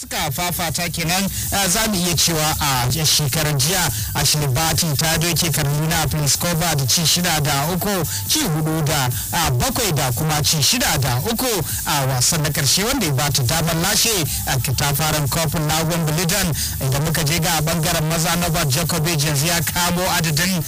suka fafata kenan eh, za mu iya cewa a shekarar jiya a shirbatin ta doke karnuna pliskova da ci shida da uku ci hudu da bakwai da kuma ci shida da uku a wasan na karshe wanda ya ba ta damar lashe a katafaren kofin na wimbledon idan muka je ga bangaren maza novak djokovic yanzu ya kamo adadin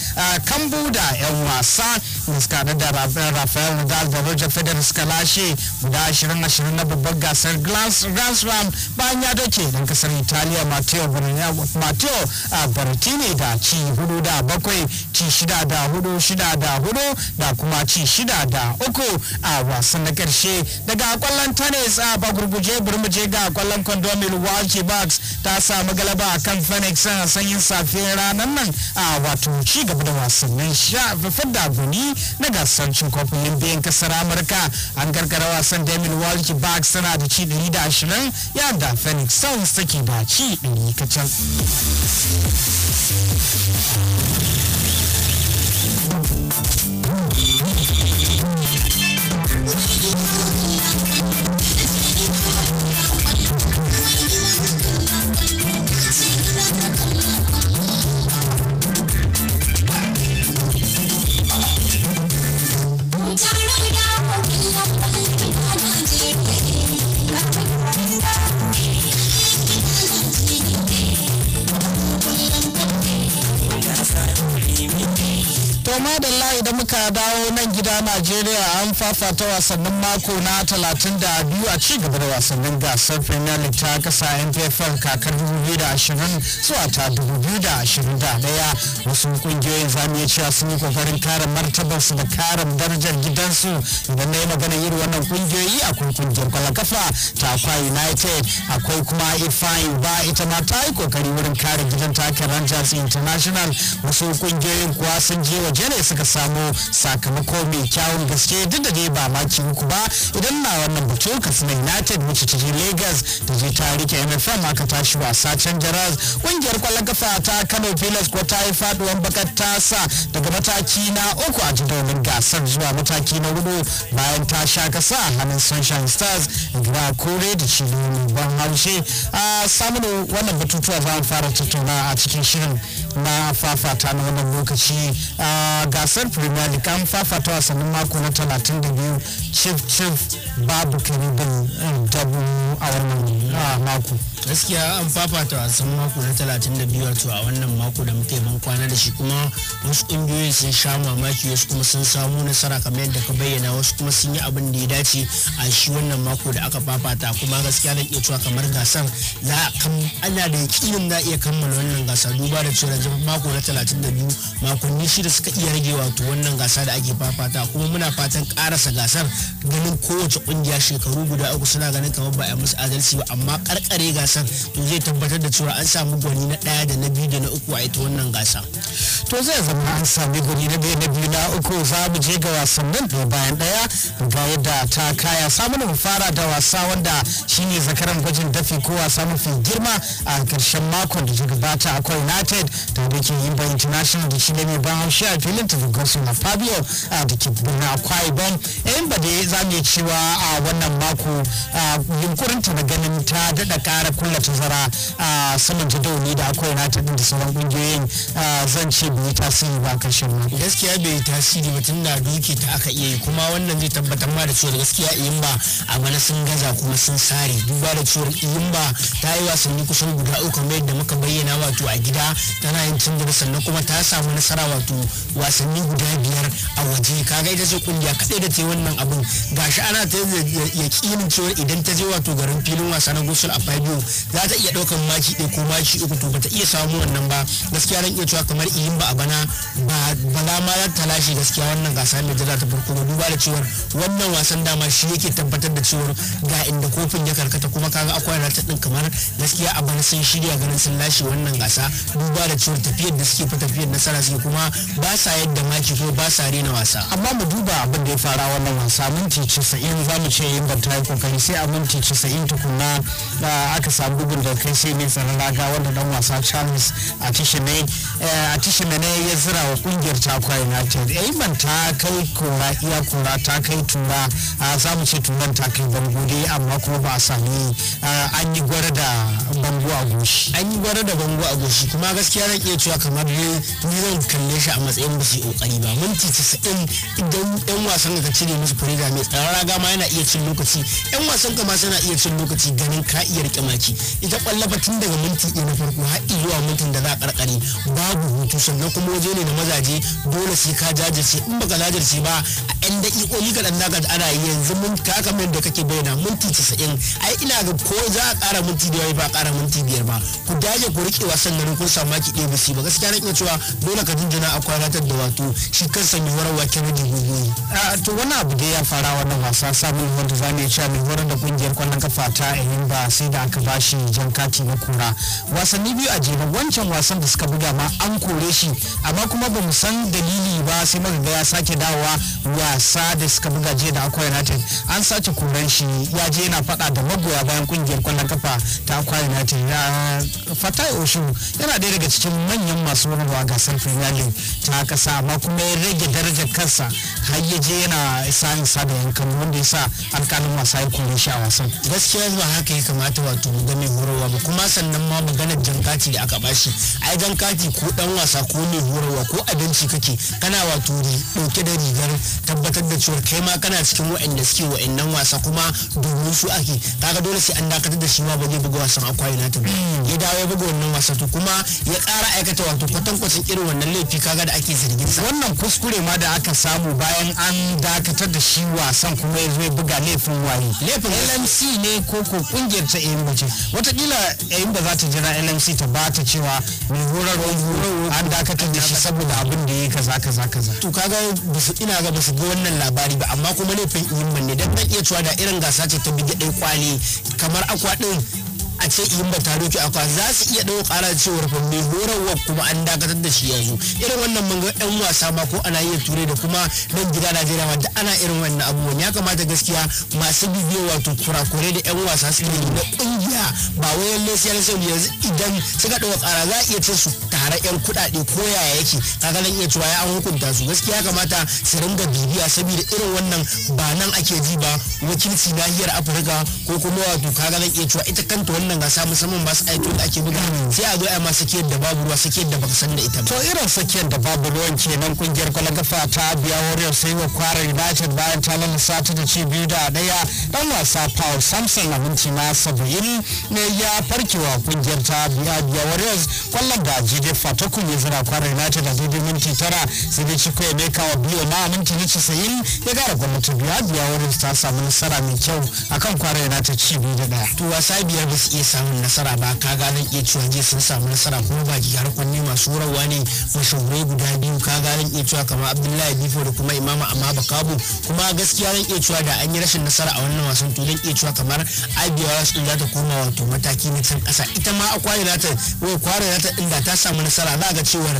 kambu da yan wasa da suka da rafael nadal da roger federer suka lashe guda ashirin ashirin na babban gasar grand slam bayan musanya take dan kasar Italiya Matteo Matteo ah, Berrettini da ci hudu da bakwai ci shida da hudu shida da hudu da kuma ci shida da uku a wasan na karshe daga kwallon tennis a ah, bagurguje burmuje ga kwallon condomin Milwaukee Bucks ta samu galaba a kan Phoenix a sanyin safiyar ranar nan a ah, wato ci gaba da wasannin sha da guni na gasar cin kofin limbiyan kasar Amurka an karkara wasan da Milwaukee Bucks tana da ci 120 yadda sonic sounds take baci ɗari kacal Thank you. to madalla idan muka dawo nan gida najeriya an fafata wasannin mako na 32 a ci gaba da wasannin gasar premier league ta kasa npfl kakar 2020 zuwa ta 2021 wasu kungiyoyin zamu iya cewa sun yi kokarin kare su da kare darajar gidansu idan na yi magana irin wannan kungiyoyi akwai kungiyar kwalakafa ta akwa united akwai kuma ifeanyi ba ita ma ta yi kokari wurin kare gidan takin rangers international wasu kungiyoyin kuwa sun je wa Nigeria suka samu sakamako mai kyawun gaske duk da dai ba maki uku ba idan na wannan batu Katsina United mace ta je Lagos da je ta rike MFM aka tashi wasa can ƙungiyar kungiyar kwallon kafa ta Kano Pilas ko ta yi faduwan bakar tasa daga mataki na uku a jadawalin gasar zuwa mataki na hudu bayan ta sha kasa hannun Sunshine Stars gida kore da Chile ban haushe a samun wannan batutuwa za mu fara tattauna a cikin shirin na fafata na wannan lokaci gasar premier league an fafata wasannin mako na 32 chief chief babu kiribin eh, dabu a wannan mako gaskiya an fafata wasan mako na 32 wato a wannan mako da muke ban kwana da shi kuma wasu kungiyoyin sun sha mamaki wasu kuma sun samu nasara kamar yadda ka bayyana wasu kuma sun yi abin da ya dace a shi wannan mako da aka fafata kuma gaskiya na iya cewa kamar gasar za ana da yakinin za iya kammala wannan gasar duba da cewa mako na 32 makonni shida suka iya rage wato wannan gasa da ake fafata kuma muna fatan karasa gasar ganin kowace kungiya shekaru guda uku suna ganin kamar ba a musu adalci ba amma karkare gasar to zai tabbatar da cewa an samu gwani na daya da na biyu da na uku a ita wannan gasa to zai zama an sami gwani na biyu na biyu na uku za mu je ga wasannin to bayan daya ga yadda ta kaya samun mu fara da wasa wanda shine zakaran gwajin dafi ko wasa mafi girma a karshen makon da ya gabata akwai united ta da ke yin ba international da shi ne mai ban haushi a filin ta tafagosu na fabio a da ke birnin akwai ban yan ba da za mu cewa a wannan mako yunkurin ta na ganin ta daɗa ƙara kulla tazara a saman ta dauni da akwai na ta da sauran ƙungiyoyin zan ce bai tasiri ba ƙarshen mako. gaskiya bai tasiri ba tun da duki ta aka iya yi kuma wannan zai tabbatar ma da cewa gaskiya a ba a bana sun gaza kuma sun sare duba da cewa yimba ba ta yi wasanni kusan guda uku kamar da muka bayyana wato a gida tana yin cin gaba sannan kuma ta samu nasara wato wasanni guda biyar a waje kaga ita ce kungiya kaɗai da ta yi wannan abin shi ana ta kiyin cewa idan ta je wato garin filin wasa na gosul a fabio za ta iya ɗaukan maki ɗaya ko maki uku to ba ta iya samu wannan ba gaskiya ran iya cewa kamar iyin ba a bana ba bala ma za ta lashe gaskiya wannan gasa mai jira ta farko ba duba da cewar wannan wasan dama shi yake tabbatar da cewar ga inda kofin ya karkata kuma kaga akwai ta din kamar gaskiya a bana sun shirya ganin sun lashe wannan gasa duba da tafiyar da suke tafiyar nasara suke kuma ba sa yadda maki ko ba sa rena wasa amma mu duba abin da ya fara wannan wasa minti 90 za mu ce yin ta kokari sai a minti 90 tukuna aka samu bugun da kai sai mai na raga wanda dan wasa charles atishine eh, ne ya zira wa kungiyar takwa united eh, ban ta kai kura iya kura ta kai tura za mu ce tunan ta kai bango amma kuma ba a sami an yi gwara da bango a goshi an yi gwara da bango a goshi kuma gaskiya iya cewa kamar ni zan kalle shi a matsayin ba su yi kokari ba minti 90 idan yan wasan ka cire musu kuriga mai tsara raga ma yana iya cin lokaci yan wasan ka ma suna iya cin lokaci ganin ka iya rike maki ita kwallafa tun daga minti ɗaya na farko har zuwa mintin da za a karkare babu hutu sannan kuma waje ne na mazaje dole sai ka jajirce in baka jajirce ba a yan daƙiƙoƙi kaɗan ka ana yanzu mun kaka min da kake bayyana minti 90 ai ina ga ko za a ƙara minti da ba a ƙara minti biyar ba ku dage ku rike wasan nan kun samu maki ɗaya da ba gaskiya na iya cewa dole ka jinjina a kwanatar da wato shi kansa mai horarwa da gugu to wani abu da ya fara wannan wasa samun wanda za iya cewa mai horar da kungiyar kwallon kafa ta ehim ba sai da aka bashi jan kati na kura wasanni biyu a jere wancan wasan da suka buga ma an kore shi amma kuma ba mu san dalili ba sai muka ga ya sake dawowa wasa da suka buga jiya da akwai united an sace koran shi ya je yana faɗa da magoya bayan kungiyar kwallon kafa ta akwai united fatai oshu yana ɗaya daga cikin manyan masu wurwa gasar premier league ta kasa amma kuma ya rage darajar kansa har ya je yana isa sa da yankan wanda ya sa alkalin wasa ya kore shi a wasan gaskiya ba haka ya kamata wato mu mai horarwa ba kuma sannan ma maganar jan kati da aka bashi ai jan kati ko dan wasa ko mai horarwa ko abinci kake kana wato dauke da rigar tabbatar da cewa kai ma kana cikin waanda suke waɗannan wasa kuma domin su ake kaga dole sai an dakatar da shi ma ba zai buga wasan akwai united hmm. ya dawo ya buga wannan wasa to kuma ya kara aikata wato kwatankwacin irin wannan laifi kaga da ake zargin sa wannan kuskure ma da aka samu bayan an dakatar da shi wasan kuma ya zo ya buga laifin waye laifin LMC ne ko ko kungiyar ta AIM watakila yayin ba za ta jira LMC ta ba ta cewa mai horarwa an dakatar da shi saboda abin da ya kaza kaza kaza to kaga basu ina ga basu ga wannan labari ba amma kuma laifin imman ne dan iya cewa da irin gasa ce ta bige dai kwali kamar akwa ɗin a ce in ba ta doki akwai za su iya ɗau ƙara cewar fa mai horarwa kuma an dakatar da shi yanzu irin wannan mun ga yan wasa ma ko ana iya ture da kuma nan gida Najeriya ma da ana irin wannan abubuwan ya kamata gaskiya masu bibiyo wato kurakure da yan wasa su ne da ƙungiya ba wai lalle sai yanzu idan suka ɗau ƙara za a iya ce su tare yan kuɗaɗe ko yaya yake kaga nan iya cewa ya an hukunta su gaskiya kamata su ringa bibiya saboda irin wannan ba nan ake ji ba wakilci nahiyar Afirka ko kuma wato kaga nan iya cewa ita kanta wannan ga samu saman ba su aiki da ake buga sai a zo a ma sakiyar da babu ruwa sakiyar da baka san da ita ba to irin sakiyar da babu ruwan kenan kungiyar kwalagafa ta biya warrior sai wa kwara united bayan ta lalasa ta da ci biyu da daya dan wasa paul samson na minti na saba'in ne ya farkewa kungiyar ta biya biya warriors kwallon da jide fatakun ya zira kwara united a daidai minti tara sai dai ciko ya meka wa biyo na minti na casa'in ya gara gwamnati biya biya warriors ta samu nasara mai kyau akan kwara united ci biyu da daya to wasa biyar da su iya samun nasara ba ka ga zan iya cewa jiya sun samu nasara kuma ba ki har kunne masu rawa ne mashahurai guda biyu ka ga iya cewa kamar abdullahi bifo da kuma imama amma kabu kuma gaskiya zan iya cewa da an yi rashin nasara a wannan wasan to zan iya cewa kamar abiyawa sun za ta koma wato mataki na can kasa ita ma a kwari ta wai kwari ta inda ta samu nasara za ga cewar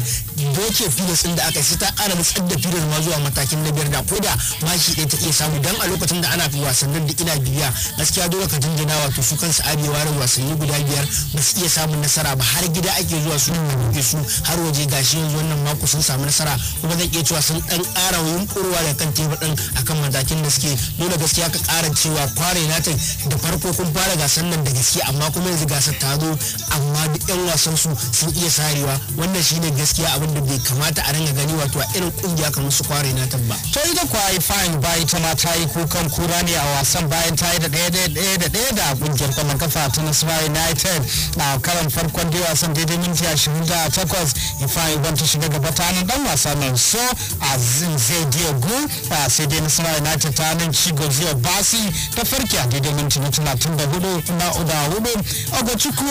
doke filas din da aka sai ta ƙara nutsar da filas ma zuwa matakin na biyar da ko da shi ɗaya ta iya samu dan a lokacin da ana wasannin da ina biya gaskiya dole ka jinjina wato su kansu abiyawa da wasanni guda biyar ba su iya samun nasara ba har gida ake zuwa su ne su har waje gashi yanzu wannan mako sun samu nasara kuma zan iya cewa sun dan ƙara kurwa da kan tebur din akan matakin da suke dole gaskiya ka kara cewa kware united da farko kun fara gasar nan da gaske amma kuma yanzu gasar ta zo amma duk yan wasan su sun iya sarewa wannan shine gaskiya abin da bai kamata a ringa gani wato a irin kungiya kamar su kware united ba to ita kwai fine bai ta ma ta yi kukan kura ne a wasan bayan ta yi da ɗaya da ɗaya da ɗaya da kungiyar kwallon kafa ta Aswa United a karan farkon dai wasan daidai minti takwas Ifa Igon ta shiga gaba ta nan dan wasa mai so a zai a sai dai Nasara United ta nan ci Gozio Basi ta farki a daidai minti na da hudu na Oda Hudu Ogochukwu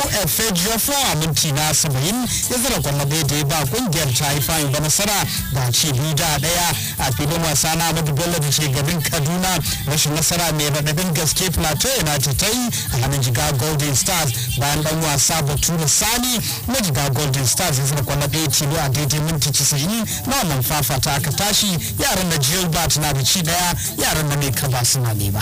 fo a minti na saba'in ya zara kwallo da ya ba kungiyar ta Ifa Igon nasara da ce biyu da daya a filin wasa na Ahmadu Bello da ke garin Kaduna rashin nasara mai raɗaɗin gaske Plateau United ta yi a hannun jiga Golden stars bayan dan wasa bature sani na jiga golden stars ya zama kwallo ɗaya tilo a daidai minti casa'in na wannan fafata aka tashi yaran da gilbert na da ci daya yaran da mai kaba suna ne ba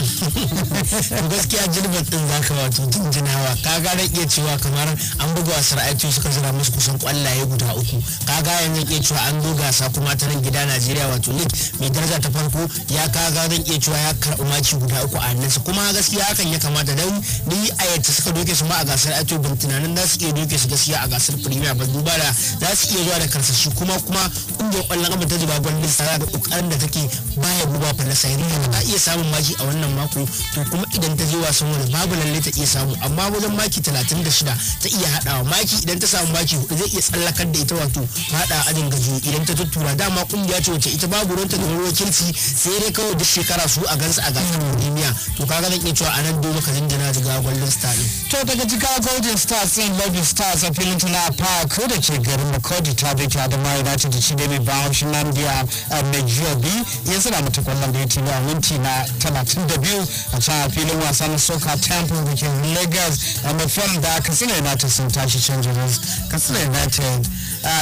gaskiya gilbert din zaka wato jinjinawa kaga da iya cewa kamar an buga a aiki suka zira musu kusan kwallaye guda uku kaga yanzu iya cewa an zo gasa kuma ta nan gida najeriya wato league mai daraja ta farko ya kaga zan iya cewa ya karɓi maki guda uku a hannunsa kuma gaskiya hakan ya kamata da ni a suka suka duke su ma a gasar ato bin tunanin za su iya duke su gaskiya a gasar premier ba duba da za su iya zuwa da karsashi kuma kuma kungiyar kwallon kafa ta zuba gwal tana da kokarin da take baya guba falasa yanzu ba iya samun maki a wannan mako to kuma idan ta je wasan wani babu lalle ta iya samu amma wajen maki talatin da 36 ta iya hadawa maki idan ta samu maki hudu zai iya tsallakar da ita wato haɗa ajin gaji idan ta tuttura dama kungiya ce wacce ita babu ruwanta da wakilci sai dai kawai duk shekara su a gansu a gasar firimiya to kaga zan iya cewa nan dole ka jinjina daga gwallon star din Topeka tota Golden Stars in Lobby Stars appealing to our power kuda chigari makodi tabi cha adamari nati tichidemi bao shimandia mejobi yesera mtukwamba nditi na winti na tana tindebu acha appealing wa sana soka temple which is Lagos and from that Kasina United Sintashi Changes Kasina United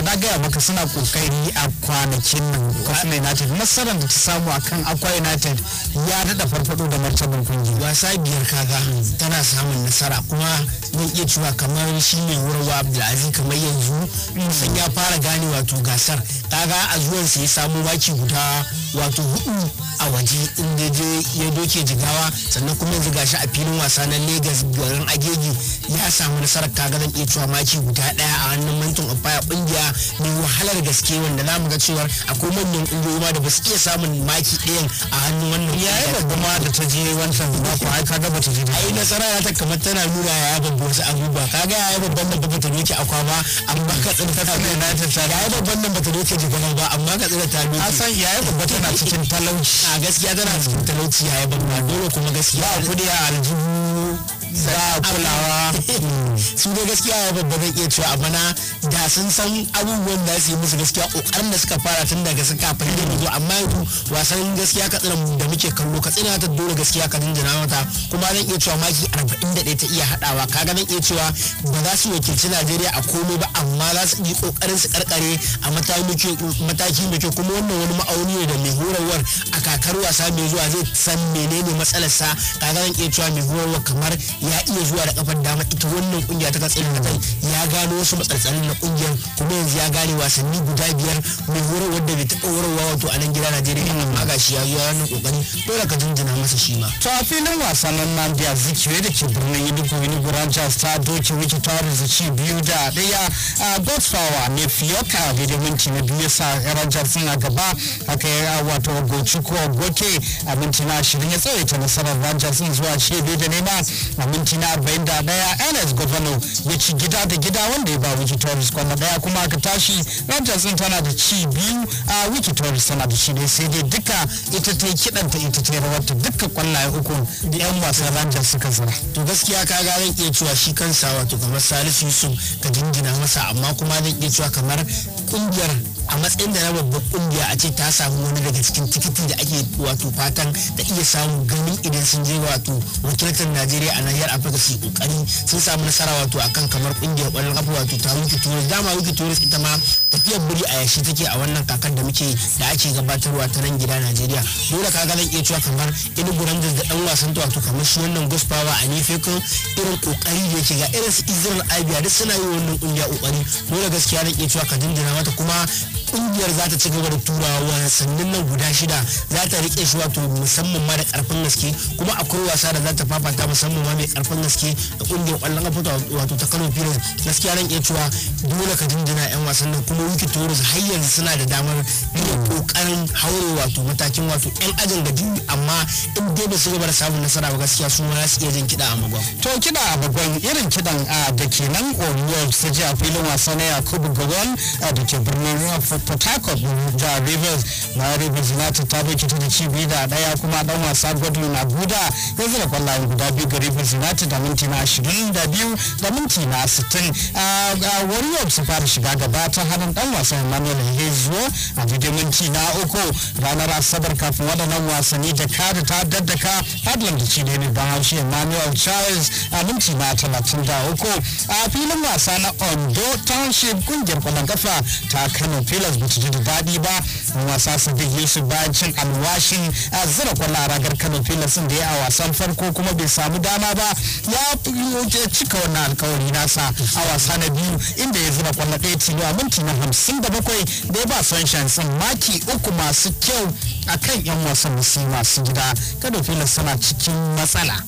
na gaya maka suna kokari a kwanakin nan kwafin united nasarar da ta samu akan akwa united ya daɗa farfado da martaban kungiya wasa biyar kaga tana samun nasara kuma mun iya cewa kamar shi ne wurwa abdulaziz kamar yanzu sun ya fara gane wato gasar kaga a zuwansa ya samu waki guda wato hudu a waje inda je ya doke jigawa sannan kuma yanzu gashi a filin wasa na lagos garin agege ya samu nasarar kaga zan iya cewa maki guda daya a hannun mantin umpire kungiyar Ya mu wahalar gaske wanda zamu ga cewa akwai manyan kungiyoyi da ba su iya samun maki ɗayan a hannun wannan yayin da kuma da ta je wancan ku ai kaga ba ta je ai nasara ya ta kamar tana nuna ya babban wasu abubuwa kaga ya babban nan ba ta doke akwa ba amma ka tsira ta kai na ta ya babban nan ba ta doke jigana ba amma ka tsira ta doke san ya babba tana cikin talauci a gaskiya tana cikin talauci ya yi babba dole kuma gaskiya ba kudi a aljihu ba kulawa su dai gaskiya ya babba zai iya cewa amma na da sun san abubuwan da su yi musu gaskiya kokarin da suka fara tun daga sun kafin da zo amma yanzu wasan gaskiya katsiran da muke kallo katsina ta dole gaskiya ka jinjina mata kuma zan iya cewa maki 41 ta iya hadawa kaga zan iya cewa ba za su wakilci Najeriya a komai ba amma za su yi kokarin su karkare a mataki da ke. kuma wannan wani ma'auni ne da mai horarwar a kakar wasa mai zuwa zai san menene matsalarsa kaga zan iya cewa mai horarwar kamar ya iya zuwa da kafar dama ita wannan kungiya ta katsayin kai ya gano wasu matsaltsalin na kungiyar kuma yanzu ya gane wasanni guda biyar mai horo wanda bai taɓa horowa wato a nan gida najeriya ma hmm. amma shi ya zo wannan kokari dole ka jinjina masa shi ma. to a filin wasannin nambiya zikiwe da ke birnin yadda ni rangers ta doke wiki taurus ci biyu da daya a godfawa ne fiyoka da minti na biyu sa rangers suna gaba haka ya wato gochuku goke a minti na ashirin ya tsawaita nasarar rangers zuwa shi biyu da nema minti na 41 ns govano ya ci gida da gida wanda ya ba wiki torres kwana daya kuma aka tashi rangers din tana da ci biyu a wiki torres tana da shi ne sai dai duka ita ta yi kidanta ita ta yi rawarta duka kwallaye uku da yan wasan rangers suka zira to gaskiya ka ga zan iya cewa shi kansa wato kamar salisu yusuf ka jingina masa amma kuma zan iya cewa kamar kungiyar a matsayin da na babbar kungiya a ce ta samu wani daga cikin tikiti da ake wato fatan da iya samu gani idan sun je wato wakiltar najeriya a nahiyar afirka su kokari sun samu nasara wato akan kamar kungiyar kwallon kafa wato ta wiki turis dama wiki turis ita ma tafiyar buri a yashi take a wannan kakan da muke da ake gabatarwa ta nan gida najeriya dole ka zan iya cewa kamar irin rangers da dan wasan ta wato kamar shi wannan power a nefekon irin kokari da yake ga irin su israel abia duk suna yi wannan kungiya kokari dole gaskiya zan iya cewa ka dindina mata kuma Ƙungiyar za ta ci gaba da turawa wasannin nan guda shida za ta rike shi wato musamman ma da karfin gaske kuma akwai wasa da za ta fafata musamman ma mai karfin gaske da kungiyar kwallon kafa wato ta Kano Pilas gaskiya ran iya cewa dole ka jinjina yan wasan nan kuma wiki Taurus har yanzu suna da damar yin kokarin haure wato matakin wato yan ajin biyu amma in dai ba su gaba da samun nasara ba gaskiya su ma za su iya jin kiɗa a magwan. To kiɗa a magwan irin kiɗan ah, da ke kenan Oriol su ji a filin wasa na Yakubu a ah, da ke birnin port harcourt jihar rivers na rivers united ta doke da ci biyu da daya kuma dan wasa godwin aguda ya zira kwallayen guda biyu ga rivers united da minti na ashirin da minti na sittin warriors su fara shiga gaba ta hannun dan wasan emmanuel hezuo a daidai minti na uku ranar asabar kafin waɗannan wasanni da kada ta daddaka hadland da ci ne ne ban haushi emmanuel charles a minti na talatin da uku a filin wasa na ondo township kungiyar kwallon kafa ta kano filas ba su ji daɗi ba wasa su bi su bayan cin alwashin a zira kwallo a ragar kano felix da ya a wasan farko kuma bai samu dama ba ya cika wannan alkawari nasa a wasa na biyu inda ya zira kwallo ɗaya tilo a minti na hamsin da bakwai da ya ba sunshine sun maki uku masu kyau a kan yan wasan musu masu gida kano filas suna cikin matsala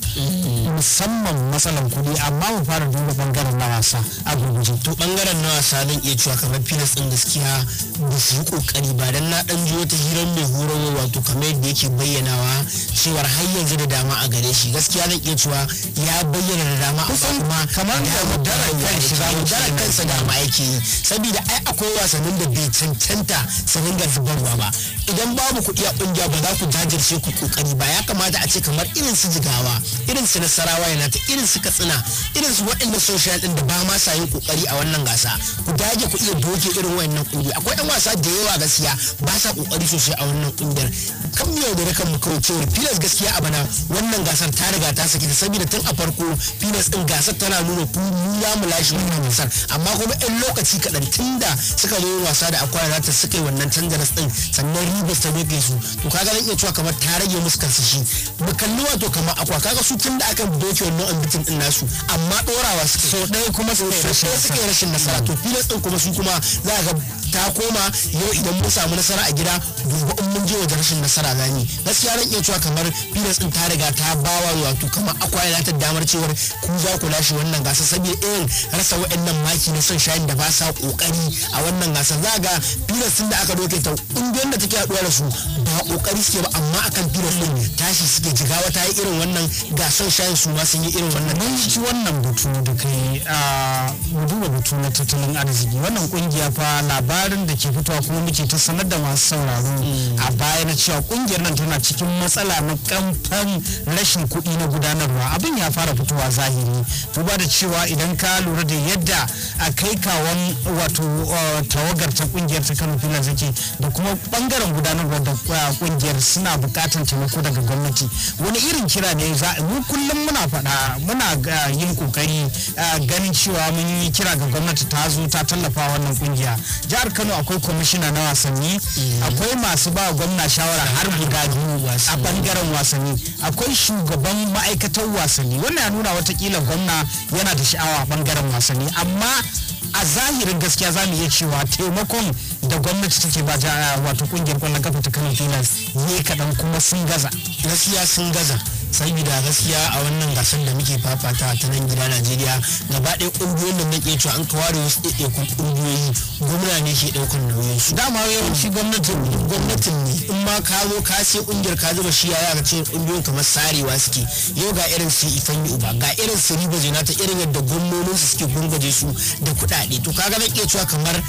musamman matsalan kuɗi amma mu fara duba bangaren na wasa a gurguje to bangaren na wasa zan iya cewa kamar filas ɗin gaskiya su kokari ba dan na dan jiyo ta hirar mai horarwa wato kamar yadda yake bayyanawa cewa har yanzu da dama a gare shi gaskiya zan iya cewa ya bayyana da dama amma kuma kamar da mudara shi ba mudara kansa da ma yake yi saboda ai akwai wasannin da bai cancanta su ringa zubarwa ba idan babu kuɗi a kungiya ba za ku jajirce ku kokari ba ya kamata a ce kamar irin su jigawa irin su nasarawa yana ta irin su katsina irin su waɗanda social din da ba ma sa yin kokari a wannan gasa ku dage ku iya doke irin wayannan kungiya akwai yan wasa da yawa gaskiya ba sa kokari sosai a wannan kungiyar kan mu da kan mu kawai cewar pilas gaskiya a bana wannan gasar ta riga ta saki ta saboda tun a farko pilas din gasar tana nuna ku mu ya mu lashe wannan gasar amma kuma yan lokaci kaɗan tun da suka zo wasa da akwai rata suka yi wannan canjar din sannan ribas ta doke su to kaga zan iya cewa kamar ta rage musu shi mu kalli wato kamar akwai kaga su tun da aka doke wannan ambitin din nasu amma dorawa suke so ɗaya kuma suke rashin nasara to pilas din kuma su kuma za ga ta koma yau idan mun samu nasara a gida gobe in mun je wajen rashin nasara gani gaskiya ran iya cewa kamar Pilas din ta riga ta bawa wato kamar akwai na ta damar cewar ku za ku lashe wannan gasa saboda irin rasa waɗannan maki na son shayin da ba sa kokari a wannan gasa za ga Pilas din da aka doke ta ƙungiyar da take haɗuwa da su ba kokari suke ba amma akan Pilas din tashi suke jigawa ta yi irin wannan gasar shayin su ma sun yi irin wannan mun shi wannan butu da kai a duba butu na tattalin arziki wannan kungiya fa labarin labarin da ke fitowa kuma muke ta sanar da masu sauraro mm. a baya na cewa kungiyar nan tana cikin matsala na kamfan rashin kuɗi na gudanarwa abin ya fara fitowa zahiri duba da cewa idan ka lura da yadda a kai kawon wato uh, tawagar ta kungiyar ta kano filan take da kuma bangaren gudanarwa da kungiyar uh, suna bukatar taimako daga gwamnati wani irin kira ne za mu kullum muna faɗa muna uh, yin kokari ganin cewa mun yi kira ga gwamnati ta zo ta tallafa wannan kungiya jihar kano akwai kwamishina na wasanni mm. akwai masu ba gwamna shawara har guda biyu a bangaren wasanni akwai shugaban ma'aikatar wasanni wannan ya nuna watakila gwamna yana da sha'awa a bangaren wasanni amma a zahirin gaskiya za mu iya cewa taimakon da gwamnati take ba wato kungiyar kwallon kafa ta kano filas ne kaɗan kuma sun gaza gaskiya sun gaza saboda gaskiya a wannan gasar da muke fafata ta nan gida najeriya gaba ɗaya ƙungiyoyin da muke cewa an kaware wasu kun ƙungiyoyi gwamna ne ke ɗaukar nauyin su dama yawanci gwamnatin gwamnatin ne in ma ka zo ka sai ƙungiyar ka zuba shi yaya ka ce ƙungiyoyin kamar sarewa suke yau ga irin su ifan uba ga irin su riba ta irin yadda gwamnonin su suke gungaje su da kuɗaɗe to kaga ke cewa kamar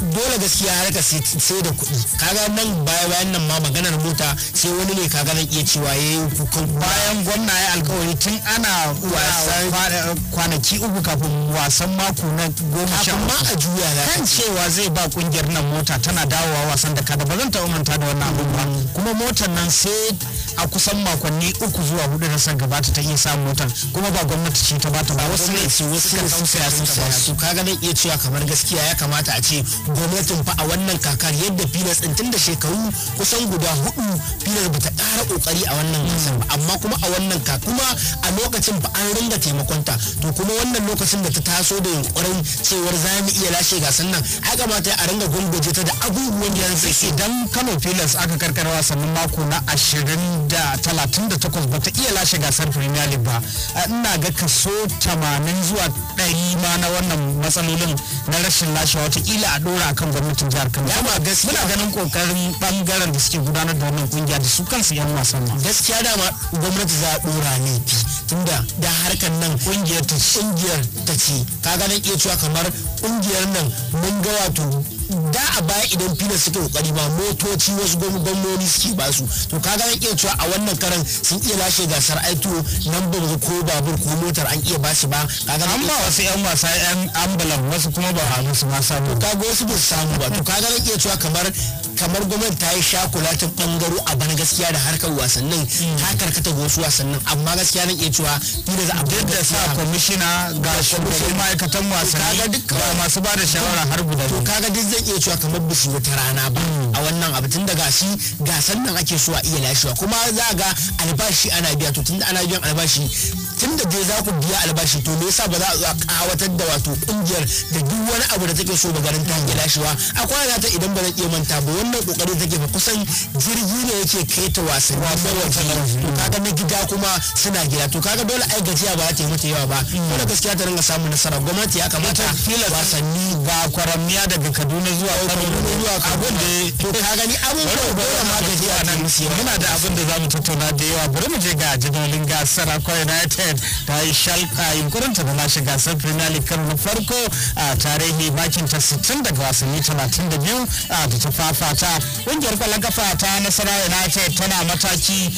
dole gaskiya harka sai da kuɗi kaga nan baya bayan nan ma maganar mota sai wani ne kaga nan iya cewa ya yi bayan gwamna ya alkawari tun ana wasan kwanaki uku kafin wasan mako na goma sha ma a juya ya kan cewa zai ba kungiyar nan mota tana dawowa wasan da kada ba zan taɓa manta da wannan abin ba kuma motar nan sai a kusan makonni uku zuwa hudu na san gabata ta iya samun wutan kuma ba gwamnati ce ta bata ba wasu ne su wasu ne su su kaga nan iya cewa kamar gaskiya ya kamata a ce gwamnatin fa a wannan kakar yadda filas din tun da shekaru kusan guda hudu filas bata kara kokari a wannan gasar ba amma kuma a wannan ka kuma a lokacin ba an ringa taimakon ta to kuma wannan lokacin da ta taso da yunkurin cewar za mu iya lashe gasar nan ai kamata a ringa gwamnati ta da abubuwan da yanzu idan Kano Pilas aka karkara wasannin mako na ashirin da talatin da takwas ba ta iya lashe gasar premier league ba ina ga kaso tamanin zuwa ɗari ma na wannan matsalolin na rashin lashe watakila a dora akan gwamnatin jihar kano Ya ma gaskiya ganin kokarin bangaren da suke gudanar da wannan kungiya da su kansu yan wasan ma gaskiya da ma gwamnati za a dora ne tunda da harkan nan kungiyar ta kungiyar ta ce ka ganin iya cewa kamar kungiyar nan mun ga wato da a baya idan filas suke kokari ba motoci wasu gwamnoni suke ba su to ka ga iya cewa a wannan karan sun iya lashe gasar aito nan ba ko babur ko motar an iya ba su ba ga an ba wasu yan wasa yan ambalan wasu kuma ba a su ma samu ga wasu ba su samu ba to ka ga iya cewa kamar kamar gwamnati ta yi shakula ta bangaro a bana gaskiya da harkar wasannin hmm. ta karkata ga wasu wasannin amma gaskiya na iya cewa filas a duk da sa kwamishina ga shugaban ma'aikatan wasanni ga masu ba da shawara har guda to zai iya cewa kamar bisu wata rana ba a wannan abu tun da shi gasan nan ake so a iya lashewa kuma za ga albashi ana biya to tun da ana biyan albashi tun da dai za ku biya albashi to me yasa ba za a kawatar da wato kungiyar da duk wani abu da take so ba garin ta iya lashewa a kwana ta idan ba zan iya manta ba wannan kokarin take ba kusan jirgi ne yake kai ta wasanni na waje to kaga na gida kuma suna gida to kaga dole ai gajiya ba za ta yi mata yawa ba dole gaskiya ta ringa samun nasara gwamnati ya kamata wasanni ga kwaramiya daga Kaduna na zuwa kamaru zuwa abin da to ka gani abubuwa dole ma ga a nan muna da abin da za mu tattauna da yawa bari mu je ga jadawalin gasar akwai united ta yi shalka yunkurin ta da na shi gasar premier league karo na farko a tarihi bakin ta 60 daga wasanni 32 a da ta fafata kungiyar kwallon kafa ta nasara united tana mataki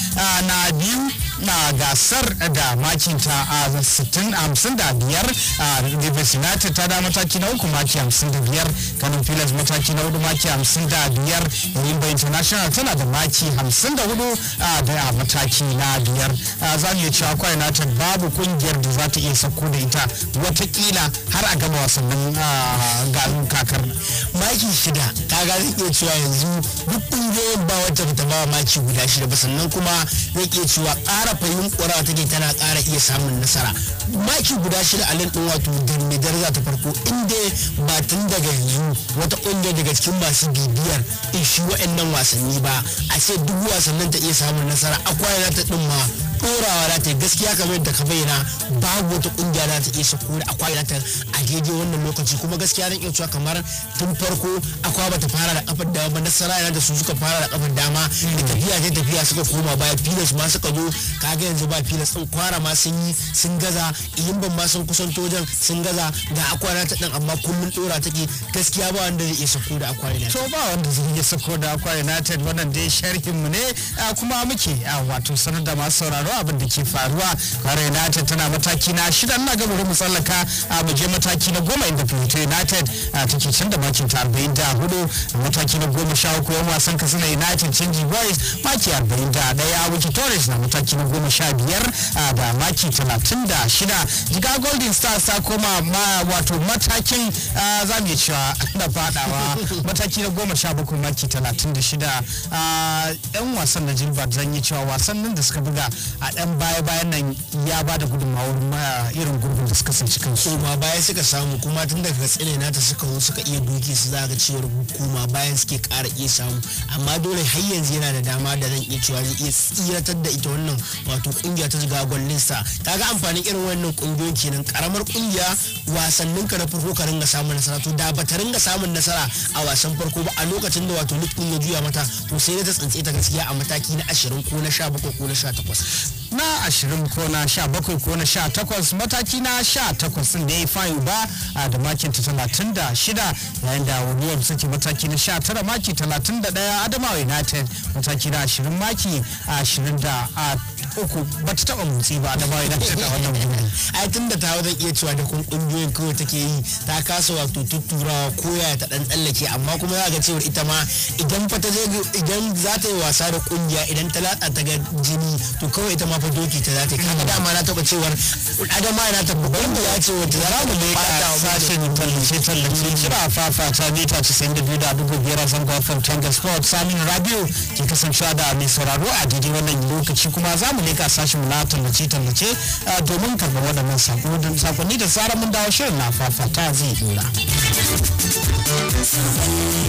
na biyu na gasar da makin ta a 60 55 a rivers united ta da mataki na uku maki 55 kanin netherlands mataki na hudu maki hamsin da biyar rimba international tana da maki hamsin da hudu da mataki na biyar za mu iya cewa kwa ta babu kungiyar da za ta iya sauko da ita watakila har a gama wasannin garin kakar maki shida ta ga zai iya cewa yanzu duk kungiyoyin ba wata ta ba maki guda shida ba sannan kuma zai iya cewa kara fahimtar kwarawa take tana kara iya samun nasara maki guda shida a ɗin wato darmidar za ta farko inda ba tun daga yanzu wata ƙungiya daga cikin masu bibiyar in shi wa'annan wasanni ba a ce duk wasannin ta iya samun nasara akwai za ta ɗin ma ɗorawa za ta gaskiya kamar da ka bayyana babu wata ƙungiya za ta iya sako da akwai za ta a daidai wannan lokaci kuma gaskiya zan iya cewa kamar tun farko akwai ba ta fara da kafar dama ba nasara yana da su suka fara da kafar dama da tafiya ta tafiya suka koma baya filas ma suka zo kaga yanzu ba filas ɗin kwara ma sun yi sun gaza iyimban ma sun kusanto tojan sun gaza da akwai ta ɗin amma kullum ɗora take gaskiya ba wanda zai iya sako da akwari na to ba wanda zai iya sako da akwari na ted wannan dai sharhin mu ne kuma muke wato sanar da masu sauraro abin da ke faruwa kwari united tana mataki na shida na gaba mu tsallaka mu je mataki na goma inda plateau united take can da makin ta arba'in da hudu mataki na goma sha uku yan wasan na united change boys maki arba'in da wiki torres na mataki na goma sha biyar da maki talatin da jiga golden stars ta koma wato matakin zamu iya cewa na fadawa mataki na goma sha bakwai maki talatin da shida a ah, yan wasan da gilbert zan yi cewa wasan nan da suka buga a dan baya bayan nan ya ba da gudunmawar ma ah, irin gurbin da suka sanci kansu ma baya suka samu kuma tun daga tsine na ta suka zo suka iya duki su za ga cewar hukuma bayan suke kara iya samu amma dole har yanzu yana da dama da zan iya cewa zai iya tsiratar da ita wannan wato kungiya ta gwallin sa ta ga amfanin irin wannan kungiyoyin kenan karamar kungiya wasannin ka na farko ka ringa samun nasara to da ba ta ringa samun nasara a wasan farko ba a lokacin da wato litkun ya juya mata to sai ta tsintse ta gaskiya a mataki na 20 ko na 17 ko na 18 na 20 ko na 17 ko na 18 mataki na 18 da ya fayu ba a da makin ta 36 yayin da williams suke mataki na 19 maki 31 adamawa united mataki na 20 maki 20 da uku ba ta taba mutsi ba da bayan a wannan gudu ai tun da ta zan iya cewa da kun kungiyoyin kawai take yi ta kasa wato tutturawa koya ta ta dan tsallake amma kuma za ga cewar ita ma idan fa ta idan za ta yi wasa da kungiya idan ta latsa ta ga jini to kawai ita ma fa doki ta za ta kaga dama na taba cewar adama na ta babban da ce wata zara mu ne ta sashen tallace tallace kira fafa ta mita 92 da biyu da dubu biyar a san gwafin tanga sport samin rabiu ke kasancewa da mai sauraro a daidai wannan lokaci kuma za mu leka sashen mu na tallace tallace domin karɓar waɗannan sakonni da tsara mun dawo shirin na fafa ta zai yi dora. Thank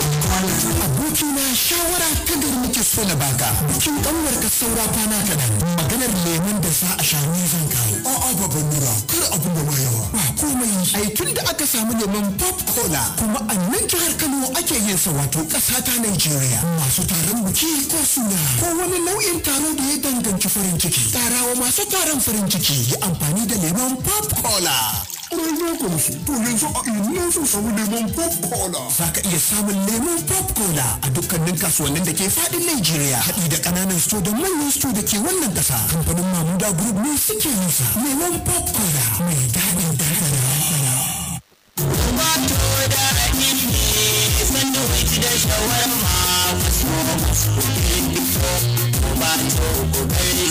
you. A na shawara ta gari nake so na baka bikin kanwar ka saura kwana kaɗan maganar lemon da za a sha zan zan a a babban mura kar a da wayawa. yawa ba komai ai tun da aka samu lemon pop cola kuma a nan jihar Kano ake yin sa wato ƙasa ta Najeriya masu taron biki ko suna ko wani nau'in taro da ya danganci farin ciki tarawa masu taron farin ciki yi amfani da lemon pop cola Ƙwararren kamsu, to yanzu a ina sun samu lemon pop cola. Za ka iya samun lemon pop cola a dukkanin kasuwannin da ke fadin Najeriya haɗi da ƙananan sto da manyan sto da ke wannan ƙasa kamfanin Mamuda Group ne suke yin sa mai pop cola mai daɗin dandana. Wato da ne sannan mai gidan shawarma wasu masu kuɗi ko ba ta ƙoƙari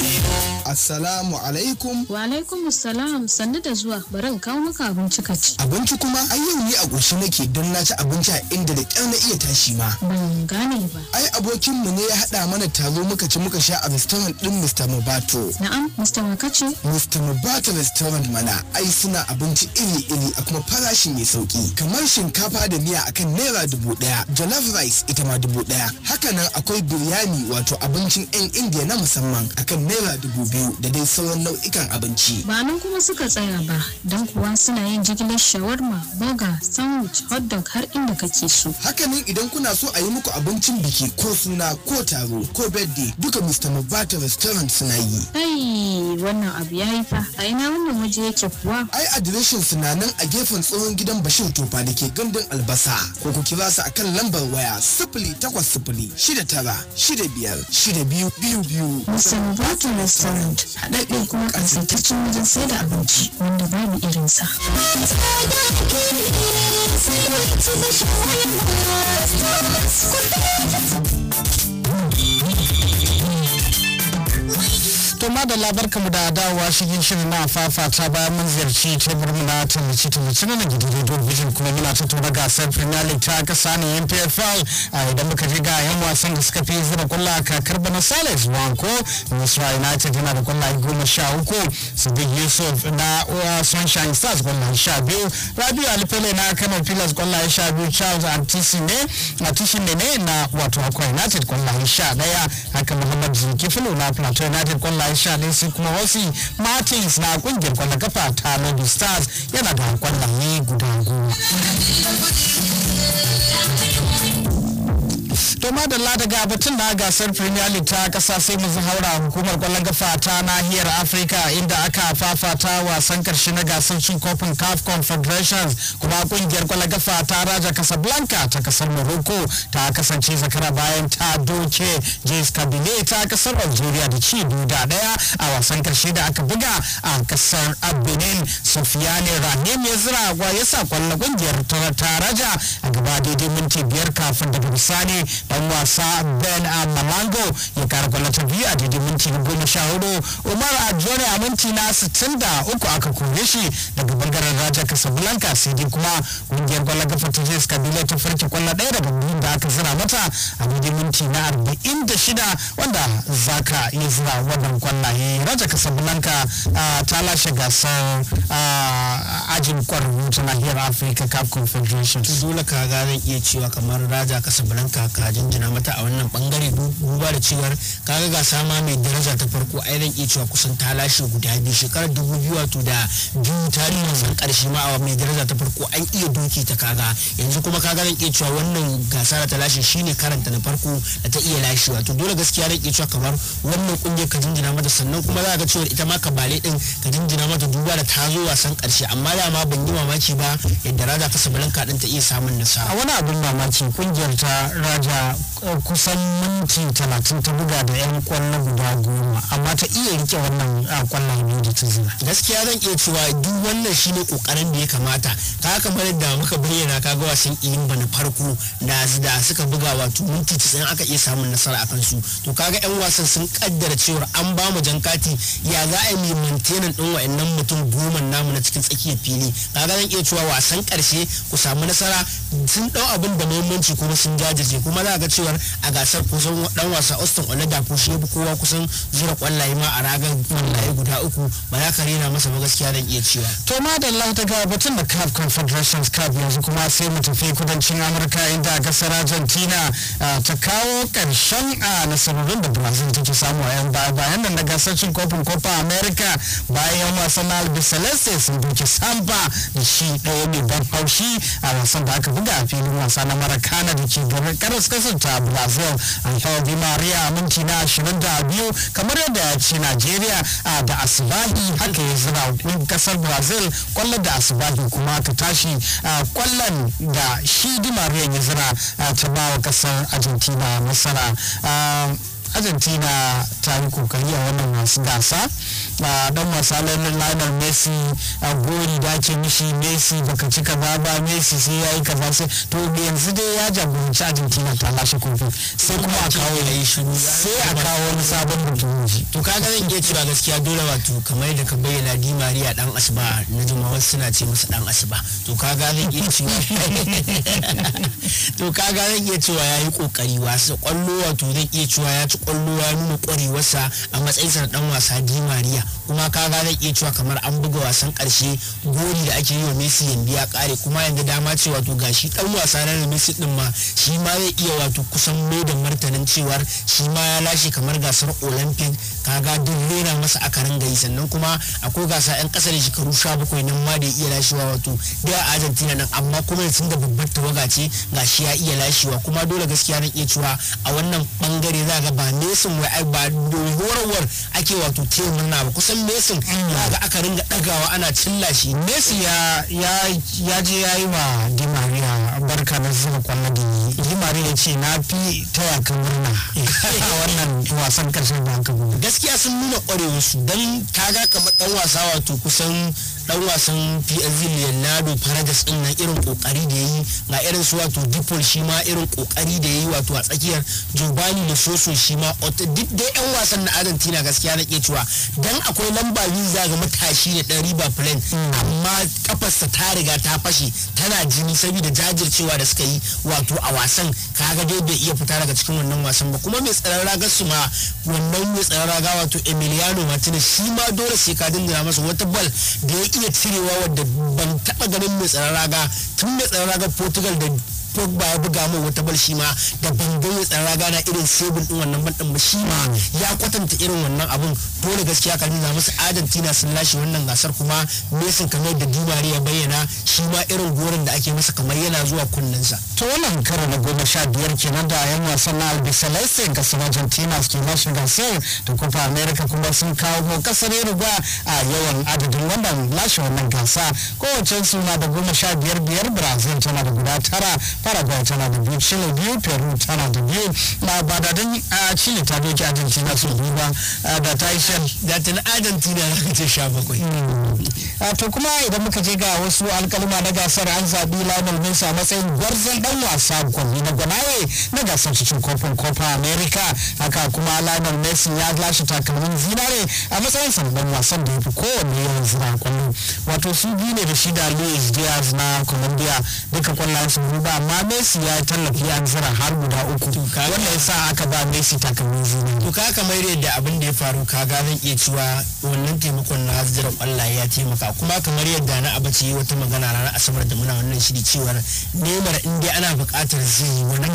assalamu alaikum wa alaikum salam sannu da zuwa barin kawo maka abinci ka ci abinci kuma ai yau ni a ƙoshi nake don na ci abinci a inda da kyau na iya tashi ma ban gane ba ai abokin mu ne ya haɗa mana taro muka ci muka sha a restaurant din Mr. Mubato na'am Mr. Makachi. Mr. Mubato restaurant mana ai suna abinci iri-iri a kuma farashi mai sauki kamar shinkafa da miya akan naira dubu ɗaya jollof rice ita ma dubu ɗaya hakanan akwai biryani wato abincin 'yan indiya na musamman akan naira dubu biyu da dai sauran nau'ikan abinci. Ba nan kuma suka tsaya ba don kuwa suna yin jigilar shawarma, boga, sandwich, hot har inda kake so. haka Hakanan idan kuna so a yi muku abincin biki ko suna ko taro ko birthday duka Mr. Mubata restaurant suna yi. Ai wannan abu ya yi fa a ina wannan waje yake kuwa. Ai adireshin suna nan a gefen tsohon gidan Bashir Tofa da ke gandun albasa ko ku kira su akan lambar waya sifili takwas sifili shida tara shida biyar shida biyu biyu biyu. Mr. Mubata restaurant road haɗaɗɗe kuma ƙansaitaccen wajen sai da abinci wanda babu irinsa. Thank you. to madalla mu da dawowa cikin shirin na fafata bayan mun ziyarci teburinmu na tallace tallace na gidan radio vision kuma muna tura gasar premier league ta kasa ne npfl idan muka je ga yan wasan da suka fi zira kulla a kakar bana salis wanko misra united yana da kwallaye goma sha uku sadiq yusuf na Uwa sunshine stars kulla sha biyu rabiu alifele na kano pillars kulla sha biyu charles antisi ne atishi ne ne na wato akwai united kulla sha daya haka muhammad zulkifilo na plateau united kulla Aisha ne kuma Rosi Martins na kungiyar kwallon kafa ta Lobby Stars yana da kwallaye guda goma. to madalla daga batun na gasar premier league ta kasa sai mu haura hukumar kwallon gafa ta nahiyar afirka inda aka fafata wasan karshe na gasar cin kofin caf confederations kuma kungiyar kwallon gafa ta raja casablanca ta kasar morocco ta kasance zakara bayan ta doke jis kabile ta kasar algeria da ci da daya a wasan karshe da aka buga a kasar benin sofiane ranem ya zira ya sa kwallon kungiyar ta raja a gaba daidai minti biyar kafin daga bisani Ɗan wasa ben amalango ya kara kwallon ta biyu a daidai minti na goma sha hudu umar adjone a minti na sittin da uku aka kore shi daga bangaren raja casablanca sai dai kuma ƙungiyar kwallo kafa ta jes kabila ta farki kwallo ɗaya daga biyu da aka zira mata a daidai minti na arba'in da shida wanda zaka iya zira wannan kwallaye raja casablanca ta lashe gasar ajin kwarru ta nahiyar afirka cup confederation dole ka ga zan iya cewa kamar raja casablanca ka jinjina mata a wannan bangare duba da cewar kaga gasa ma mai daraja ta farko ai zan iya cewa kusan ta lashe guda biyu shekarar dubu biyu wato da biyu tarihin san karshe ma a mai daraja ta farko an iya doki ta kaga yanzu kuma kaga zan iya cewa wannan gasa da ta lashe shine karanta na farko da ta iya lashe wato dole gaskiya zan iya cewa kamar wannan kungiyar ka jinjina mata sannan kuma za ga cewa ita ma ka bale din ka jinjina mata duba da ta zo wasan karshe amma da ma ban yi mamaki ba yadda raja kasabalanka din ta iya samun nasara a wani abin mamaki kungiyar ta raja da kusan minti talatin ta buga da 'yan kwallo guda goma amma ta iya rike wannan ah, kwallon biyu da ta zira gaskiya zan iya cewa duk wannan shi ne kokarin da ya kamata ka kamar da muka bayyana ka ga wasan ilimba na farko da da suka buga wato minti 90 aka iya samun nasara akan su to kaga 'yan wasan sun kaddara cewar an ba mu jan kati ya za a yi mantenan din wayannan mutum goma namu na cikin tsakiyar fili kaga zan iya cewa wasan karshe ku samu nasara sun dau abin da muhimmanci kuma sun jajirce kuma kuma za ga cewa a gasar kusan dan wasa Austin Oladapo shi ya kowa kusan zira kwallaye ma a ragar kwallaye guda uku ba za ka rena masa ba gaskiya dan iya cewa to da ta ga batun da CAF confederation Cup yanzu kuma sai mu tafi kudancin Amurka inda gasar Argentina ta kawo karshen a nasarorin da Brazil take samu a yan bayan nan na gasar cin kofin Copa America bayan wasan Albi Celeste sun buke Samba da shi ɗaya mai ban haushi a wasan da aka buga a filin wasa na Maracana da ke garin Karas kasar ta brazil angel di maria minti na biyu kamar yadda ya ce nigeria da asibahi haka ya zira kasar brazil kwallon da asibahi kuma ka tashi kwallon da shi di maria ya zira ta bawa kasar argentina nasara argentina ta yi kokari a wannan masu gasa dan wasa Lionel Messi a gori da mishi Messi baka cika kaza ba Messi sai yayi kaza sai to yanzu dai ya jagoranci Argentina ta lashe kofin sai kuma a kawo yayi shiru sai a kawo wani sabon mutum to ga zan iya cewa gaskiya dole wato kamar da ka bayyana Di Maria dan asuba na jama'a suna ce masa dan asuba to ka ga zan iya cewa to ka ga zan iya cewa yayi kokari wasa kwallo wato zan iya cewa ya ci kwallo ya nuna kwarewarsa a matsayinsa sa dan wasa Di Maria kuma ga zai iya cewa kamar an buga wasan karshe goli da ake yi wa Messi yanzu ya kare kuma yanzu dama ce wato gashi dan wasa na Messi din ma shi ma zai iya wato kusan mai da martanin cewar shi ma ya lashe kamar gasar Olympic kaga duk rena masa a karin gari sannan kuma akwai gasa yan kasa da shekaru 17 nan ma da iya lashewa wato da Argentina nan amma kuma yanzu da babbar tawaga ce gashi ya iya lashewa kuma dole gaskiya nan iya cewa a wannan bangare za ga ba Messi wai ba horarwar ake wato ba. kusan mesin ga aka ringa dagawa ana cilla shi Mesin ya je ya yi wa di maria barka na zuwa kwallo da yi di maria ce na fi taya ka murna a wannan wasan karshen da aka gaskiya sun nuna dan don ga kamar dan wasa wato kusan dan wasan PSV Leonardo Paredes din na irin kokari da yayi ga irin su wato Dipol shi ma irin kokari da yayi wato a tsakiyar Giovanni da Soso shi ma duk dai yan wasan na Argentina gaskiya na ke cewa dan akwai lamba biyu za ga matashi da dan River Plate amma kafarsa ta riga ta fashe tana jini saboda jajircewa da suka yi wato a wasan kaga dai bai iya fita daga cikin wannan wasan ba kuma mai tsaron ragar su ma wannan mai tsaron raga wato Emiliano Martinez shi ma dole sai ka dinga masa wata bal da ya iya cirewa wadda ban taɓa ganin mai tsaron raga tun mai tsaron raga portugal da Pogba ya buga mun wata bal shi ma da bangare ya tsara gana irin sebin din wannan bandin ba shi ma ya kwatanta irin wannan abun dole gaskiya ka nuna musu Argentina sun lashe wannan gasar kuma Messi kamar da dubari ya bayyana shi ma irin gorin da ake masa kamar yana zuwa kunnensa. To wannan karo na goma sha biyar kenan da yan wasan na Albiceleste su Argentina su lashe gasar da kuma America kuma sun kawo kasar Uruguay a yawan adadin wannan lashe wannan gasa kowace suna da goma sha biyar biyar Brazil tana da guda tara paraguay tana da biyu chile biyu peru tana da biyu ba da don chile ta doki argentina su biyu ba da ta yi shan da ta argentina za ka ce sha bakwai to kuma idan muka je ga wasu alkalima na gasar an zaɓi lionel messi a matsayin gwarzon ɗan wasa gwamni na gwanaye na gasar cikin kofin copa america haka kuma lionel messi ya lashe takalmin zinare a matsayin sandan wasan da ya fi kowanne yawan zira kwallo wato su biyu ne da shida da luis diaz na colombia duka kwallon su ba amma amma messi ya tallafi ansara har guda uku wanda ya sa aka ba messi takalmin zinari to yadda abin da ya faru kaga zan iya cewa wannan taimakon na hajjar Allah ya taimaka kuma kamar yadda na abace wata magana ranar asabar da muna wannan shiri cewar nemar in dai ana bukatar zai yi ba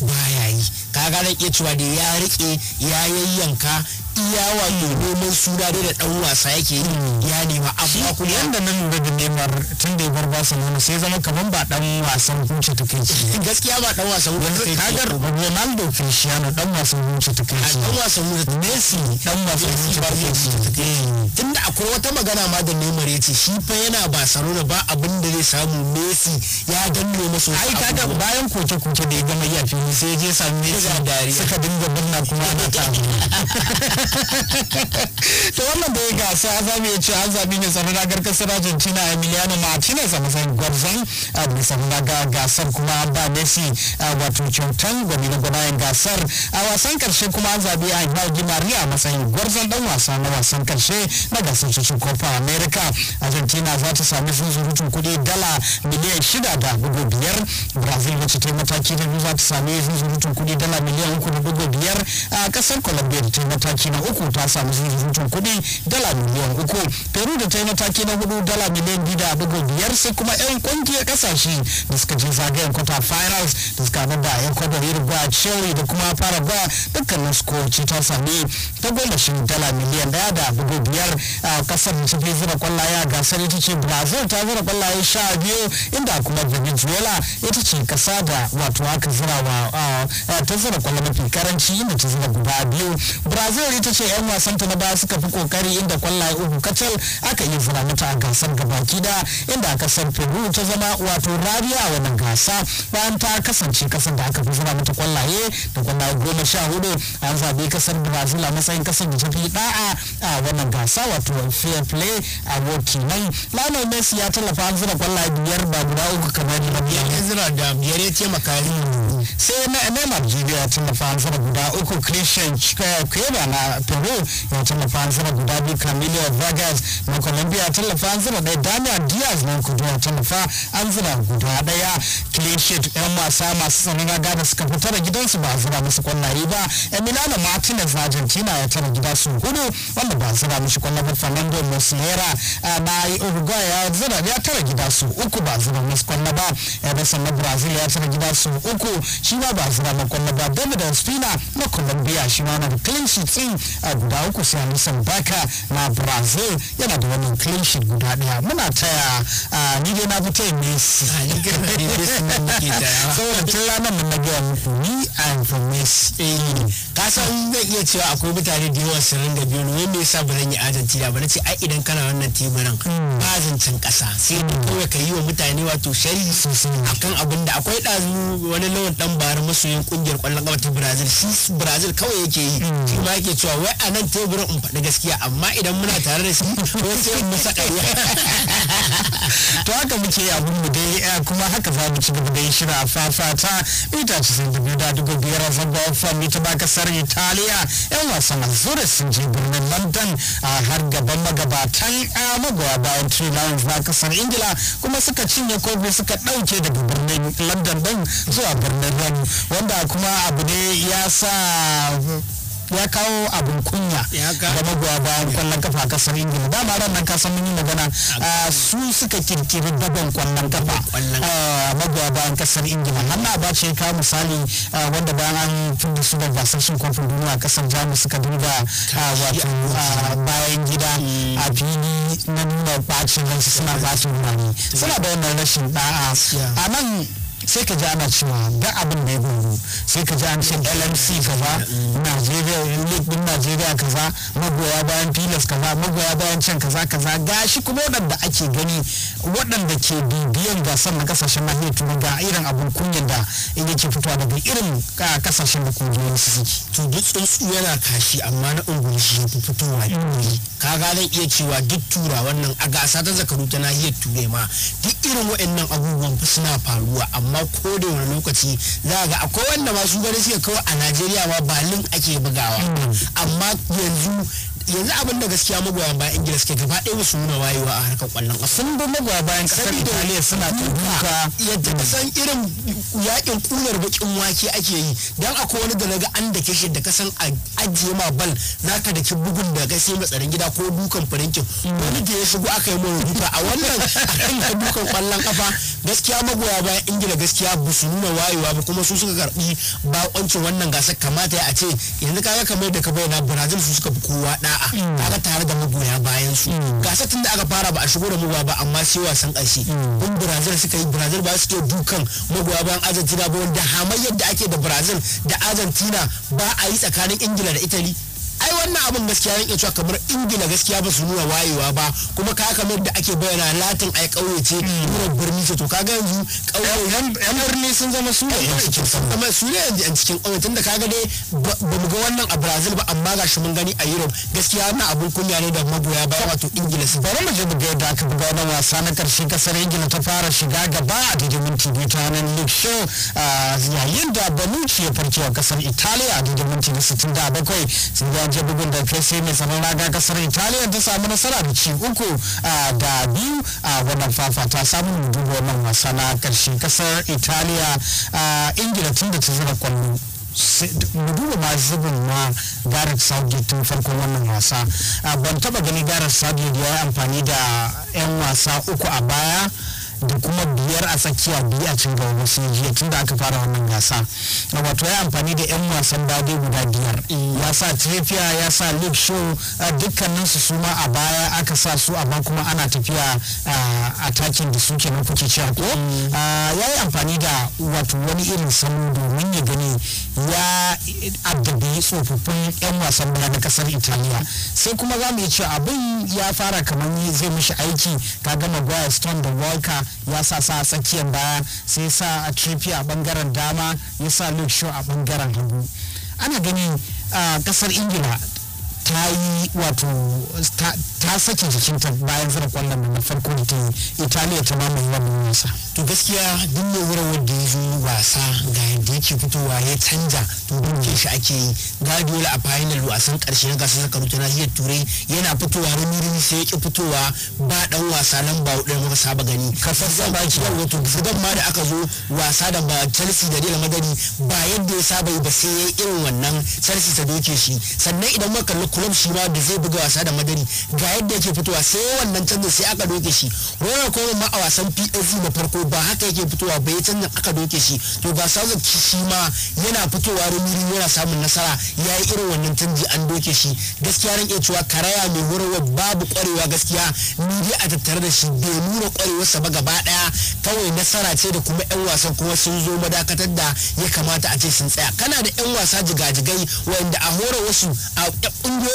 baya yi kaga zan iya cewa da ya rike ya yayyanka iya wato neman suna da dan wasa yake yi ya nema amma kuma yanda nan da neman tun da ya bar Barcelona sai zama kaman ba dan wasan kunce take mutunci gaskiya ba dan wasan mutunci kagar Ronaldo Cristiano dan wasan mutunci dan wasan mutunci Messi dan wasan mutunci eh. tunda akwai wata magana ma da Neymar yace shi fa yana Barcelona ba abin da zai samu Messi ya danne masa ai kaga bayan koke koke da ya gama yi a fili sai je samu Messi suka dinga binna kuma ana ta to wannan da ya gasa ya zabi ya ce an zabi ne tsaron ragar kasar Argentina Emiliano Martinez a matsayin gwarzon a bisa ga gasar kuma ba messi wato kyautan gwamnan gwamnan gasar a wasan karshe kuma an zabi a Angel Di Maria a matsayin gwarzon dan wasa na wasan karshe na gasar cikin Copa America Argentina za ta sami zuzurutun kuɗi dala miliyan shida da dubu biyar Brazil wacce ta yi mataki na biyu za ta sami zuzurutun kuɗi dala miliyan uku da dubu biyar a kasar Colombia da ta yi mataki na uku ta sami zuzurutun kuɗi dala miliyan uku Peru da ta yi mataki na hudu dala miliyan biyu da dubu biyar sai kuma 'yan kungiyar kasashe da suka je zagaya zagayen kwata finals da suka haɗu da ecuador uruguay chile da kuma ba dukkanin skoci ta sami ta goma shi dala miliyan daya da bugu biyar a kasar ta fi zura kwallaye a gasar ita ce brazil ta zura kwallaye sha biyu inda kuma venezuela ita ce kasa da wato aka zura wa ta zura kwallaye mafi karanci inda ta zura guda biyu brazil ita ce yan wasanta na baya suka fi kokari inda kwallaye uku kacal aka iya zura mata a gasar gabaki da inda kasar peru ta zama wato rariya wannan gasa bayan ta kasance kasar da aka fi zura mata kwallaye da kwallaye goma sha hudu an zaɓi kasar brazil a matsayin kasar da ta fi da'a a wannan gasa wato fair play a boki nai lamar messi ya tallafa an zura kwallaye biyar ba guda uku kamar da biyar ya zura da biyar ya makari sai na neymar jibiya ya tallafa an zura guda uku christian kweba na peru ya tallafa an zura guda biyu camilo vargas na colombia ya tallafa an zura ɗaya daniel diaz na kudu ya tallafa an zura guda ke Leichet yan wasa masu tsaron na da suka fita da gidansu ba zira musu kwallaye ba Emiliano Martinez na Argentina ya tara gida su hudu wanda ba zira musu kwallaye ba Fernando mosnera eh, na Uruguay ya zira ya tara gida su uku ba zira musu kwallaye ba Emerson na Brazil ya tara gida su uku shi ma ba zira musu kwallaye ba David Ospina na Colombia shi ma na da clean sheet din eh, guda uku sai Anderson Baka na Brazil yana da wannan clean sheet guda daya muna taya eh, ni dai na fita Messi ah, saboda tun ranar da na gaya muku ni am from Messi ka san zai iya cewa akwai mutane da yawa sirrin da biyu wai me yasa ba zan yi adalci da ba na ce ai idan kana wannan teburan ba zancen kasa sai da kawai ka yi wa mutane wato sharhi akan abin da akwai ɗazu wani lawan dan bari masoyin kungiyar kwallon kafa ta Brazil shi Brazil kawai yake yi shi ma yake cewa wai a nan teburin in faɗi gaskiya amma idan muna tare da shi ko sai mu saka to haka muke yi abin mu dai eh, kuma haka za mu ci gaba da shirin a fafata mita ce sun biyu da dubu biyar a ofa mai ita ba kasar italiya yan wasan azure sun je birnin london a har gaban magabatan magoya bayan tree lions na kasar ingila kuma suka cinye kofi suka dauke daga birnin london din zuwa birnin rome wanda kuma abu ne ya sa ya kawo abin kunya ga magoya bayan kwallon kafa a kasar ingila dama ran nan kasan mun yi magana su suka kirkiri daban kwallon kafa magoya bayan kasar ingila nan na ba ce kawo misali wanda bayan an tunda su da gasar shin kofin duniya a kasar jamus suka duba wato bayan gida a mm. fili na nuna bacin ransu suna bacin rani suna da wannan rashin da'a a nan sai ka ji ana cewa ga abin da ya gudu sai ka ji an ce lmc kaza nigeria unit din nigeria kaza magoya bayan pilas kaza magoya bayan can kaza kaza gashi kuma waɗanda ake gani waɗanda ke bibiyan gasar na kasashen nahiyar turai ga irin abin kunyan da yake fitowa daga irin kasashen da kungiyoyin su suke to duk tsuntsu yana kashi amma na ungulu shi ya fitowa ka ga zan iya cewa duk tura wannan a gasa ta zakaru ta nahiyar turai ma duk irin waɗannan abubuwan suna faruwa amma amma ko da wani lokaci za ga akwai wanda ma su gani suke kawai a najeriya ma ba ake bugawa hmm. amma yanzu yanzu abin da gaskiya magoya bayan ingila suke gaba ɗaya su nuna wayewa a harkar kwallon ƙasa sun bi magoya bayan ƙasar italiya suna ta duka yadda san irin yakin kunar bakin wake ake yi dan akwai wani da naga an ke shi da kasan ajiye ma bal zaka daki bugun da kai sai matsarin gida ko dukan farinkin wani da ya shigo aka yi mara duka a wannan akan a dukan ƙwallon ƙafa gaskiya magoya bayan ingila gaskiya ba su nuna wayewa ba kuma su suka karbi bakoncin wannan gasar kamata ya a ce yanzu kaga kamar da ka bayyana brazil su suka fi kowa ɗaya a'a kaga tare da magoya bayan su gasar tun da aka fara ba a shigo da magoya ba amma sai wasan ƙarshe in brazil suka yi brazil ba suke dukan magoya bayan argentina ba wanda hamayyar da ake da brazil da argentina ba a yi tsakanin ingila da italy ai wannan abin gaskiya yake cewa kamar ingila gaskiya ba su nuna wayewa ba kuma ka kamar da ake bayyana latin ai kauye ce nuna birni ce to kaga yanzu kauye yan birni sun zama su ne yan cikin sama su ne yan cikin kauye tunda kaga dai ba mu ga wannan a brazil ba amma ga shi mun gani a europe gaskiya wannan abun kunya ne da magoya ba wato ingila su bari mu je buga ga yadda aka buga wannan wasa na karshe kasar ingila ta fara shiga gaba a daidai minti biyu ta nan luke show ah, yayin da banuci ya farke a kasar italiya a daidai minti na 67 sun ga je bugun da fesi mai tsaron raga kasar italiya ta samu nasara da ci uku da biyu a wannan fafata samun duba wannan wasa na karshe kasar italiya ingila tun da ta zira kwallo duba ma zubin ma gareth saudi tun farkon wannan wasa ban taba gani gareth saudi ya yi amfani da 'yan wasa uku a baya da kuma biyar a tsakiya biyu a cin gaba sai jiya tun da aka fara wannan gasa wato ya amfani da yan wasan dade guda biyar ya sa trippier ya sa luke show dukkanin su suma a baya aka sa su amma kuma ana tafiya a takin da suke na kuke cewa ko ya yi amfani da wato wani irin sanu domin ya gani ya addabi tsofaffin yan wasan baya na kasar italiya sai kuma za mu iya cewa abin ya fara kamar zai mishi aiki ka gama gwaya stone da walker ya sa sa tsakiyar baya sai sa a tripi a bangaren dama ya sa luke show a bangaren hagu ana gani a ah, kasar ingila ta yi wato ta sake ta bayan zira kwallon da farko da ta yi italiya ta mamaye wannan nisa to gaskiya duk mai wurin wanda ya zo wasa ga yadda yake fitowa ya canja to duk shi ake yi gadiola a final wasan karshe na gasar zakaru ta nahiyar turai yana fitowa rami sai ya ki fitowa ba dan wasa nan ba hudu muka saba gani zan ba ki yau wato gidan ma da aka zo wasa da ba chelsea da real madrid ba yadda ya saba yi ba sai ya irin wannan chelsea ta doke shi sannan idan muka kalli club shi ma da zai buga wasa da madari ga yadda yake fitowa sai wannan canjin sai aka doke shi royal kuma ma a wasan psc na farko ba haka yake fitowa bai canjin aka doke shi to ba sa shi ma yana fitowa rumuri yana samun nasara ya yi irin wannan canji an doke shi gaskiya ran iya cewa karaya mai wurwa babu kwarewa gaskiya ni dai a tattare da shi bai nuna kwarewarsa ba gaba daya kawai nasara ce da kuma yan wasan kuma sun zo madakatar da ya kamata a ce sun tsaya kana da yan wasa jigajigai wanda a hore wasu a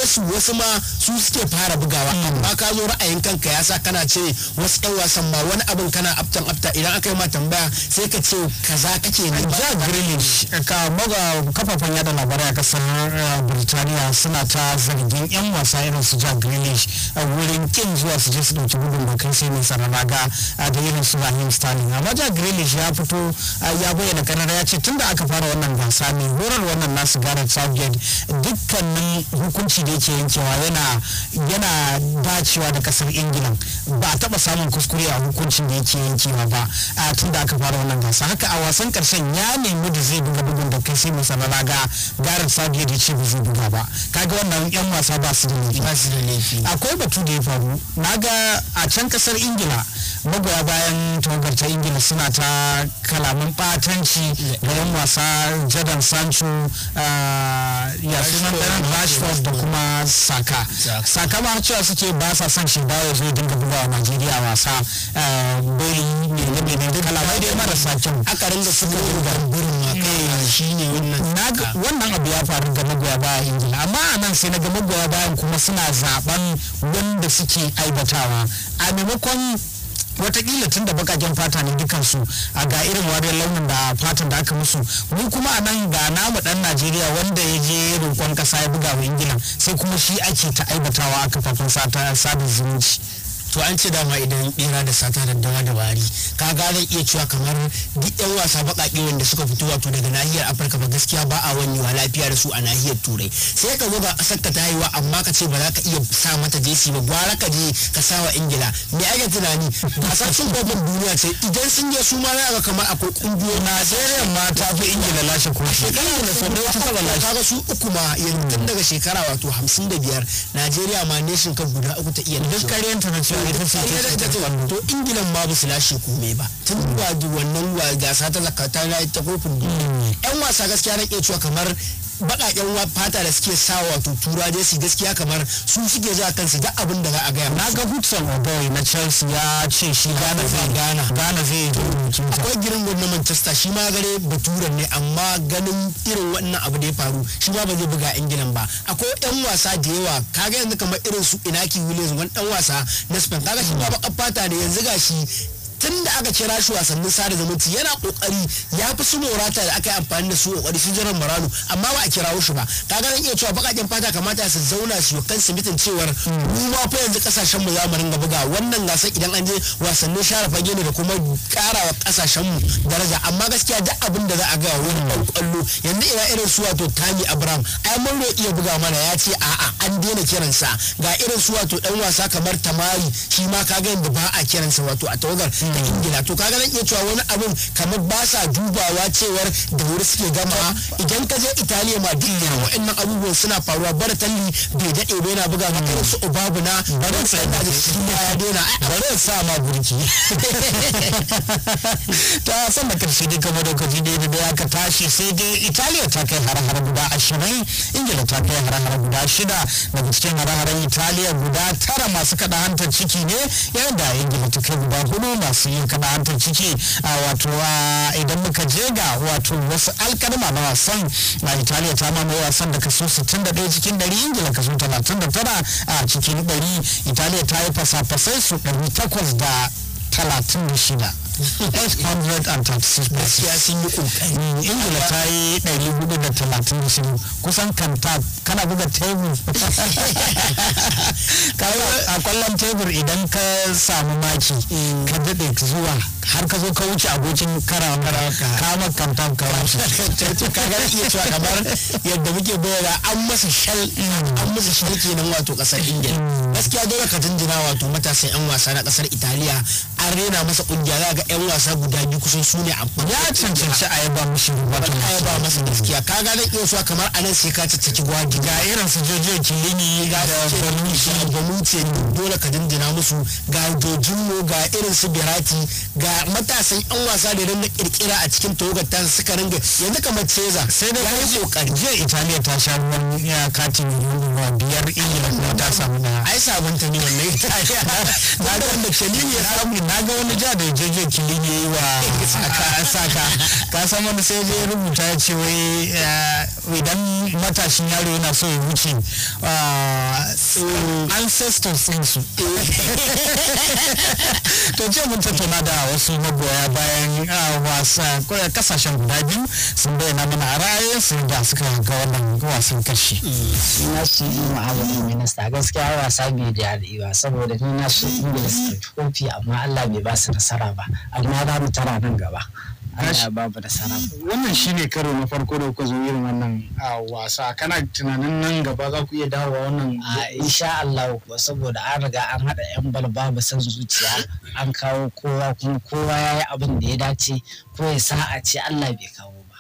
su wasu ma su suke fara buga canzawa amma ka zo ra'ayin kanka ya sa kana ce wasu yan wasan ba wani abin kana aftan afta idan aka yi ma tambaya sai ka ce kaza kake ne ba ja ba ka buga kafafen yada labarai a kasar eh, birtaniya suna ta zargin yan wasa irin su ja Grealish wurin kin zuwa su je su ɗauki gudun kai sai mai sarara ga da irin su rahim Sterling amma jack Grealish ya fito ya bayyana kanara ya ce tunda aka fara wannan gasa ne horar wannan nasu Gareth Southgate dukkanin hukunci da yake yankewa yana yana dacewa da kasar ingila ba a taba samun kuskure a hukuncin da yake yankewa ba a tun da aka fara wannan gasa haka a wasan karshen ya nemi da zai buga bugun da kai sai masa na ga garin sabiya da ce ba zai buga ba kaga wannan yan wasa ba su da laifi akwai batu da ya faru na ga a can kasar ingila magoya bayan tawagar ta ingila suna ta kalamin batanci ga yan wasa jadon sancho ya sunan rashford da kuma saka saka ma cewa cewa suke ba sa son shi ba ya zo dinga buga wa Najeriya wasa bai ne ne ne duk kalamai dai marasa kyau aka ringa suka buga eh, gurin ma kai eh, shine wannan wannan abu ya faru ga magoya bayan Ingila amma a nan sai na ga magoya bayan kuma suna zaben wanda suke aibatawa a maimakon watakila tun da bakaken fata ne dukansu a ga irin wariyar launin da fatan da aka musu mu kuma a nan ga namu dan najeriya wanda ya je roƙon ƙasa ya buga wa ingila sai kuma shi ake ta aibatawa a kafafen sada zumunci to an ce dama idan bera da sata da dawa da wari ka zan iya cewa kamar duk yan wasa baƙaƙe wanda suka fito wato daga nahiyar afirka ba gaskiya ba a wani wa lafiya da su a nahiyar turai sai ka zo ba ƙasar ka ta haihuwa amma ka ce ba za ka iya sa mata jesi ba gwara ka je ka sa wa ingila me ake tunani gasar cin kofin duniya ce idan sun je su ma za ga kamar akwai ƙungiyoyi najeriya ma ta fi ingila lashe kofi shekara da sau da wata saba lashe kaga su uku ma yanzu daga shekara wato hamsin da biyar najeriya ma nation kan guda uku ta iya duk karyanta na cewa to ingilan ma ba su lashe kome ba tun ba wannan gasa ta zakata ta kofin duniya yan wasa gaskiya na iya cewa kamar baƙaƙen fata da suke sa wato tura dai su gaskiya kamar su suke zuwa kansu da abin da za a gaya na ga hudson oboy na chelsea ya ce shi gana zai gana gana zai akwai girin na manchester shi ma gare baturan ne amma ganin irin wannan abu da ya faru shi ma ba zai buga ingilan ba akwai yan wasa da yawa kaga yanzu kamar irin su inaki williams wani dan wasa na spain kaga shi ma baƙar fata da yanzu ga tun da aka kira shi wasannin sada zumunci yana kokari ya fi su morata da aka yi amfani da su kokari su jiran marano amma ba a kira shi ba kaga zan iya cewa bakakin fata kamata su zauna su yi kansu mitin cewar mu ma fa yanzu kasashen mu za mu ringa buga wannan gasar idan an je wasannin share fage ne da kuma karawa kasashen mu daraja amma gaskiya duk abin da za a ga wani dan kwallo yanzu ina irin su wato Tami Abraham ai mun iya buga mana ya ce a an daina kiransa ga irin su wato dan wasa kamar Tamari shi ma kaga yanda ba a kiransa wato a tawagar ina to kaga zan iya cewa wani abun kamar ba sa dubawa cewar da wuri suke gama idan ka je italiya ma duk irin wa'annan abubuwan suna faruwa baratalli bai daɗe ba yana buga maka irin su ba zan sa da shi ma ya daina zan sa ma burki ta san da karshe dai kamar da kaji dai da ya ka tashi sai dai italiya ta kai har-har guda ashirin ingila ta kai har-har guda shida daga cikin har-haren italiya guda tara masu kaɗa hantar ciki ne yayin da ingila ta kai guda hudu masu su yi filin an ta ciki a wato idan muka je ga wato wasu alkalma na wasan na italiya ta mamaye wasan da kaso 61 cikin 100 ingila kaso 39 a cikin 100 italiya ta yi fasafasai su 800 da 36 836 gaskiya sun yi ƙoƙari da ta yi 430 kusan kanta kana buga tebur a kwallon tebur idan ka samu maki ka daɗe zuwa har ka zo ka wuce abokin karawa kama kanta kawai ka ga iya cewa kamar yadda muke bayyana an masa shal an masa shal kenan wato kasar ingila gaskiya dole ka jinjina wato matasa yan wasa na kasar italiya an rena masa kungiya za ga yan wasa guda biyu kusan su ne amma ya cancanci a yaba mishi wato a yaba masa gaskiya ka ga zan iya suwa kamar anan sai ka cicci gwa ga irin su jojo kilini ga ga bonucci dole ka dindina musu ga jojinmu ga irin su birati ga matasan yan wasa da rinda kirkira a cikin tawagar ta suka ringa yanzu kamar ceza sai dai kai kokari jiya italiya ta sha ruwan katin ruwa biyar ingila kuma ta samu na ai sabon ta ne wannan italiya na ga wanda kelini ya samu na ga wani ja da jojo da ya yi wa saka saka ka san wani sai zai rubuta ya ce wai eh, idan matashin yaro yana so ya wuce ah, ancestors su to ce mun tattauna da wasu magoya bayan ah, wasa kasashen guda biyu sun bayyana mana a ra'ayinsu da suka ga wannan wasan kashi na su yi minista gaskiya wasa bai da saboda ni na su ingilis da kofi amma allah bai ba su nasara ba amma za mu tara nan gaba Allah shi ne wannan karo na farko da kuka zo irin wannan wasa kana tunanin nan gaba za ku iya dawowa wannan a insha Allah saboda an riga an haɗa yan balba ba san zuciya an kawo kowa kuma kowa yi abin da ya dace ko ya sa a ce Allah bai kawo ba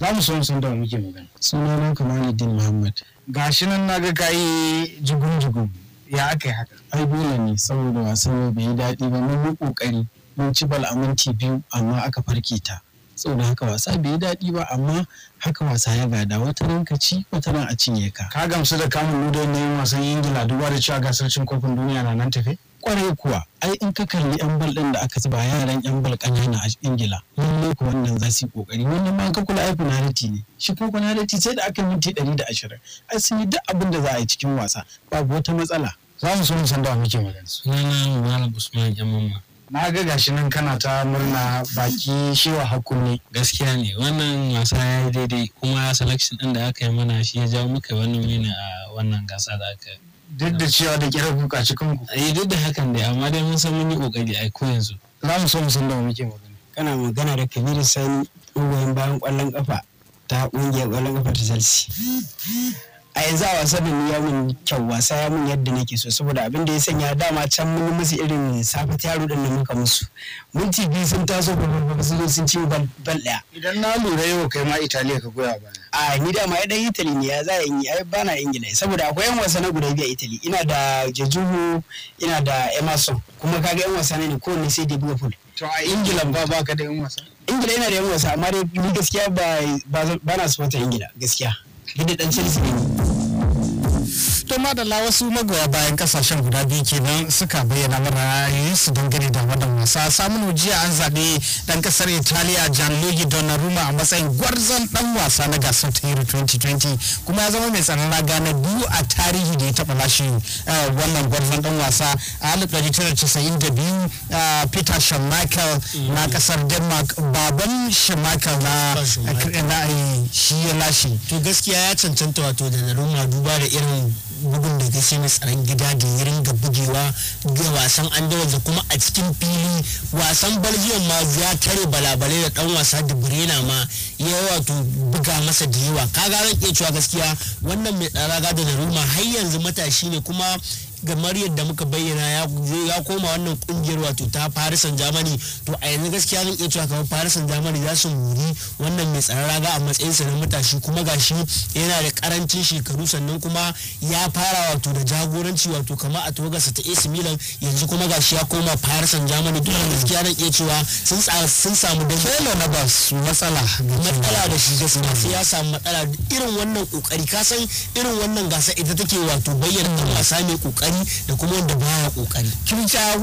za mu so san da muke magana sunana Kamaluddin Muhammad gashi nan naga kayi jugun jugun ya aka yi haka ai dole ne saboda wasan bai yi daɗi ba mun yi kokari mun ci bal a biyu amma aka farke ta saboda haka wasa bai yi daɗi ba amma haka wasa ya gada wata ran ka ci wata ran a cinye ka ka gamsu da kamun nudon na yin wasan ingila duba da cewa gasar cin kofin duniya na nan tafe kwarai kuwa ai in ka kalli yan bal din da aka zuba yaran yan bal kanana a ingila lallai ku wannan za su yi kokari wannan ma ka kula ai penalty ne shi ko penalty sai da aka minti ɗari da 120 ai sun yi duk abin da za a yi cikin wasa babu wata matsala za mu so mu san da muke magana sunana malam usman jamamma na ga gashi nan kana ta murna baki shi wa hakuni gaskiya ne wannan wasa ya yi daidai kuma selection din da aka yi mana shi ya jawo muka wannan wina a wannan gasa da aka yi. duk da cewa da kira kuka cikin ku eh duk da hakan dai amma dai mun san mun yi kokari ai ko yanzu za mu so mu san da muke magana kana magana da Kabiru Sani ungoyin bayan kwallon kafa ta kungiyar kwallon kafa ta Chelsea a yanzu a wasan da ya mun kyau wasa ya mun yadda nake so saboda abin da ya sanya dama can mun musu irin ta yaro din da muka musu minti biyu sun taso ba sun zo sun ci bal daya idan na lura yau kai ma Italiya ka goya ba a ni dama ya dan Italy ne ya za a yi ai ba na Ingila saboda akwai yan wasa na guda biyu a Italy ina da Jejuhu ina da Emerson kuma kaga yan wasa ne ko ne sai da Liverpool to a Ingila ba ba ka da yan wasa Ingila yana da yan wasa amma dai ni gaskiya ba ba na supporter Ingila gaskiya duk dan Chelsea ne to madalla wasu magoya bayan kasashen guda biyu kenan suka bayyana mana su dangane da wannan wasa samun jiya an zaɓe dan kasar italiya gianluigi donnarumma a matsayin gwarzon dan wasa na gasar ta euro 2020 kuma ya zama mai tsaron raga na biyu a tarihi da ya taɓa lashe eh, wannan gwarzon dan wasa a biyu eh, peter schmeichel na kasar mm. denmark baban schmeichel na eh, shi ya lashe to gaskiya ya cancanta wato da donnarumma duba da irin bugun da gashi sami tsaron gida da yi ringa bugewa ga wasan andalus da kuma a cikin fili wasan belgium ma ya tare balabale da dan wasa da birena ma ya wato buga masa da yawa kaga ran iya cewa gaskiya wannan mai tsara gada da ruma har yanzu matashi ne kuma gamar yadda muka bayyana ya koma wannan kungiyar wato ta farisan germany to a yanzu gaskiya zan iya cewa kamar farisan germany za su muri wannan mai tsaron raga a matsayinsa na matashi kuma gashi yana da karancin shekaru sannan kuma ya fara wato da jagoranci wato kamar a togarsa ta AC Milan yanzu kuma gashi ya koma farisan germany to gaskiya zan iya cewa sun samu da Felo na ba su matsala matsala da shi gaskiya sai ya samu matsala irin wannan kokari ka san irin wannan gasa ita take wato bayyana wasa mai kokari kokari da kuma wanda baya kokari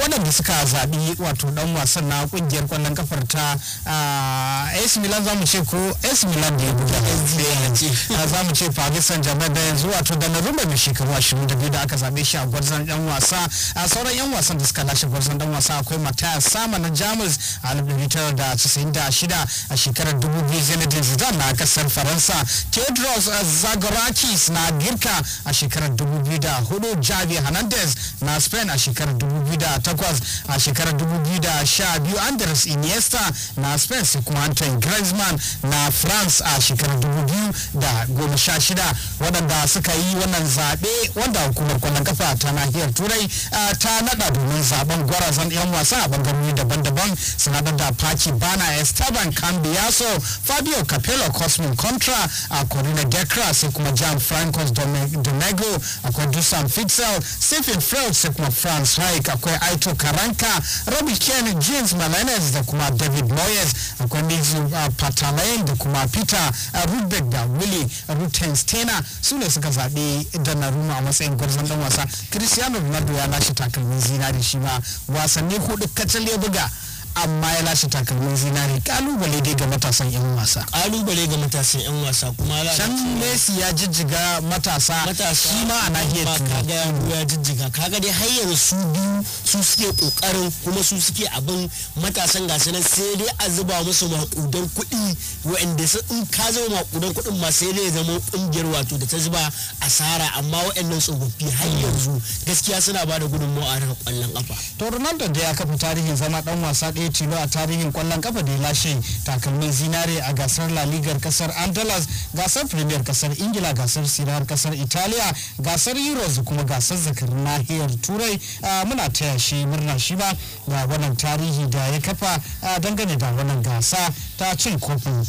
wannan da suka zabi wato dan wasan na kungiyar kwallon kafar ta AC ah, Milan zamu ce ko AC Milan da ya buga ah, za zamu ce Paris Saint-Germain da yanzu wato da na Narumba mai shekaru 22 da aka zabe shi a gwarzan dan wasa a ah, sauran yan wasan da suka lashe gwarzan dan wasa akwai Matthias Sama na Jamus a da 1996 a shekarar 2000 Zinedine Zidane na kasar Faransa Theodros Zagorakis na Girka a shekarar 2004 Javier fernandez na Spain a shekarar 2008 a shekarar 2012 Andres Iniesta na Spain sai kuma Antoine Griezmann na France a shekarar 2016 waɗanda suka yi wannan zaɓe wanda hukumar kwallon kafa ta nahiyar Turai eh, ta naɗa domin zaɓen gwarazan 'yan wasa a bangarori daban-daban sanadar da Apache Bana Esteban Cambiaso Fabio Capello Cosmin Contra a Corina decra sai kuma Jan Francos Donego akwai Dusan Fitzel Stephen Freud sai kuma Franz Reich akwai Aito Karanka robi Ken James Malenes da kuma David Moyes akwai Nizu Patalain da kuma Peter Rudbeck da Willy Rutensteiner su ne suka zaɓi Donnarumma a matsayin gwarzon dan wasa Cristiano Ronaldo ya lashe takalmin zinari shi ma wasanni hudu kacal ya buga amma ya lashe takalmin zinari kalubale dai ga matasan yan wasa kalubale ga matasan yan wasa kuma can messi ya jijjiga matasa shi ma a nahiyar kaga ya jijjiga kaga dai har yanzu su biyu su suke kokarin kuma su suke abin matasan gasu nan sai dai a zuba musu makudan kuɗi wa'anda su in ka zama makudan kuɗin ma sai dai zama kungiyar wato da ta zuba asara amma wa'annan tsofaffi har yanzu gaskiya suna ba da gudunmawa a kwallon kafa to ronaldo da ya kafa tarihin zama dan wasa ɗaya ya tilo a tarihin kwallon kafa da ya lashe takalmin zinare a gasar la ligar kasar andalas gasar premier kasar ingila gasar sirar kasar italiya gasar euros kuma gasar zakarin nahiyar turai muna taya shi murna shi ba ga wannan tarihi da ya kafa dangane da wannan gasa ta cin kofin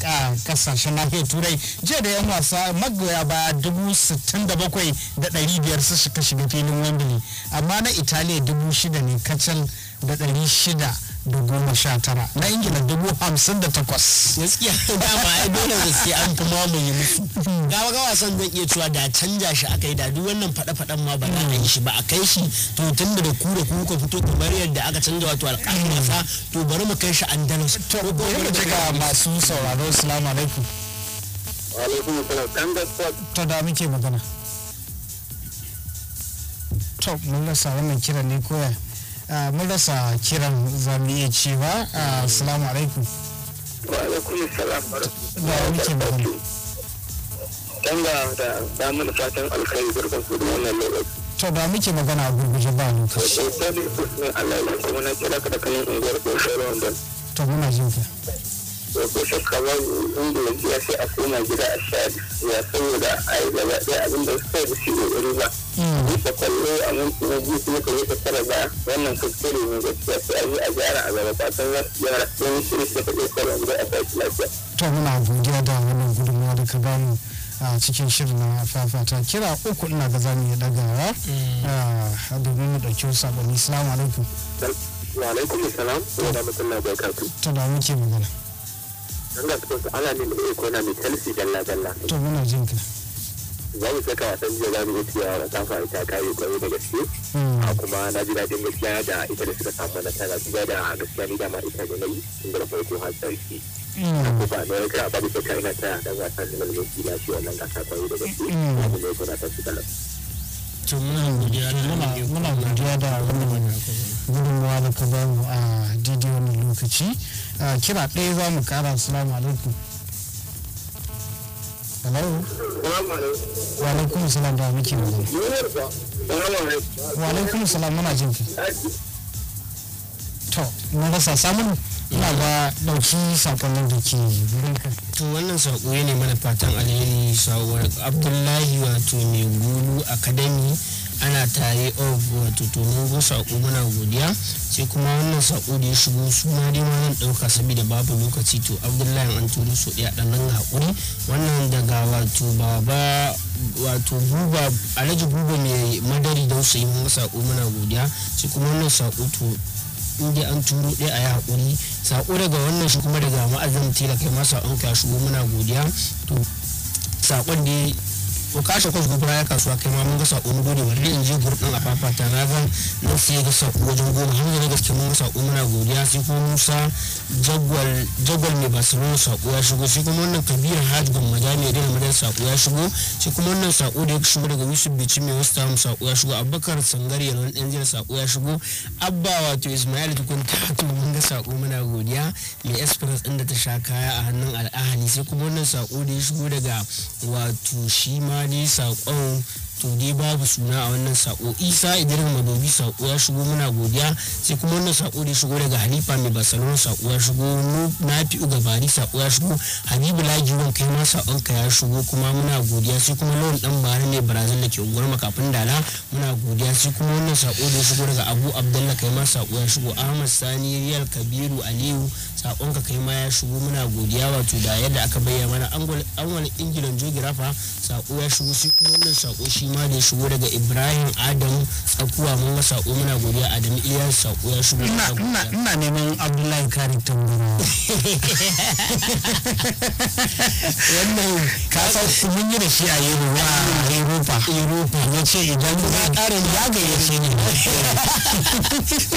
kasashen nahiyar turai jiya da yan wasa magoya baya dubu sittin da bakwai da ɗari biyar su shiga filin wembley amma na italiya dubu shida ne kacal da ɗari shida da goma sha tara na ingila dubu hamsin da takwas gaskiya dama ai dole gaske an fi mamaye musu ga ga wasan zan iya cewa da canja shi akai da duk wannan fada fadan ma ba za yi shi ba a kai shi to tun da ku da ku ka fito kamar yadda aka canja wato alƙalin wasa to bari mu kai shi an andalus to bari mu ga masu sauraro assalamu alaikum wa alaikum assalam dan gaskiya to da muke magana to mun rasa wannan kiran ne koya Ah, mun rasa kiran zamu iya cewa ah, assalamu alaikum wa alaikum salam da muke magana dan ga da da mun fatan alkhairi barkan ku da wannan lokaci to ba muke magana a gurguje ba lokaci eh, eh, sai ne Allah ya kuma na kira ka da kanin unguwar ko sharon dan to muna jin ka ko shakka ba inda ya sai a koma gida a shari ya saboda ai gaba ɗaya abin da suka yi shi ba duka kwallo a nan kuma biyu kuma ka ta tara ba wannan kuskure ne gaskiya sai a yi a gyara a gaba fatan za su gyara don shirya ta kaɗe kwarar da a tashi lafiya. to muna godiya da wannan gudunmawa da ka bamu a cikin shirin na fafata kira uku ina ga zamu iya dagawa mm. ah, domin mu ɗauki wasu saƙonni salamu alaikum. wa alaikum salam wa rahmatullahi wa barakatuh. to da muke magana. Allah ta ana ne mai iko na mai talisi dalla dalla. to muna jin ka. za mu saka wasan jiya za mu iya cewa rasafa ta kare kwaye da gaske hmm. a kuma na ji daɗin gaskiya da ita da suka samu na tara su da gaskiya ni dama ita da na yi tun da farko har sarki hmm. ko ba ne ka ba da saka ina ta da wasan da gaske na shi wannan gasa kwaye da gaske abu ne kuna ta su kalam to muna godiya da muna godiya da wannan gudunmawa da ka bamu a daidai wannan lokaci ah, kira ɗaya za mu kara salamu alaikum Hello. Wa alaikum salam da muke magana. Wa alaikum salam muna jin ku. To, mun rasa samun ina ga dauki sakonnin da ke wurinka. To wannan sako ne mana fatan alheri shawar Abdullahi wato mai gulu Academy ana tare of wato to mun go sako muna godiya sai kuma wannan sako da ya shigo su ma dai ma zan dauka saboda babu lokaci to abdullahi an turo su ɗaya dan nan hakuri wannan daga wato baba wato buba alhaji buba mai madari da su yi mu saƙo muna godiya sai kuma wannan sako to in dai an turo ɗaya a yi haƙuri saƙo daga wannan shi kuma daga ma'azin tilaka kai masu an kashi shigo muna godiya to saƙon da ko kashe ko kuma ya kasuwa kai ma mun ga sako mun gode wani in je group din a fafata na ga mun fiye ga sako wajen goma har ne gaske mun ga sako muna godiya sai kuma Musa jagwal jagwal mai Barcelona sako ya shigo sai kuma wannan Kabir Hajj Gummaja ne da madan sako ya shigo sai kuma wannan sako da ya shigo daga Yusuf Bichi mai West Ham sako ya shigo Abubakar Sangare nan ɗan jira sako ya shigo Abba wato Ismail tukun ta ta mun ga sako muna godiya mai express din da ta sha kaya a hannun al'ahali sai kuma wannan sako da ya shigo daga wato shi ma 你说哦。to dai babu suna a wannan sako isa idirin madobi sako ya shigo muna godiya sai kuma wannan sako da shigo daga halifa mai barcelona sako ya shigo na fi gabari sako ya shigo habibu lagi wan kai ma sakon ka ya shigo kuma muna godiya sai kuma lawan dan bari ne brazil da ke unguwar makafin dala muna godiya sai kuma wannan sako da shigo daga abu abdalla kai ma sako ya shigo ahmad sani riyal kabiru aliyu sakon ka kai ma ya shigo muna godiya wato da yadda aka bayyana mana angwal wani ingilan jogirafa sako ya shigo sai kuma wannan sako shi shi ma da shigo daga ibrahim adam akuwa mun masa muna godiya adam iya sako ya shigo ina ina ina neman abdullahi kari tamburu wannan kasar mun yi da shi a yero yoruba europa europa ya ce idan ba ya ga ya ce ne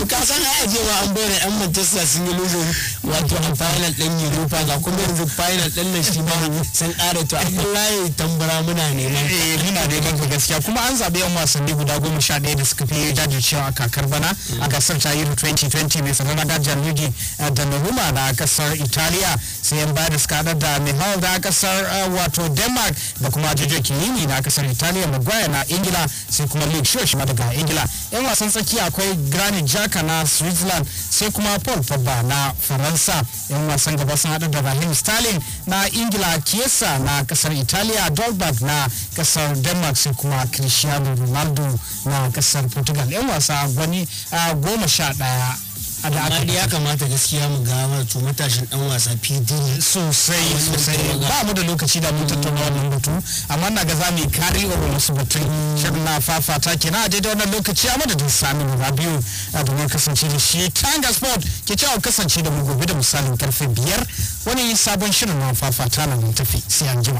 kasan a ajiye wa an bayyana yan manchester sun yi lujin wato a final din europa ga kuma yanzu final din nan shi ma sun kara to abdullahi tambura muna neman eh, muna neman ka gaskiya kuma an zaɓi yan wasanni guda goma sha ɗaya da suka fi jajircewa a kakar bana a gasar ta yi 2020 mai sanarwa eh, da da nahuma na kasar italiya sai yan baya da suka haɗa da mihal da kasar eh, wato denmark da kuma jojo kinini na kasar italiya maguire na ingila sai kuma luke shaw shi daga ingila yan wasan tsakiya akwai granit jaka na switzerland sai kuma paul pogba na faransa yan wasan gaba sun haɗa da rahim sterling na ingila kiesa na kasar italiya dolberg na kasar denmark sai kuma na cristiano ronaldo na kasar portugal 'yan wasa gwani ah, goma sha ɗaya amma ya kamata gaskiya mu ga wato matashin dan wasa fidiri sosai sosai ba mu da lokaci da mu tattauna wannan batu amma na ga zamu kari wa wasu batun shirin na fafata na a daidai wannan lokaci a dun sami biyu a domin kasance da shi tanga sport ke cewa kasance da mu gobe da misalin karfe biyar wani sabon shirin na fafata na mun tafi sai an jima.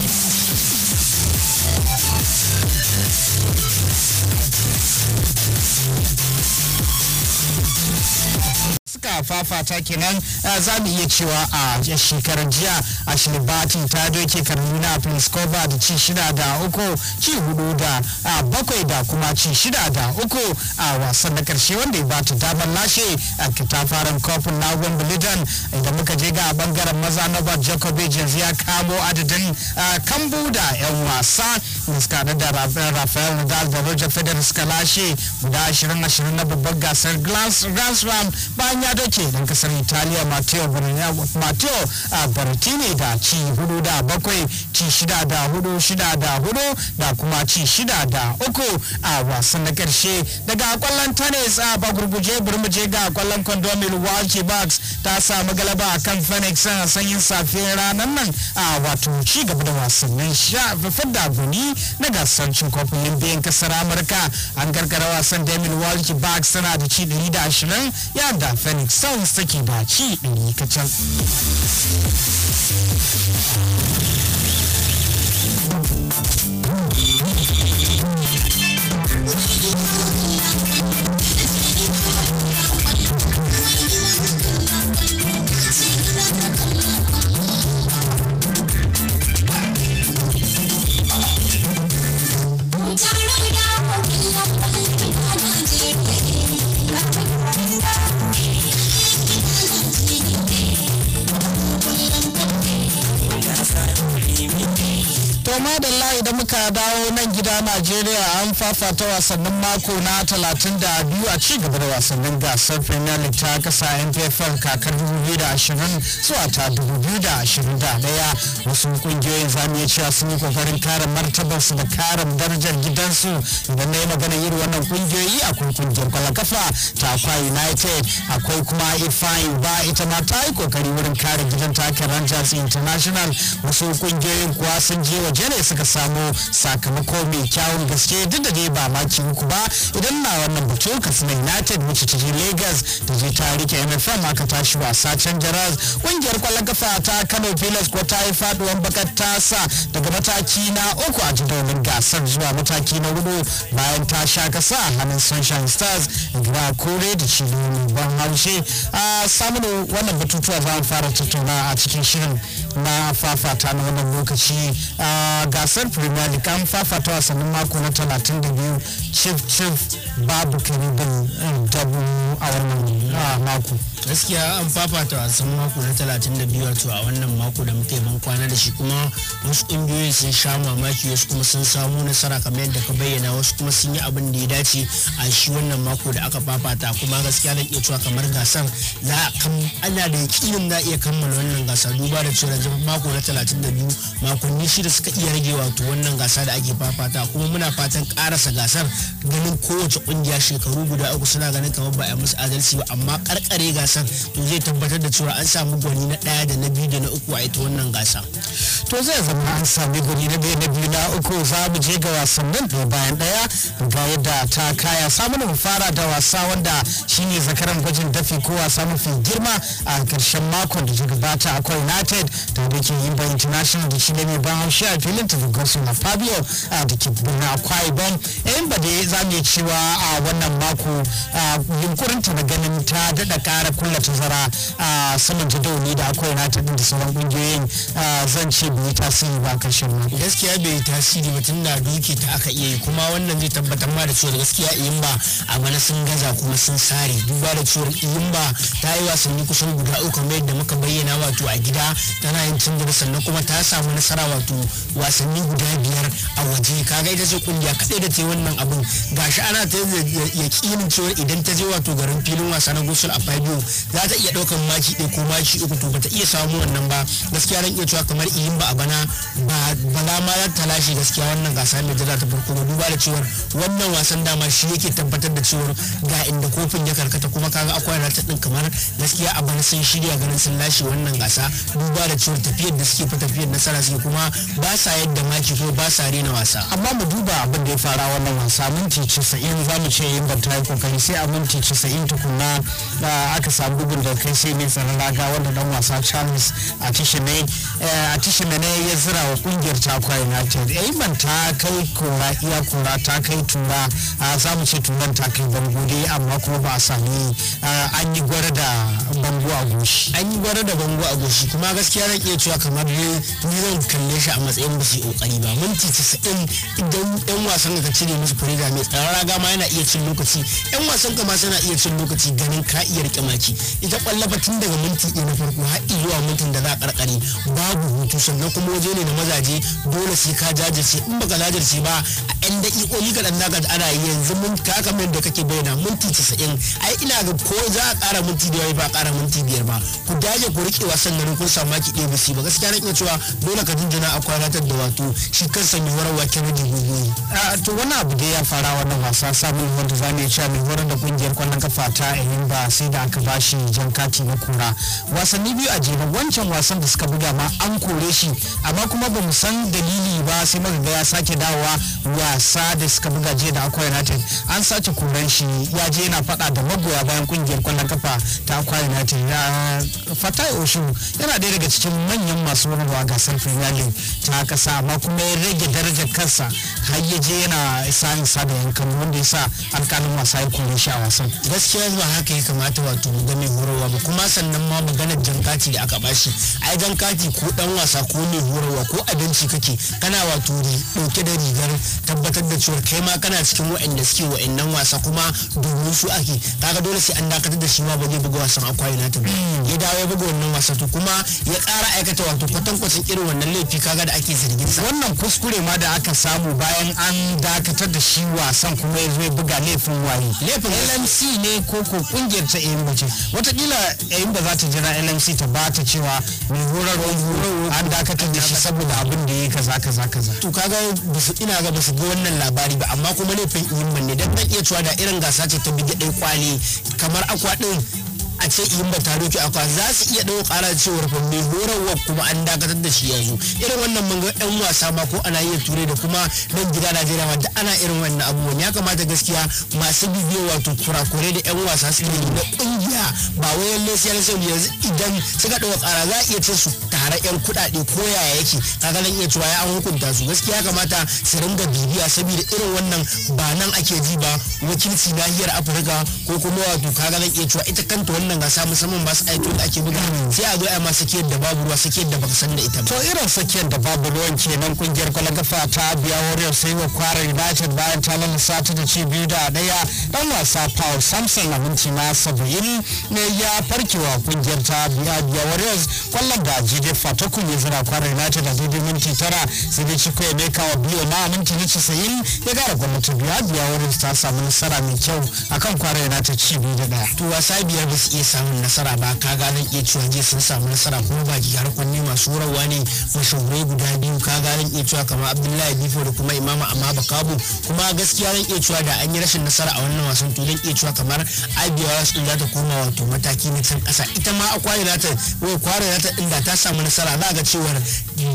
suka fafata kenan eh, za mu iya cewa a shekarar jiya a shilibati ta doke kaduna pliskova da ci shida da uku ci hudu da bakwai da kuma ci shida da uku a wasan na karshe wanda ya bata damar lashe a katafaren kofin na wimbledon idan muka je ga bangaren maza na ba Jacobi ya kamo adadin kambu da yan wasa suka da rafael nadal da roger federer suka lashe guda ashirin ashirin na babban gasar grand slam bayan ya ce dan kasar italiya matteo matteo bertini da ci hudu da bakwai ci shida da hudu shida da hudu da kuma ci shida da uku a wasan na karshe daga kwallon tennis a bagurguje burmuje ga kwallon condomin milwaukee bucks ta samu galaba a kan phoenix a sanyin safiyar ranar nan a wato ci gaba da wasannin sha da guni na gasar cin kofin biyan kasar amurka an karkara wasan damin milwaukee bucks tana da ci 120 yadda phoenix son sake baki ɗari ta can. Thank you. da madalla idan muka dawo nan gida najeriya an fafata wasannin mako na 32 a ci gaba da wasannin gasar premier league ta kasa npfl kakar 2020 zuwa ta 2021 wasu kungiyoyin zamu iya cewa sun yi kokarin kare su da kare darajar gidansu idan na yi magana irin wannan kungiyoyi akwai kungiyar kwalakafa ta akwa united akwai kuma ifeanyi ba ita ma ta yi kokari wurin kare gidan takin rangers international wasu kungiyoyin kuwa sun je waje Nigeria suka samu sakamako mai kyawun gaske duk da dai ba maki uku ba idan na wannan batu na United wacce ta je Lagos da je ta rike MFM aka tashi wasa can ƙungiyar kungiyar kwallon kafa ta Kano Pilas ko ta yi faduwan bakar tasa daga mataki na uku a jadawalin gasar zuwa mataki na hudu bayan ta sha kasa hannun Sunshine Stars da kore da shi ban haushe a samun wannan batutuwa za mu fara tattauna a cikin shirin na fafata na wannan lokaci gasar premier league an fafata wasannin mako na 32 chief chief babu kiribin eh, dabu a wannan ah, mako gaskiya an fafata wasan mako na 32 wato a wannan mako da muke ban kwana da shi kuma wasu kungiyoyi sun sha mamaki wasu kuma sun samu nasara kamar yadda ka bayyana wasu kuma sun yi abin da ya dace a shi wannan mako da aka fafata kuma gaskiya na iya cewa kamar gasar za ana da yakinin za iya kammala wannan gasa duba da cewa yanzu mako na 32 makonni da suka iya rage wato wannan gasa da ake fafata kuma muna fatan karasa gasar ganin kowace kungiya shekaru guda uku suna ganin kamar ba a musu adalci ba amma karkare gasar gasar to zai tabbatar da cewa an samu gwani na ɗaya da na biyu da na uku a ita wannan gasa. to zai zama an sami gwani na biyu na biyu na uku za mu je ga wasannin ɗaya bayan ɗaya ga yadda ta kaya samun mu fara da wasa wanda shine zakaran gwajin dafi ko wasa mafi girma a ƙarshen makon da ya gabata akwai united da da ke yin international da shi ne mai ban haushi a filin tafagosu na fabio da ke birnin akwai ban yan ba da za mu iya cewa a wannan mako yunkurinta na ganin ta daɗa ƙara kulla tazara a saman jadawali da akwai na tadin da sauran kungiyoyin zan ce bai yi tasiri ba karshen nan gaskiya bai yi tasiri mutum na duki ta aka iya yi kuma wannan zai tabbatar ma da cewa gaskiya iyin ba a mana sun gaza kuma sun sare duba da cewa iyin ba ta yi wasanni kusan guda uku kamar yadda muka bayyana wato a gida tana yin cin gaba sannan kuma ta samu nasara wato wasanni guda biyar a waje kaga ita ce kungiya kaɗai da ta yi wannan abin gashi ana ta yin cewa idan ta je wato garin filin wasa na gosul a fabio za ta iya ɗaukan maki ɗaya ko maki uku to bata iya samu wannan ba gaskiya ran iya cewa kamar iyin ba a bana ba bala ma za ta lashe gaskiya wannan gasa mai jira ta farko ba duba da cewa wannan wasan dama shi yake tabbatar da cewa ga inda kofin ya karkata kuma kaga akwai ta din kamar gaskiya a bana sun shirya ganin sun lashe wannan gasa duba da cewa tafiyar da suke fa tafiyar nasara suke kuma ba sa yadda maki ko ba sa rena wasa amma mu duba abin da ya fara wannan wasa minti 90 za mu ce yin ban ta yi kokari sai a minti 90 tukunna ah, aka wasa bugun da kai sai mai tsaron raga wanda dan wasa charles atishime eh, ne ya zira wa kungiyar takwa united aiman eh, ta kai kura iya kura ta kai tura ah, za mu ce turan ta kai bango amma kuma ba a sami ah, an yi gwara da bango a goshi an yi gwara da bango a goshi kuma gaskiya na iya cewa kamar ne ni zan kalle shi a matsayin ba su kokari ba minti 90 idan yan wasan ka cire musu da mai tsaron raga ma yana iya cin lokaci yan wasan ka ma suna iya cin lokaci ganin ka iya rike maki ita kwallo tun daga minti ɗaya na farko har zuwa mintin da za a karkare babu hutu sannan kuma waje ne na mazaje dole sai ka jajirce in baka jajirce ba a yan ka kaɗan zaka ana yanzu mun ka kamar da kake bayyana minti casa'in ai ina ga ko za a ƙara minti da yawa ba a ƙara minti biyar ba ku dage ku riƙe wasan garin kun samu maki ɗaya bisi ba gaskiya na iya cewa dole ka jinjina a kwanatar da wato shi kansa mai warwa kennedy gugu to wani abu da ya fara wannan wasa samun wanda zamu iya cewa mai horar da kungiyar kwallon kafa ta ba sai da aka ba shi jan kati na kura wasanni biyu a jere wancan wasan da suka buga ma an kore shi amma kuma ba mu san dalili ba sai muka ya sake dawowa wasa da suka buga jiya da Akwa United an sace koran shi ya je yana fada da magoya bayan kungiyar kwallon kafa ta Akwa United Fatai Oshu yana daya daga cikin manyan masu a gasar Premier League ta kasa amma kuma ya rage darajar kansa har ya je yana isa ni sa da yankan wanda ya sa alkalin wasa ya kore shi a wasan gaskiya ba haka ya kamata wato da mai horarwa ba kuma sannan ma maganar jan kati da aka bashi ai jan kati ko dan wasa ko mai horarwa ko abinci kake kana wato dauke da rigar tabbatar da cewa kai ma kana cikin waɗanda suke waɗannan wasa kuma domin su ake kaga dole sai an dakatar da shi ma ba zai buga wasan akwa united ya dawo ya buga wannan wasa to kuma ya kara aikata wato kwatankwacin irin wannan laifi kaga da ake zargin sa wannan kuskure ma da aka samu bayan an dakatar da shi wasan kuma ya zo ya buga laifin waye laifin LMC ne ko ko kungiyar ta AMBC watakila yayin da za ta jira LMC ta ba ta cewa mai horarwa an dakatar da shi saboda abin da ya yi kaza kaza kaza to kaga basu ina ga basu ga wannan labari ba amma kuma laifin imman ne dan iya cewa da irin gasa ce ta bige ɗai kwali kamar akwa ɗin a ce yin ba ta doke akwa za su iya ɗau da cewar fa mai horarwa kuma an dakatar da shi yanzu irin wannan manga yan wasa ma ko ana iya ture da kuma nan gida Najeriya ma da ana irin wannan abubuwan ya kamata gaskiya masu bibiyo wato kurakure da yan wasa su ne na ba wai lesiyar sai yanzu idan suka ɗaga ƙara za a iya cin su tare yan kudade ko yaya yake kaga nan iya cewa ya an hukunta su gaskiya kamata su ringa bibiya saboda irin wannan ba nan ake ji ba wakilci nahiyar afirka ko kuma wato kaga nan iya cewa ita kanta wannan gasa musamman ba su aito da ake buga sai a zo a ma sakiyar da babu ruwa sakiyar da baka san da ita ba to irin sakiyar da babu ruwan kenan kungiyar kwalagafa ta biya warriors sai wa kwara united bayan ta lalasa sati da ci biyu da daya dan wasa paul samson na minti na saba'in ne ya farkewa kungiyar ta biya biya warriors kwallon da ya fatoku ya zira kwara united a zobe minti tara sai dai ciko ya meka wa biyo na minti na casa'in ya gara biyu biya biya wurin ta samu nasara mai kyau akan kwara united ci biyu da daya to wasa biyar ba su iya samun nasara ba ka ganin iya cewa je sun samu nasara kuma ba har kunne masu rawa ne mashahurai guda biyu ka ganin iya cewa kamar abdullahi bifo da kuma imama amma bakabu kuma gaskiya zan iya cewa da an yi rashin nasara a wannan wasan to zan iya cewa kamar ibiya wasu za ta koma wato mataki na can kasa ita ma akwai united wai kwara united din da ta samu samu nasara za ga cewar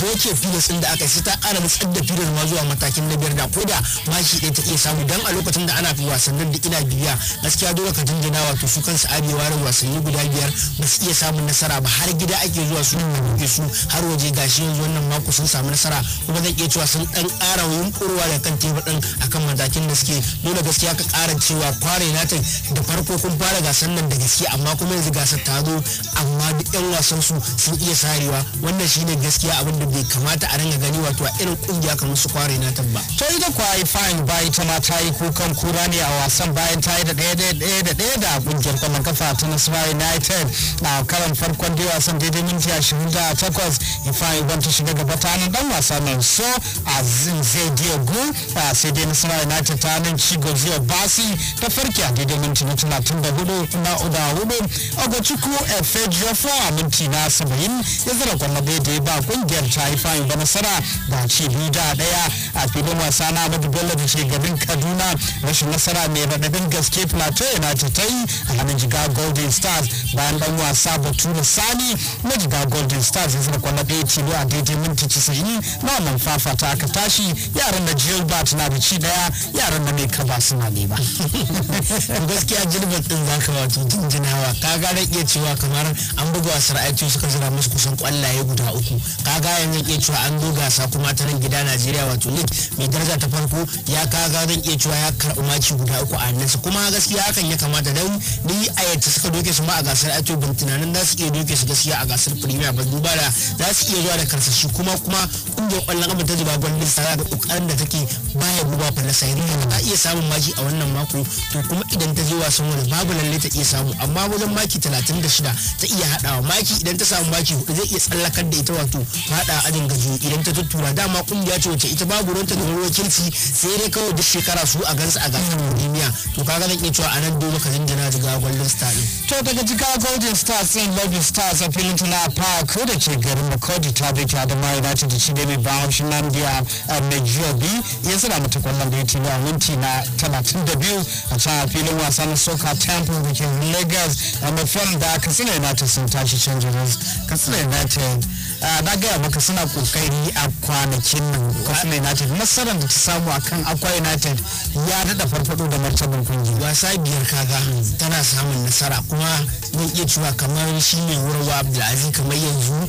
doke filas din da aka su ta ƙara nutsar da filar ma zuwa matakin na biyar da ko da mashi ɗaya ta iya samu dan a lokacin da ana wasannin da ina biya gaskiya dole ka jinjina wato su kansu abewa da wasanni guda biyar ba su iya samun nasara ba har gida ake zuwa su ne su har waje gashi yanzu wannan mako sun samu nasara kuma zan iya cewa sun dan ƙara yunkurwa da kan tebur din akan matakin da suke dole gaskiya ka ƙara cewa kware na ta da farko kun fara gasar nan da gaske amma kuma yanzu gasar ta zo amma duk 'yan wasan su sun iya sarewa wannan shine gaskiya abin da bai kamata a ringa gani wato a irin kungiya kamar su kware na tabba to ita fine ba ita ma ta yi kukan kura ne a wasan bayan ta yi da daya da daya da kungiyar kwallon kafa ta nasara united na karan farkon dai wasan daidai minti ashirin da takwas ifeanyi ban ta shiga gaba ta nan dan wasa nan so a zai diego sai dai nasara united ta nan ci gajiyar basi ta farki a daidai minti na talatin da hudu na uda hudu ogachukwu efejiofo a minti na saba'in ya tara kwallo da ya ba kungiyar ta yi fayin ba nasara da ci biyu da daya a filin wasa na Ahmadu Bello da ke garin Kaduna rashin nasara mai raɗaɗin gaske Plateau United ta yi a hannun jiga Golden Stars bayan dan wasa Bature Sani na jiga Golden Stars ya zira kwallo ɗaya tilo a daidai minti 90 na wannan fafata aka tashi yaran na Gilbert na da ci daya yaran na mai kaba suna ne ba. Gaskiya Gilbert din zaka wato jinjinawa ka ga iya cewa kamar an buga wasar aiki suka zira musu kusan kwallo kwallaye guda uku kaga yanzu iya cewa an zo gasa kuma ta nan gida najeriya wato league mai daraja ta farko ya kaga zan iya cewa ya karɓi maki guda uku a hannunsa kuma gaskiya hakan ya kamata don ni a suka doke su ma a gasar ato bin tunanin za su iya doke su gaskiya a gasar premier ba duba da za su iya zuwa da karsashi kuma kuma kungiyar kwallon kafa ta zuba din sara da kokarin da take baya guba falasa yanzu ba iya samun maki a wannan mako to kuma idan ta je wasan wani babu lalle ta iya samu amma wajen maki 36 ta iya haɗawa maki idan ta samu maki hudu zai iya tsallakar da ita wato fada ajin gaji idan ta tuttura dama kungiya ce wacce ita babu ruwanta da wani wakilci sai dai kawai duk shekara su a gansu a gasar duniya to kaga zan iya cewa a nan dole ka na jiga golden star din. to daga jiga golden stars sai lobby stars a filin tuna park da ke garin makodi ta bi ta da mai united da shi da mai bawon shi nan biya mai Nigeria bi ya da mata kwallon da ya tiba a minti na 32 a can filin wasan soka temple da ke lagos a mafiyar da katsina united sun tashi canjin katsina united a ah, na gaya maka suna kokari a kwanakin nan Kwasna United nasarar da ta samu akan Akwa United ya daɗa farfado da martaban kungi wasa biyar kaga tana samun nasara kuma mun iya cewa kamar shi ne wurwa Abdulaziz kamar yanzu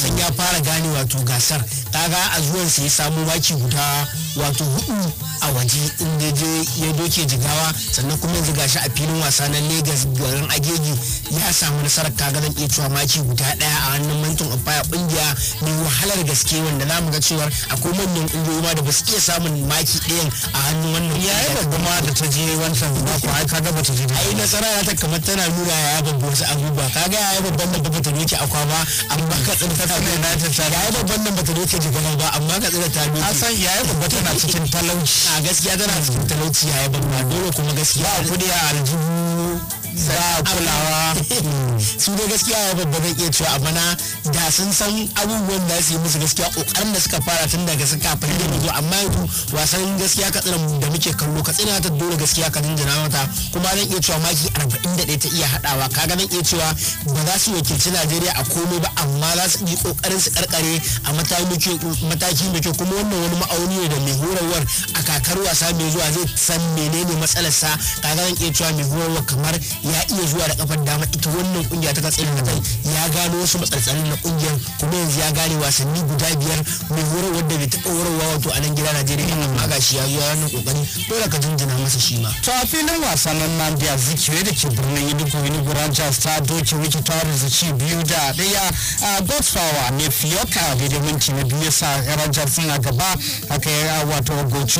sun ya fara gane wato gasar kaga a zuwansa ya samu maki guda wato hudu a waje inda je ya doke jigawa sannan kuma yanzu gashi a filin wasa na Legas garin Agege ya samu nasarar kaga zan iya cewa maki guda daya a hannun mantun of kungiya mai wahalar gaske wanda za mu ga cewa akwai manyan kungiyoyi ma da ba su iya samun maki ɗayan a hannun wannan yayin da kuma da ta je wancan ba ku ai kaga ba ta je ai nasara ta kamar tana nuna ya babba wasu abubuwa kaga ya babban nan ba ta doke akwa ba amma ka tsira ta na ta ya babban nan ba ta doke jigawa ba amma ka tsira ta doke a san ya babba babban tana cikin talauci a gaskiya tana cikin talauci ya yi babba dole kuma gaskiya a kudi a aljihu ba kulawa su dai gaskiya ya babba zai iya cewa amma na da sun san abubuwan da su yi musu gaskiya kokarin da suka fara tun daga sun kafin da zuwa amma yanzu wasan gaskiya katsina da muke kallo katsina ta dole gaskiya ka jinjina mata kuma zan iya cewa maki 41 ta iya hadawa ga zan iya cewa ba za su wakilci Najeriya a komai ba amma za su yi kokarin su karkare a mataki da ke kuma wannan wani ma'auni ne da mai horarwar a kakar wasa mai zuwa zai san menene matsalarsa ga zan iya cewa mai horarwar kamar ya iya zuwa da kafar dama ita wannan kungiya ta katsayin da kai ya gano wasu matsaltsalin na kungiyar kuma yanzu ya gane wasanni guda biyar mai horo wanda bai taɓa horarwa wato a nan gida Najeriya amma ga shi ya yi wannan kokari dole ka jinjina masa shi ma. To a filin wasannin Nambiya Zikiwe da ke birnin wani Enugu Rangers ta doki wiki wani ci biyu da ɗaya a Godfawa ne Fiyoka da minti na biyu sa Rangers suna gaba aka yi wato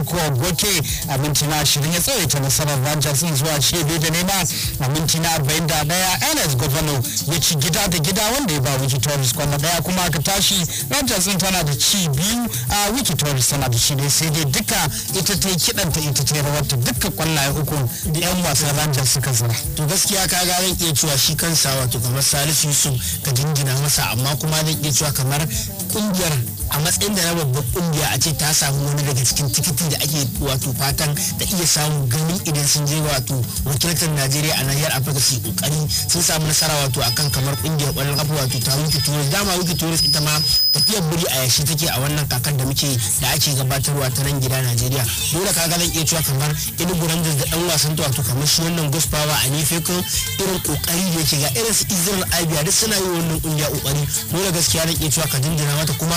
ko Goke a minti na ashirin ya tsawaita nasarar sun zuwa shi biyu da nema minti na 41 ns govano ya ci gida da gida wanda ya ba wiki tourist kwana daya kuma aka tashi rangers din tana da ci biyu a wiki tourist tana da shi ne sai dai duka ita ta yi kidanta ita ta yi rawarta duka kwallaye uku da yan wasan rangers suka zara to gaskiya ka ga zan iya cewa shi kansa wato kamar salisu yusuf ka jinjina masa amma kuma zan iya cewa kamar kungiyar a matsayin da na babbar kungiya a ce ta samu wani daga cikin tikiti da ake wato fatan da iya samu ganin idan sun je wato wakiltar najeriya a nan kungiyar afirka su kokari sun samu nasara wato akan kamar kungiyar kwallon kafa wato ta wiki turis dama wiki turis ita ma tafiyar biri a yashi take a wannan kakar da muke da ake gabatarwa ta nan gida najeriya dole ka zan iya cewa kamar irin rangers da dan wasan ta wato kamar shi wannan guspawa a ne irin kokari da yake ga irin su izinin abia duk suna yi wannan kungiya kokari dole gaskiya na iya cewa ka dindina mata kuma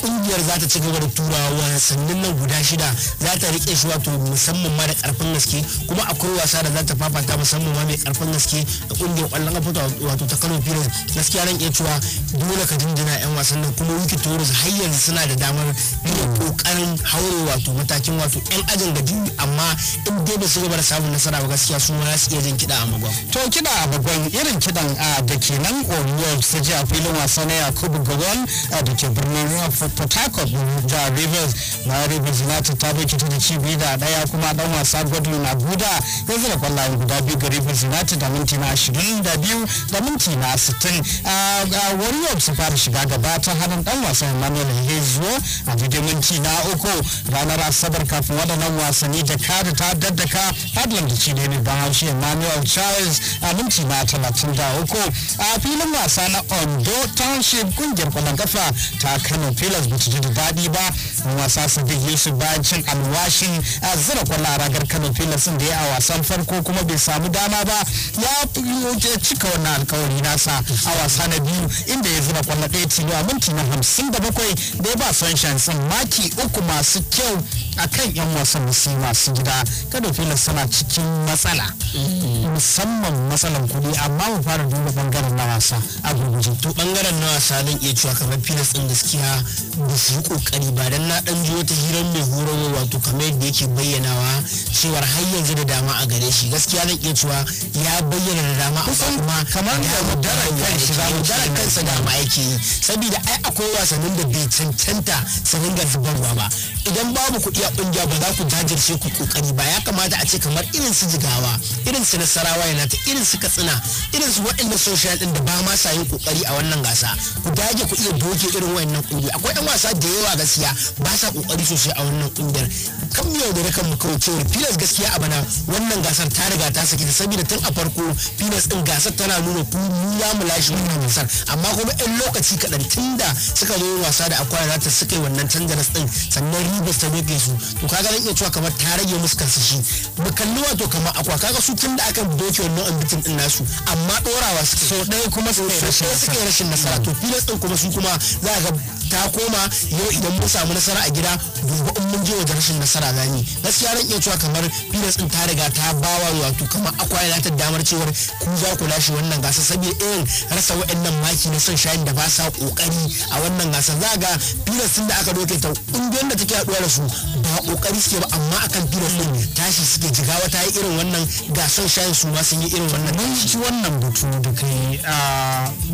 kungiyar za ta ci gaba da turawa wasannin nan guda shida za ta rike shi wato musamman ma da karfin gaske kuma akwai wasa da za ta fafata musamman ma mai mai karfin gaske da kungiyar kwallon kafa wato ta kano pirates gaskiya ran iya cewa dole ka dindina yan wasan nan kuma wiki toros har yanzu suna da damar yin kokarin haure wato matakin wato yan ajin gadi amma in dai ba su gaba da samun nasara ba gaskiya su ma su iya jin kiɗa a magwan. to kiɗa a magwan irin kiɗan a da ke nan oriyar su ji a filin wasa na yakubu gawon a da ke birnin port harcourt da rivers na rivers united ta bai kita da cibi da ɗaya kuma ɗan wasa godwin abuda ya zira kwallayen guda biyu ga rivers United da minti na 22 da minti na 60 Warriors su fara shiga gaba ta hannun dan wasan Emmanuel Hezuo a daidai minti na uku ranar asabar kafin waɗannan wasanni da kada ta daddaka Adlam da ci ne ban haushi Emmanuel Charles a minti na 33 a filin wasa na Ondo Township kungiyar kwallon kafa ta Kano Pillars ba ji ji daɗi ba wasa su bi Yusuf bayan cin alwashin a zira kwallon ragar Kano Pillars da ya a wasan farko kuma bai samu dama ba ya cika wannan alkawari nasa a wasa na biyu inda ya zuba kwallo ɗaya tilo a minti na hamsin da bakwai da ya ba sunshine sun maki uku masu kyau a kan yan wasan musu masu gida kada filas suna cikin matsala musamman matsalan kuɗi amma mu fara duba bangaren na wasa a gurguje to bangaren na wasa zan iya cewa kamar filas ɗin gaskiya ba su yi kokari ba dan na ɗan jiwo ta hirar mai horarwa wato kamar yadda yake bayyanawa cewar har yanzu da dama a gare shi gaskiya zan iya cewa ya bayyana da dama kusan kamar da mudarar kanshi za mu kansa da ma yake yi saboda ai akwai wasannin da bai cancanta su ringa zubarwa ba idan babu kuɗi a ƙungiya ba za ku jajirce ku kokari ba ya kamata a ce kamar irin su jigawa irin su nasarawa yana ta irin su katsina irin su waɗanda social din da ba ma sa yin kokari a wannan gasa ku dage ku iya doke irin wayannan ƙungiya akwai ɗan wasa da yawa gaskiya ba sa kokari sosai a wannan ƙungiyar kan miyau da rakan mu kawai cewar filas gaskiya a bana wannan gasar ta riga ta saki ta saboda tun a farko pinas din gasar tana nuna kuma ya mu lashe wannan musar amma kuma in lokaci kaɗan tunda suka zo wasa da akwai Rata suka yi wannan canjaras din sannan Rivers ta doke su to kaga zan iya cewa kamar ta rage musu kansu shi mu kalli wato kamar akwa kaga su tunda aka doke wannan ambitin din nasu amma dorawa suke so ɗaya kuma suka yi rashin nasara to pinas din kuma su kuma za ga ta koma yau idan mun samu nasara a gida gobe in mun je wajen rashin nasara zani gaskiya ran iya cewa kamar pinas din ta riga ta bawa wato kamar akwai Rata ta damar cewar ku za ku lashe wannan gasa saboda irin rasa waɗannan maki na son shayin da ba sa ƙoƙari a wannan gasa za ga pilas da aka doke ta ƙungiyar da take haɗuwa da su ba kokari suke ba amma akan pilas ɗin tashi suke jigawa ta yi irin wannan gasar shayin su ma sun yi irin wannan. Mun ci wannan butu da kai a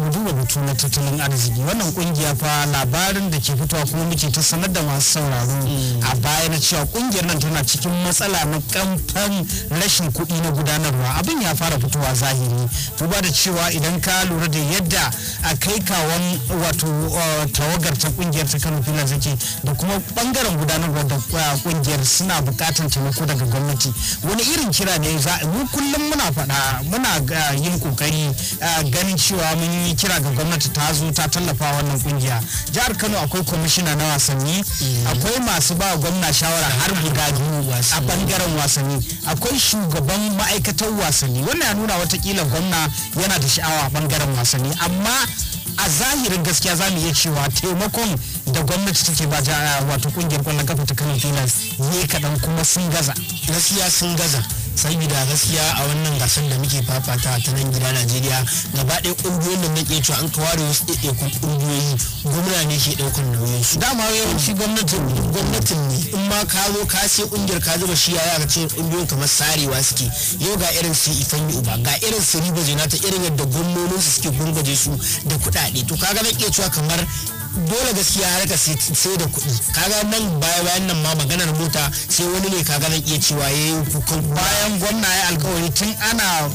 duba butu na tattalin arziki wannan kungiya fa labarin da ke fitowa kuma muke ta sanar da masu sauraro a mm. baya na cewa kungiyar nan tana cikin matsala na kamfan rashin kuɗi na gudanarwa abin ya fara fitowa zahiri duba da cewa idan ka lura da yadda a kai kawon wato uh, tawagar ta kungiyar ta kano filan zake da kuma bangaren gudanarwa da uh, kungiyar suna bukatan taimako daga gwamnati wani irin kira ne za mu kullum muna faɗa muna uh, yin kokari ganin cewa mun yi kira ga gwamnati ta zo ta tallafa wannan kungiya jihar kano akwai kwamishina na wasanni mm. akwai masu ba gwamna shawara har guda biyu a bangaren wasanni akwai shugaban ma'aikatar wasanni wannan ya nuna watakila gwamna yana da sha'awa bangaren wasanni amma a zahirin gaskiya za mu iya cewa taimakon da gwamnati take ba wato kungiyar kwallon kafa ta kano filas ne kaɗan kuma sun gaza gaskiya sun gaza saboda gaskiya a wannan gasar da muke fafata ta nan gida najeriya gaba ɗaya ƙungiyoyin da nake cewa an kaware wasu ɗaiɗaikun ƙungiyoyi gwamna ne ke ɗaukar nauyin su dama yawanci gwamnatin gwamnatin ne in ma ka zo ka sai ƙungiyar ka zuba shi yaya ka ce ƙungiyoyin kamar sarewa suke yau ga irin su ifanyi uba ga irin su riba ta irin yadda gwamnonin su suke gungaje su da kuɗaɗe to kaga nake cewa kamar dole gaskiya ya rika sai da kuɗi kaga nan baya bayan nan ma maganar mota sai wani ne kaga nan iya cewa ya yi bayan gwamna ya alkawari tun ana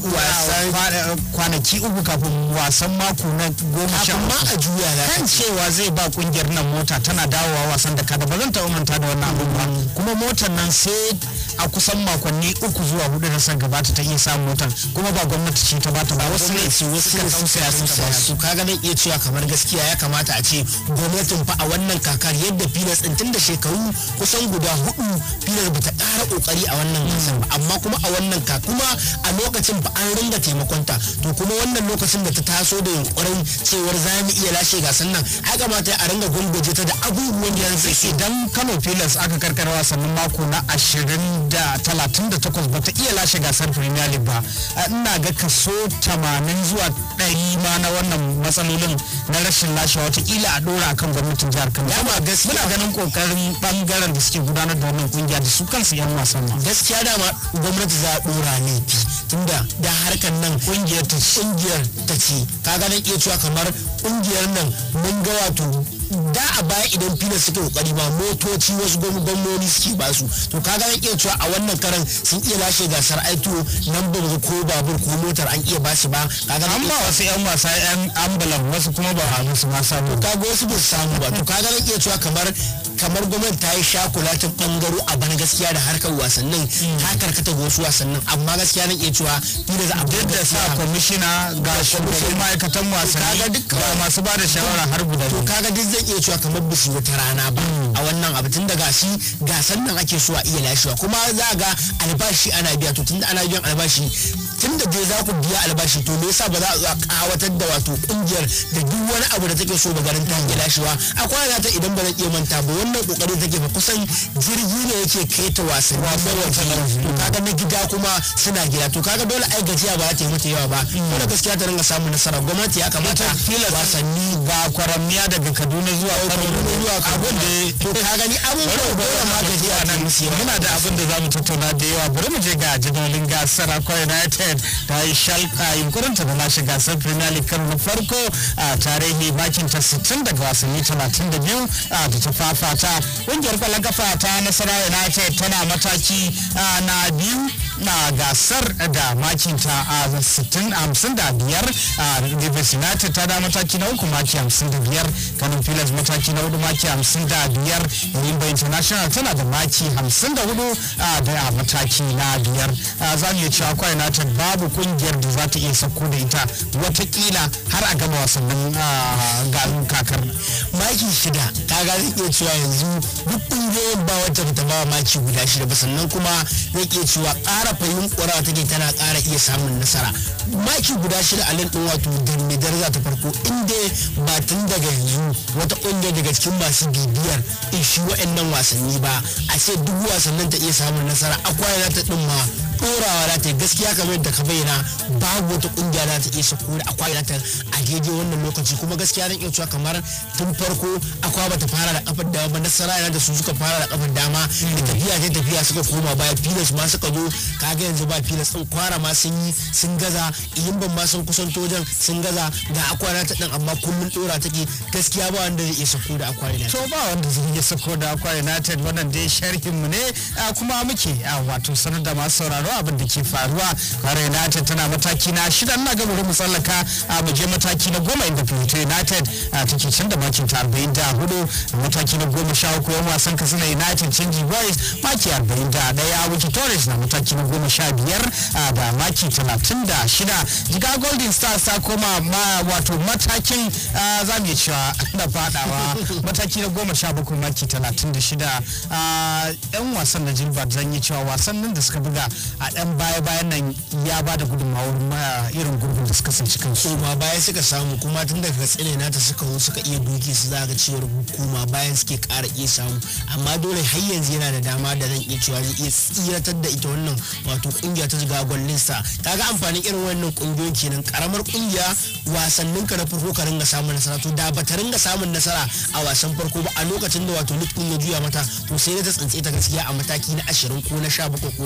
kwanaki uku kafin wasan mako na goma sha ma a juya ya kan cewa zai ba kungiyar nan mota tana dawowa wasan da kada ba zan taɓa manta da wannan abubuwa kuma motar nan sai a kusan makonni uku zuwa hudu na san gabata ta iya samun wutan kuma ba gwamnati ce ta bata ba wasu ne su wasu ne su saya su ka su iya cewa kamar gaskiya ya kamata a ce gwamnatin fa a wannan kakar yadda filas din tun da shekaru kusan guda hudu filas bata kara kokari a wannan gasar ba amma kuma a wannan ka kuma a lokacin ba an ringa taimakon ta to kuma wannan lokacin da ta taso da yunkurin cewar za mu iya lashe gasar nan ya kamata a ringa gwangwaje ta da abubuwan yanzu idan kano filas aka karkarwa sannan mako na ashirin da talatin da takwas ba ta iya lashe gasar premier league ba ina ga kaso tamanin zuwa ɗari ma na wannan matsalolin na rashin lashe kila a dora kan gwamnatin jihar kano gaskiya muna ganin kokarin bangaren da suke gudanar da wannan kungiya da su kansu yan wasan ma gaskiya dama gwamnati za a ɗora ne tunda da harkar nan kungiyar ta kungiyar ta ce ka ganin iya cewa kamar kungiyar nan mun ga wato da a baya idan filas suka kokari ba motoci wasu gwamnoni suke ba su to kaga zan iya cewa a wannan karan sun iya lashe gasar aito nan ba ko babur ko motar an iya ba su ba kaga an ba wasu yan wasa yan ambulan wasu kuma ba hannu su ma samu kaga wasu ba su samu ba to kaga zan iya cewa kamar kamar gwamnati ta yi ta bangaro a bana gaskiya da harkar wasannin hmm. ta karkata ga wasu wasannin amma gaskiya nan iya cewa ni da za a da sa kwamishina ga shugaban ma'aikatan wasanni ga masu ba da shawara har guda to kaga duk zai cewa kamar bishi wata rana ba a wannan abu tun da gasi gasan nan ake so a iya lashewa kuma za ga albashi ana biya to tun da ana biyan albashi tun da dai za ku biya albashi to me yasa ba za a kawatar da wato kungiyar da duk wani abu da take so ba garin ta hanyar lashewa a kwana ta idan ba zan iya manta ba wannan kokari take ba kusan jirgi ne yake kai ta wasanni wata to kaga na gida kuma suna gida to kaga dole ai gajiya ba ta yi mata yawa ba wanda gaskiya ta ringa samu nasara gwamnati ya kamata wasanni ba kwaramiya daga Kaduna na zuwa zuwa abin da to ka muna da abun da mu tattauna da yawa bari mu je ga jadawalin gasar akwai united ta yi shalka yunkurin ta da lashe gasar finale kan na farko a tarihi bakin ta 60 daga wasanni 32 a da ta fafata kungiyar kwallon kafa ta nasara united tana mataki na biyu na gasar da makinta a 60 55 a rivers united ta da mataki na uku maki 55 kanin netherlands mataki na hudu maki hamsin da biyar rimba international tana da maki hamsin da hudu da mataki na biyar za mu iya cewa kwa united babu kungiyar da za ta iya sauko da ita watakila har a gama wasannin garin kakar maki shida kaga zai iya cewa yanzu duk kungiyoyin ba wata ta ba maki guda shida ba sannan kuma zai iya cewa ƙara fayin ta take tana kara iya samun nasara maki guda shida a lantin wato dan za ta farko inda ba tun daga yanzu wata kungiyar daga cikin masu bibiyar in shi wa'annan wasanni ba a ce duk wasannin ta iya samun nasara akwai za ta ɗin ma ɗorawa za ta gaskiya kamar yadda ka bayyana babu wata ƙungiya za ta iya sako da akwai za ta a daidai wannan lokaci kuma gaskiya zan iya cewa kamar tun farko akwai bata fara da kafar dama ba nasara yana da su suka fara da kafar dama da tafiya ta tafiya suka koma baya filas ma suka zo kaga yanzu ba filas ɗin kwara ma sun yi sun gaza iyin ban ma sun kusanto sun gaza ga akwai ta ɗin amma kullum ɗora take gaskiya ba wanda zai iya sako da akwari to ba wanda zai iya sako da akwari united wannan dai sharhin mu ne kuma muke wato sanar da masu sauraro abin da ke faruwa akwari united tana mataki na shida ina ga mu tsallaka mu je mataki na goma inda plateau united take can da makin ta arba'in da hudu mataki na goma sha uku yan wasan na united canji boys maki arba'in da daya wuce torres na mataki na goma sha biyar da maki talatin da shida jiga golden stars ta koma wato matakin zamu iya cewa fadawa mataki na goma sha bakwai maki talatin da shida ah, yan wasan da gilbert zan yi cewa wasannin da suka buga a dan baya bayan nan ya ba da gudunmawar irin gurbin da suka sanci su ma baya suka samu kuma tun daga tsine na ta suka suka iya duki su za ga cewar hukuma bayan suke kara iya samu amma dole har yanzu yana da dama da zan iya cewa zai iya tsiratar da ita wannan wato kungiya ta jiga gwallinsa kaga amfanin irin wannan kungiyoyin kenan karamar kungiya wasannin ka na farko ka ringa samun nasara to da ba ta ringa samun samun nasara a wasan farko ba a lokacin da wato litkun ya juya mata to sai ta tsantsi ta gaskiya a mataki na 20 ko na 17 ko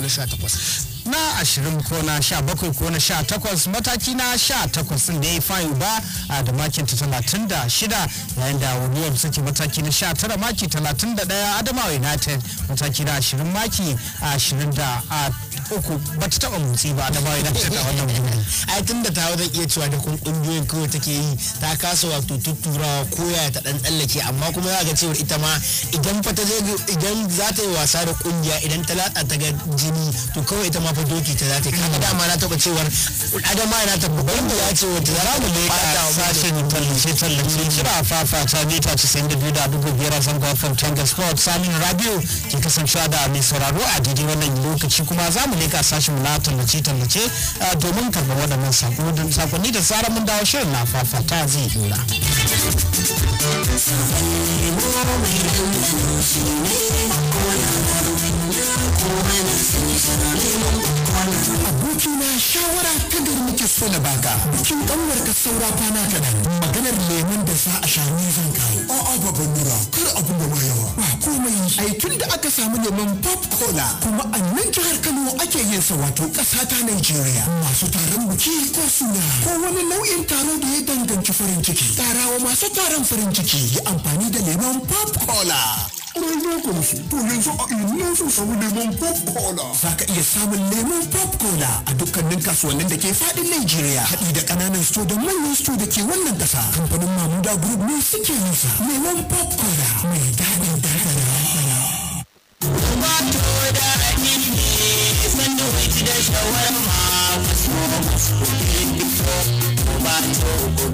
na 18 na 20 ko na 17 ko na 18 mataki na 18 din da ya fayu ba a da makin ta 36 yayin da wuliyar suke mataki na 19 maki 31 adamawa united mataki na 20 maki 20 da uku ba ta taba motsi ba ta bayan ta da wannan gudu ai tun da ta zan iya cewa da kun kungiyoyin kawai take yi ta kasa wato tutturawa koya ta dan tsallake amma kuma za ga cewa ita ma idan fa ta idan za ta yi wasa da kungiya idan ta latsa ta ga jini to kawai ita ma fa doki ta za ta yi kama dama na taba cewar adama na taba ya ce wata za mu leka sashen tallace tallace kira ta mita 92 da dubu biyar zan gwafin tangas sport samin radio ke kasancewa da mai sauraro a daidai wannan lokaci kuma za mu ne ka sashi mu na tallace tallace domin karɓar waɗannan sakonni da tsara mun dawo shirin na fafata zai dora. Sai mu mai abokina shawara ta gari muke so na baka bikin kanwar ka saura kwana kaɗan maganar lemon da za a sha ni zan kawo a'a baban nura kar abin da yawa ba komai ai tun da aka samu lemon pop cola kuma a nan jihar kano ake yin sa wato ƙasa ta najeriya masu taron biki ko suna ko wani nau'in taro da ya danganci farin ciki tarawa masu taron farin ciki yi amfani da lemon pop cola Za ka iya samun lemon pop cola a dukkanin kasuwannin da ke faɗin Najeriya. Haɗi da ƙananan sto da manyan sto da ke wannan ƙasa. Kamfanin Mamuda Group ne suke yin sa. Lemon pop cola mai daɗin dakara. Ba to da ne san da wai da shawarma wasu ba su ba to ko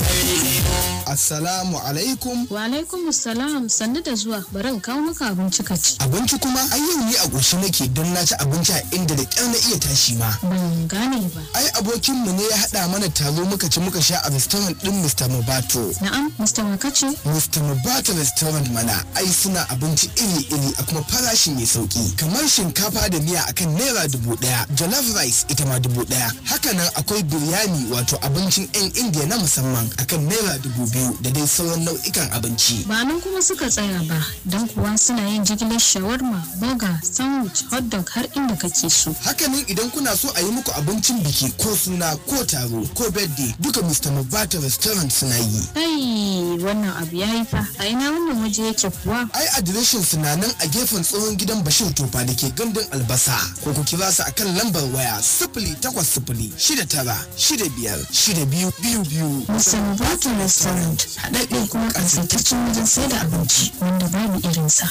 assalamu alaikum wa alaikum assalam sannu da zuwa barin kawo maka abinci ka abinci kuma ai yau ne a goshi nake don na ci abinci a inda da kyar na iya tashi ma ban gane ba ai abokinmu ne ya haɗa mana taro muka ci muka sha a restaurant ɗin Mr. Mubato na'am Mr. Makachi. Mr. Mubato restaurant mana ai suna abinci iri-iri a kuma farashi mai sauki kamar shinkafa da miya akan naira dubu ɗaya, jollof rice ita ma dubu ɗaya hakanan akwai biryani wato abincin 'yan indiya na musamman akan naira dubu biyu da dai sauran nau'ikan abinci. Ba nan kuma suka tsaya ba don kuwa suna yin jigilar shawarma, boga, sandwich, hot dog har inda kake so. haka ne idan kuna so a yi muku abincin biki ko suna ko taro ko birthday duka Mr. Mubata restaurant suna yi. Ai wannan abu ya yi fa a ina wannan waje yake kuwa. Ai adireshin suna nan a gefen tsohon gidan Bashir Tofa da ke gandun albasa ko ku kira su akan lambar waya sifili takwas sifili shida tara shida biyar shida biyu biyu biyu. Mr. Mubata restaurant. food haɗaɗɗe kuma ƙarfafaccen wajen sai da abinci wanda babu irinsa.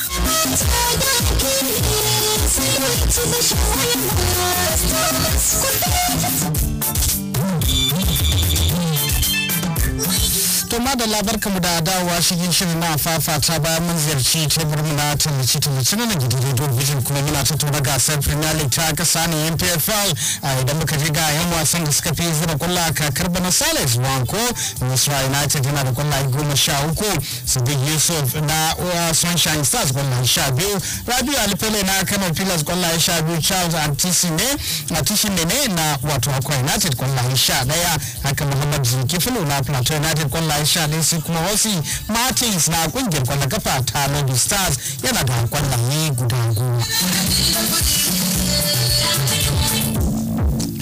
Thank you. ma da labarka mu da dawowa cikin shirin na fafata bayan mun ziyarci tebur mu na tallace tallace na gidan radio vision kuma muna ta tura gasar premier league ta kasa ne npfl idan muka je ga yan wasan da suka fi zira kwallo a kakar bana salis wanko misra united yana da kwallaye goma sha uku su bi yusuf na sunshine stars kwallaye sha biyu rabiu alifele na kano pillars kwallaye sha biyu charles antisin ne na wato akwai united kwallaye sha daya haka muhammad filo na plateau united kwallaye sha kuma mahosi martins na kungiyar kwallon kafa ta lobby stars yana da kwallaye guda goma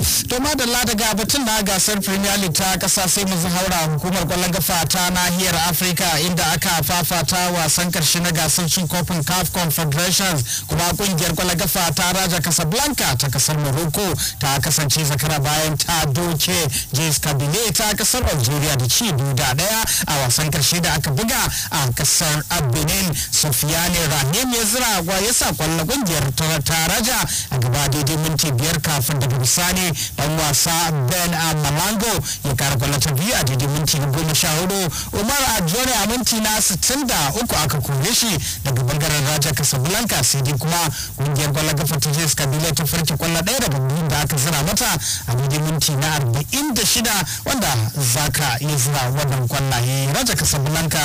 to da daga batun na gasar premier league ta kasa sai mu haura hukumar kwallon gafa ta nahiyar afirka inda aka fafata wasan karshe na gasar cin kofin caf confederations kuma kungiyar kwallon gafa ta raja casablanca ta kasar morocco ta kasance zakara bayan ta doke jes kabile ta kasar algeria da ci da daya a wasan karshe da aka buga a kasar benin sufiyane rahim ya zira ya sa kwallon kungiyar ta raja a gaba daidai minti biyar kafin daga bisani Ɗan wasa ben amalango ya kara kwallo ta biyu a daidai minti goma sha hudu umar ajore a minti na sittin da uku aka kore shi daga bangaren raja casablanca sai dai kuma kungiyar kwallon kafa ta jes kabila ta farki kwallo ɗaya daga biyun da aka zira mata a daidai minti na arba'in da shida wanda zaka iya zira wannan kwallaye raja casablanca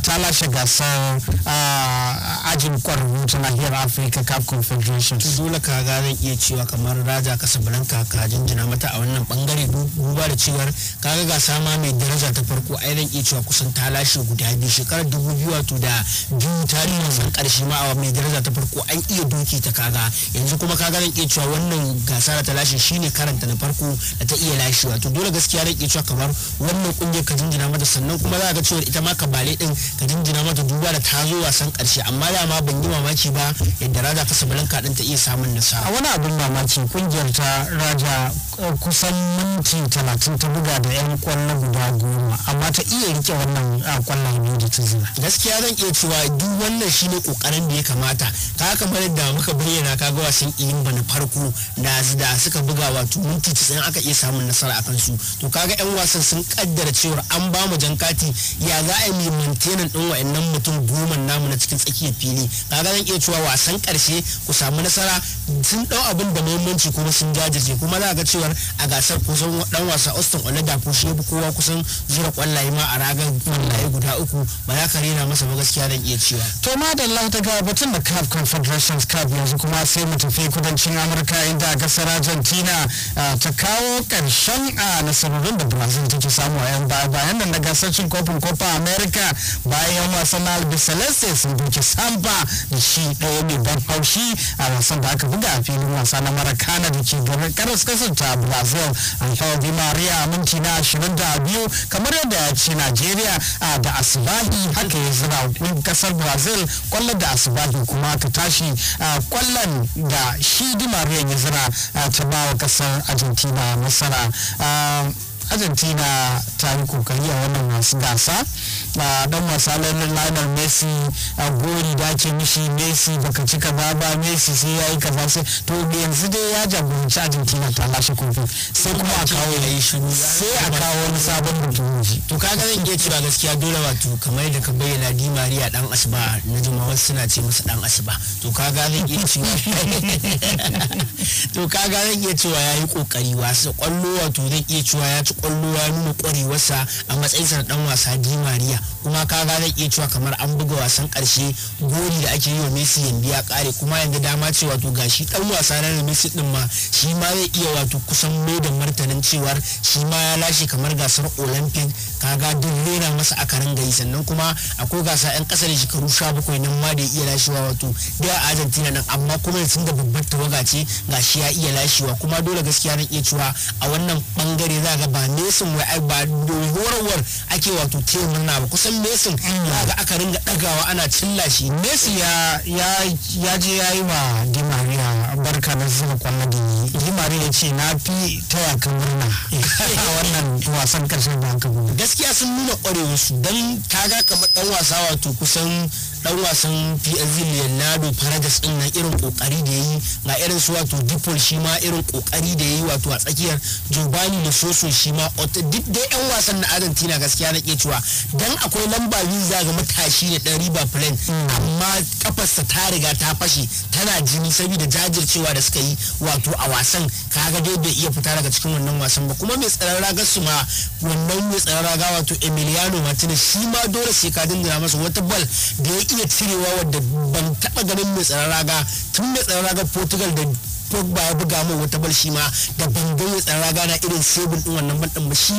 ta lashe gasar ajin mutu na nahiyar afirka cup confederation dole ka ga zan iya cewa kamar raja casablanca ka jinjina mata a wannan bangare duba da cewar kaga gasa ma mai daraja ta farko a zan iya cewa kusan ta lashe guda biyu shekarar dubu biyu wato da biyu tarihin san karshe ma a mai daraja ta farko an iya doki ta kaga yanzu kuma kaga zan iya cewa wannan gasa da ta lashe shine karanta na farko da ta iya lashe wato dole gaskiya zan iya cewa kamar wannan kungiyar ka jinjina mata sannan kuma za ka cewar ita ma bale din ka jinjina mata duba da ta zo wasan karshe amma da ma ban yi mamaki ba yadda raja balan din ta iya samun nasara a wani abin mamaki kungiyar ta raja da kusan minti talatin ta buga da 'yan kwallon guda goma amma ta iya rike wannan kwallon biyu da ta gaskiya zan iya cewa duk wannan shine kokarin da ya kamata ka kamar yadda muka bayyana kaga wasan ilimba na farko da da suka buga wato minti tsayin aka iya samun nasara akan su to kaga 'yan wasan sun kaddara cewar an ba mu jan kati ya za a yi mantenan din wayannan mutum goma namu na cikin tsakiyar fili kaga zan iya cewa wasan karshe ku samu nasara sun dau abin da muhimmanci kuma sun jajirce kuma za ga cewar a gasar kusan dan wasa Austin Olada ko shi kowa kusan zura kwallaye ma a ragar kwallaye guda uku ba za ka rena masa ba gaskiya dan iya cewa to Allah ta ga batun da CAF Confederations Cup yanzu kuma sai mu tafi kudancin Amurka inda gasar Argentina ah, ta kawo karshen a ah, nasarorin da Brazil ta take samu a yan bayan da na gasar cin kofin Copa America bayan wasan Albi Celeste sun buke Samba da shi ɗaya mai ban haushi a wasan da aka buga a filin wasa na Maracana da ke garin Alves kasanta Brazil an kawo Di Maria minti na 22 kamar yadda ya ce Najeriya da Asibahi haka ya zira kasar Brazil kwallon da Asibahi kuma ta tashi kwallon da shi Di Maria ya zira ta bawa kasar Argentina nasara. argentina ta yi kokari a wannan wasu gasa dan wasa lionel messi a gori da ake mishi messi baka ci kaza ba messi sai ya yi kaza sai to yanzu dai ya jagoranci argentina ta lashe kofi sai kuma a kawo ya yi shiru sai a kawo wani sabon mutum to ka ga zan iya cewa gaskiya dole wato kamar da ka bayyana di maria dan asuba na wasu suna ce masa dan asuba to ka ga zan iya cewa to ka ga zan iya cewa ya yi kokari wasu kwallo wato zan iya cewa ya ci masu kwallo ya nuna kwarewarsa a matsayinsa na dan wasa di maria kuma ga zai iya cewa kamar an buga wasan karshe gori da ake yi wa messi yanzu ya kare kuma yanzu dama ce wato gashi dan wasa na messi din ma shi ma zai iya wato kusan mai da martanin cewar shi ma ya lashe kamar gasar olympic kaga duk rera masa a karin gari sannan kuma akwai gasa yan kasa da shekaru sha bakwai nan ma da iya lashewa wato da argentina nan amma kuma yanzu da babbar tawaga ce gashi ya iya lashewa kuma dole gaskiya na iya cewa a wannan bangare za ga ba nesin wai ba warwar ake wato ce murna ba kusan nesin ya ga aka ringa dagawa ana cilla shi nesi ya ya je ya yi wa di maria barka na zuwa kwallo da yi di maria ya ce na fi taya ka murna a wannan wasan karshen da aka gaskiya sun nuna su don kaga kamar dan wasa wato kusan dan wasan PSV Leonardo Faragas din nan irin kokari da yayi ga irin su wato Dipol shi ma irin kokari da yayi wato a tsakiyar Giovanni da Soso shi ma duk dai yan wasan na Argentina gaskiya na ke cewa dan akwai lamba visa ga matashi da dan River Plate amma kafarsa ta riga ta fashe tana jini saboda jajircewa da suka yi wato a wasan kaga dai bai iya fita daga cikin wannan wasan ba kuma mai tsaron ragar su ma wannan mai tsaron raga wato Emiliano Martinez shi ma dole sai ka dindina masa wata bal da ya iya cirewa wadda ban taɓa ganin mai tsaron raga tun mai tsaron raga portugal da Pogba ya buga min wata bal shi ma da bangon ya tsara gana irin sebin din wannan bal din ba shi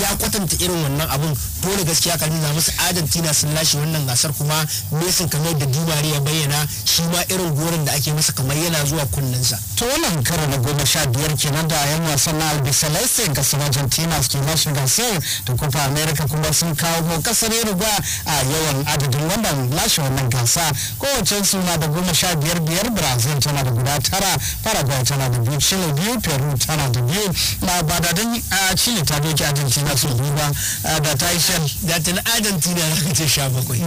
ya kwatanta irin wannan abun dole gaskiya ka nuna musu Argentina sun lashe wannan gasar kuma Messi kamar da Di ya bayyana shi ma irin gorin da ake masa kamar yana zuwa kunnensa. To wannan karo na goma sha biyar kenan da yan wasan na Albiceleste su Argentina su lashe gasar da kuma America kuma sun kawo kasar Uruguay a yawan adadin wanda lashe wannan gasa kowace suna da goma sha biyar biyar Brazil tana da guda tara paraguay tana da biyu chile biyu peru tana da biyu ba da don chile ta doki argentina su biyu ba da ta yi shan da ta na argentina za ka sha bakwai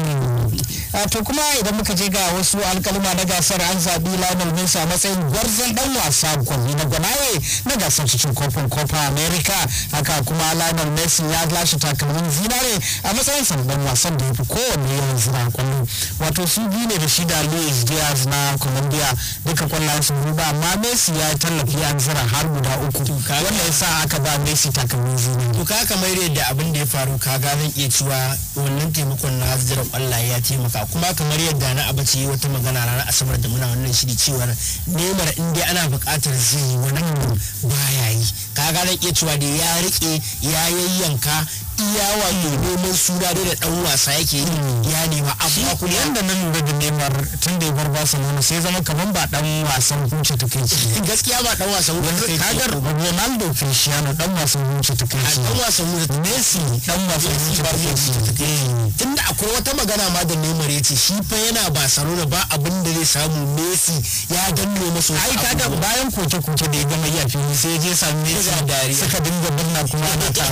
to kuma idan muka je ga wasu alkalima na gasar an zaɓi lionel messi a matsayin gwarzon dan wasa gwamni na gwanaye na gasar cikin kofin copa america haka kuma lionel messi ya lashe takalmin zinare a matsayin sandan wasan da ya fi kowanne yawan zira kwallo wato su biyu ne da shi da luis diaz na colombia duka kwallayen su ba amma messi ya tallafi ya zira har guda uku wanda ya sa aka ba messi takalmin zini to ka kamar yadda abin da ya faru ka ga zan iya cewa wannan taimakon na zira kwallaye ya taimaka kuma kamar yadda na abace wata magana ranar asabar da muna wannan shiri cewa neymar in dai ana buƙatar zai yi wannan baya yi ka ga zan iya cewa da ya rike ya yayyanka iya wato neman suna da da dan wasa yake yi ya nema abu kuma yanda nan da Neymar tun da ya bar Barcelona sai zama kamar ba dan wasan huce ta fici gaskiya ba dan wasan wuce kagar Ronaldo Cristiano dan wasan wuce ta kai dan wasan wuce Messi dan wasan wuce ta kai eh. tunda akwai wata magana ma da Neymar yace shi fa yana Barcelona ba abin da zai samu Messi ya danne masa ai kaga bayan koke koke da ya gama iya fili sai je sami Messi dariya suka dinga birna kuma ana ta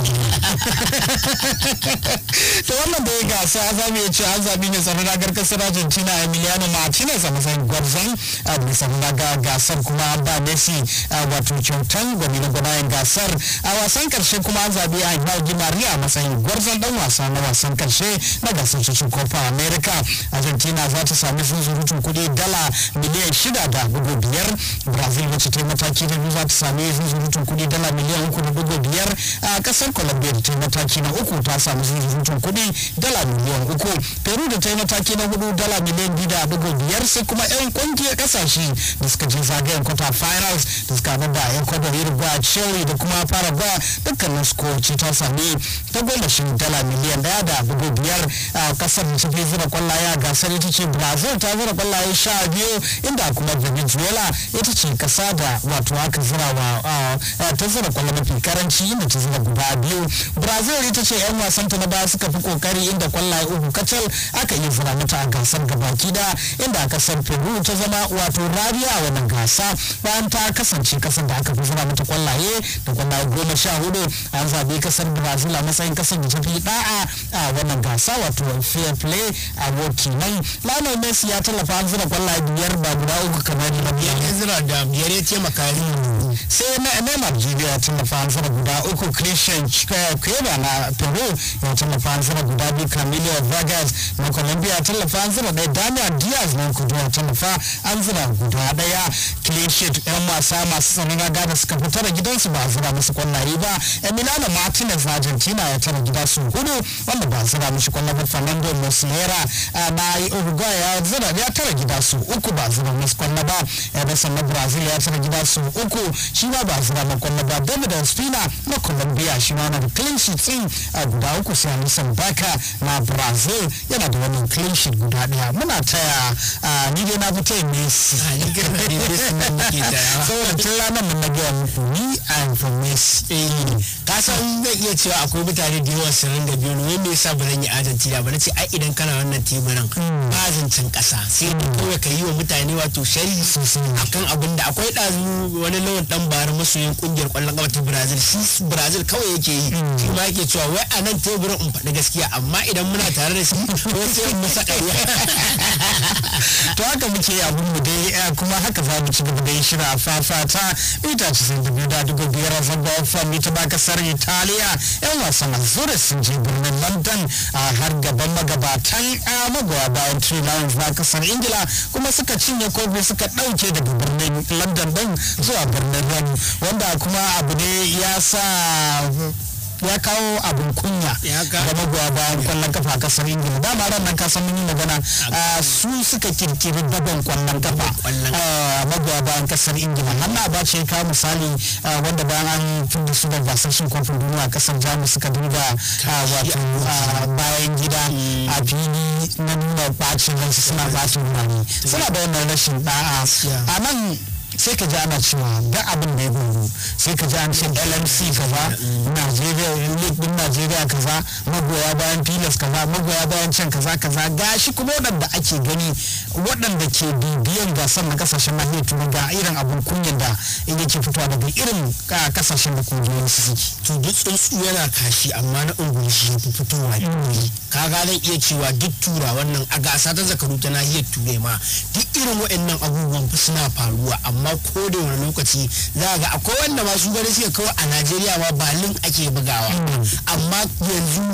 to wannan da ya gasa za mu iya cewa an zabi ne tsaron ragar kasar Argentina Emiliano Martinez a matsayin gwarzon a bisa ga gasar kuma ba a wato kyautan na gwanayen gasar a wasan karshe kuma an zabi a yi Maria a matsayin gwarzon dan wasa na wasan karshe na gasar cikin Copa America Argentina za ta sami zuzurutun kuɗi dala miliyan shida da dubu biyar Brazil wacce ta yi mataki na biyu za ta sami zuzurutun kuɗi dala miliyan uku da dubu biyar a ƙasar Colombia da ta yi mataki na uku ta sami zuzurutun kuɗi dala miliyan uku Peru da ta yi mataki na hudu dala miliyan biyu da dubu biyar sai kuma 'yan kungiyar ƙasashe da suka je zagayen 'yan kwata finals da suka haɗu da 'yan kwata uruguay chile da kuma paraguay dukkanin skoci ta sami shi dala miliyan daya da dubu biyar a kasar da ta fi zura kwallaye a gasar ita ce brazil ta zura kwallaye sha biyu inda kuma venezuela ita ce kasa da wato aka zura wa ta zura kwallaye mafi karanci inda ta zura guda biyu brazil ita ce 'yan wasan ta na baya suka fi kokari inda kwallaye uku kacal aka iya zura mata a gasar gabaki da inda kasar peru ta zama wato rariya wannan gasa bayan ta kasance kasar da aka fi zura mata kwallaye da kwallaye goma sha hudu an zabe kasar Brazil a matsayin kasar da ta fi da'a a wannan gasa wato fair play a boki nan. Lionel Messi ya tallafa an zura kwallaye biyar ba guda uku kamar da biyar ya zura da biyar ya taimaka sai na Neymar Jibi ya tallafa an zura guda uku Christian Cueva na Peru ya tallafa an zura guda biyu Camilo Vargas na Colombia ya tallafa an zura ɗaya Daniel Diaz na Kudu ya tallafa an zura guda ɗaya yan shid yan wasa masu tsanin gaga da suka fita da gidansu ba zira musu kwallaye ba emiliano martinez na argentina ya tara gida su hudu wanda ba zira mishi kwallon ba fernando muslera eh, na uruguay ya zira ya tara gida su uku ba zira musu kwallon ba emerson na brazil ya tara gida su uku shi ma ba zira ma kwallon ba david ospina na colombia shi ma na da clean sheet din guda uku sai anderson baka na brazil yana da wannan clean sheet guda daya muna taya eh, ni dai na fita taya messi ah, saboda tun ranar gaya muku ka san zai iya cewa akwai mutane da yawa sun ringa biyo ni wai me yasa ba zan yi adalci da ba ai idan kana wannan teburan ba zancen kasa sai da kawai ka yi wa mutane wato shari akan abin da akwai ɗazu wani lawan dan bara masoyin kungiyar kwallon kafa ta Brazil shi Brazil kawai yake yi shi ma yake cewa wai a nan teburin in faɗi gaskiya amma idan muna tare da shi ko sai mu saka to haka muke abun mu dai eh, kuma haka za mu ci gaba da shirin a fafata mita biyar a football fan ita ba kasar italiya yan wasan azure sun je birnin london a har gaban magabatan a ba a lions na kasar ingila kuma suka cinye kofi suka dauke daga birnin london din zuwa birnin London wanda kuma abu ne ya sa ya kawo abin kunya ga magoya bayan kwallon kafa kasar ingila dama ran nan kasan mun yi magana ah, su suka kirkiri daban kwallon kafa ah, magoya bayan kasar ingila nan na ba ce ka misali ah, wanda bayan an tunda su da basashin kwamfan duniya kasar jamus suka duba wato bayan gida mm. a fili na nuna bacin ransu suna bacin rani suna da wannan rashin da'a a nan sai ka ji cewa ga abin da ya faru sai ka ji an ce LMC kaza Najeriya unit din kaza magoya bayan Pilas kaza magoya bayan can kaza kaza gashi kuma waɗanda ake gani waɗanda ke bibiyan gasar na kasashen nahiyar turai ga irin abin kunyar da yake fitowa daga irin kasashen da kungiyoyin su suke. To duk tsuntsu yana kashi amma na ungulu shi ya fi fitowa ka ga zan iya cewa duk tura wannan a gasa ta zakaru ta nahiyar turai ma duk irin waɗannan abubuwan suna faruwa amma amma ko da wani lokaci za ga akwai wanda masu gari suke kawai a najeriya ma ba link ake bugawa hmm. amma yanzu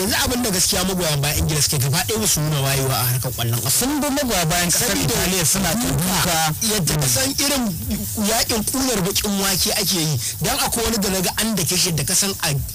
yanzu abin da gaskiya magoya bayan ingila suke gaba ɗaya su nuna wayewa a harkar kwallon ƙasa sun bi magoya bayan ƙasar italiya suna duka yadda ka san irin yakin kunar bakin wake ake yi dan akwai wani da naga an da kai da ka san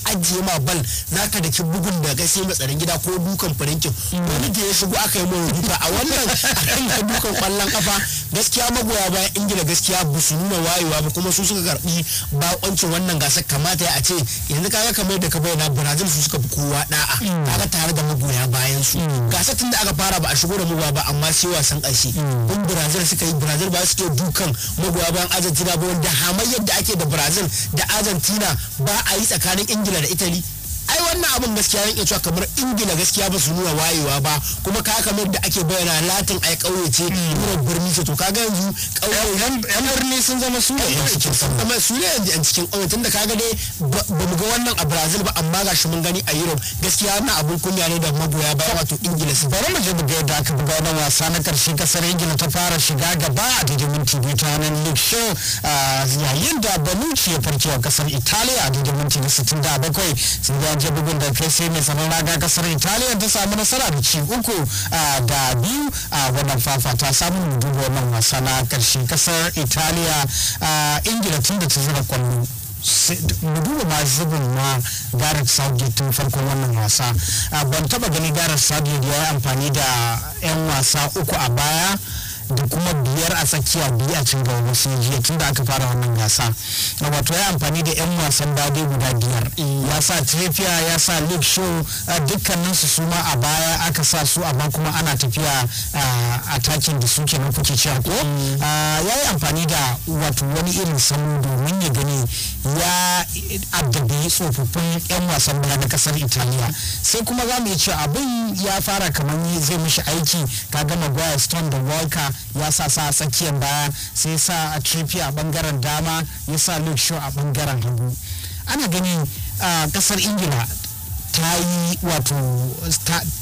ajiye ma bal zaka da ki bugun da sai matsarin gida ko dukan farinkin wani da ya shigo aka yi mara duka a wannan akan dukan kwallon ƙafa gaskiya magoya bayan ingila gaskiya ba su nuna wayewa ba kuma su suka karbi bakoncin wannan gasar kamata ya a ce yanzu kaga kamar da ka bayyana brazil su suka fi kowa da a'a kaga tare da magoya bayan su gasa tun da aka fara ba a shigo da magoya ba amma sai wasan ƙarshe kun brazil suka yi brazil ba su ke dukan magoya bayan argentina ba wanda hamayyar da ake da brazil da argentina ba a yi tsakanin ingila da italy ai wannan abin gaskiya yanke cewa kamar ingila gaskiya ba su nuna wayewa ba kuma ka kamar da ake bayyana latin ai kauye ce nuna birni ce to kaga yanzu kauye yan birni sun zama su ne amma su ne yanzu yan cikin kauye tunda kaga dai ba mu ga wannan a brazil ba amma ga shi mun gani a europe gaskiya wannan abin kunya ne da magoya baya wato ingila su bari mu je mu ga yadda aka buga wannan wasa na karshe kasar ingila ta fara shiga gaba a daidai minti biyu ta nan league show ah, yayin da ya farke wa kasar italiya a daidai minti na 67 sun je bugun da fesi mai tsaron raga kasar italiya ta samu nasara da ci uku da biyu a wannan fafa ta samun dubu wannan wasa na karshe kasar italiya ingila tun da ta zira kwallo duba ma zubin ma Gareth saudi tun farkon wannan wasa ban taba gani Gareth saudi ya yi amfani da 'yan wasa uku a baya da kuma biyar a tsakiya biyu a cin gaba sai jiya tunda aka fara wannan gasa na wato ya amfani da yan wasan dade guda biyar ya sa tafiya ya sa league show dukkanin su su ma a baya aka sa su amma kuma ana tafiya a takin da su kenan kuke cewa ko ya yi amfani da wato wani irin sanu domin ya gani ya addabi tsofaffin yan wasan baya na kasar italiya sai kuma za mu iya cewa abin ya fara kamar zai mishi aiki ka gama gwaya stone da walker ya sa sa tsakiyar baya sai sa a trippy a bangaren dama ya sa luke shaw a bangaren hagu ana gani ah, kasar ingila ta yi wato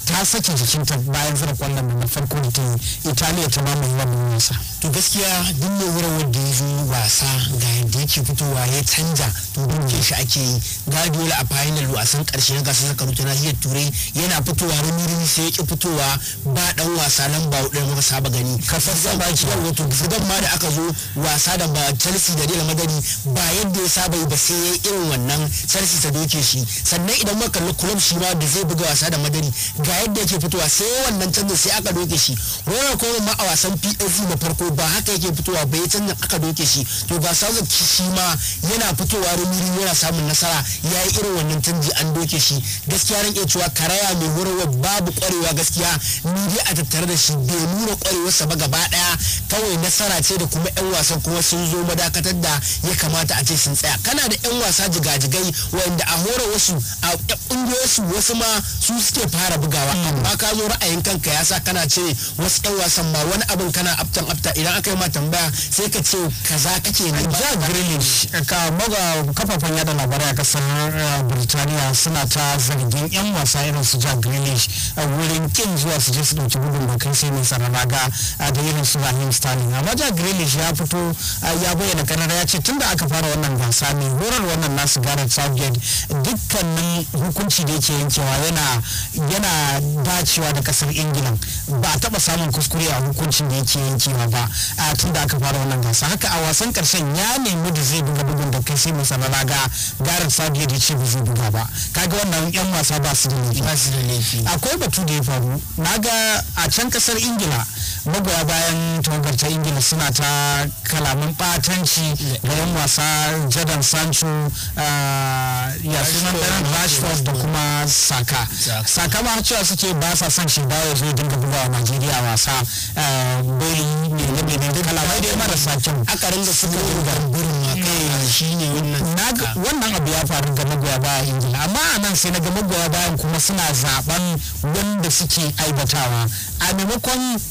ta sake ta bayan zira kwallon na farko da ta yi italiya ta mamaye wannan nasa to gaskiya duk mai wurin wanda ya zo wasa ga yadda yake fitowa ya canja to dukkan shi ake yi gadiola a final wasan karshe na gasar zakaru ta nahiyar turai yana fitowa rumi sai ya fitowa ba dan wasa nan ba hudu muka ba gani kafar ba ki yau wato gidan ma da aka zo wasa da ba chelsea da dila magani ba yadda ya saba yi ba sai ya irin wannan chelsea ta doke shi sannan idan muka kalli club shi ma da zai buga wasa da madari ga ba yadda yake fitowa sai wannan canjin sai aka doke shi rona kuma ma a wasan psv na farko ba haka yake fitowa ba ya canjin aka doke shi to ba sa shi ma yana fitowa rumiri yana samun nasara ya yi irin wannan canji an doke shi gaskiya ran cewa karaya mai horarwa babu kwarewa gaskiya ni dai a tattare da shi bai nuna kwarewarsa ba gaba daya kawai nasara ce da kuma yan wasan kuma sun zo madakatar da ya kamata a ce sun tsaya kana da yan wasa jigajigai wanda a hore wasu a kungiyoyinsu wasu ma su suke fara buga. canzawa ba ka zo ra'ayin kanka ya sa kana ce wasu yan wasan ma wani abin kana aftan afta idan aka yi ma tambaya sai ka ce kaza kake ne ja Grealish ka buga kafafen yada labarai a kasar eh, Birtaniya suna ta zargin yan wasa irin su ja Grealish wurin kin zuwa su je su dauki gudun da kai sai nisa sarara ga eh, da irin su rahim stanley. amma ja Grealish ya fito eh, ya bayyana kanar ya ce tunda aka fara wannan gasa ne horar wannan nasu Gareth Southgate dukkanin hukunci da yake yankewa yana da dacewa da kasar ingila ba a taba samun kuskure a hukuncin da yake yankewa ba a tun da aka fara wannan gasa haka a wasan karshen ya nemi da zai buga bugun da kai sai mai na ga garin sabi da ce ba zai buga ba kaga wannan yan wasa ba su da laifi akwai batu da ya faru na ga a can kasar ingila magoya bayan tawagar ta ingila suna ta kalaman batanci ga yan wasa jadon sancho ah, ya sunan daren rashford da kuma saka saka ma cewa suke ba sa son shi ba dawo zai dinga buga wa najeriya wasa ah, bai ne ne ne kalamai dai marasa kyau akarin da suka gurin burin ma ah, shi ne wannan wannan abu ya faru ga magoya bayan ingila amma a nan sai na ga magoya bayan kuma suna zaben wanda suke aibatawa a maimakon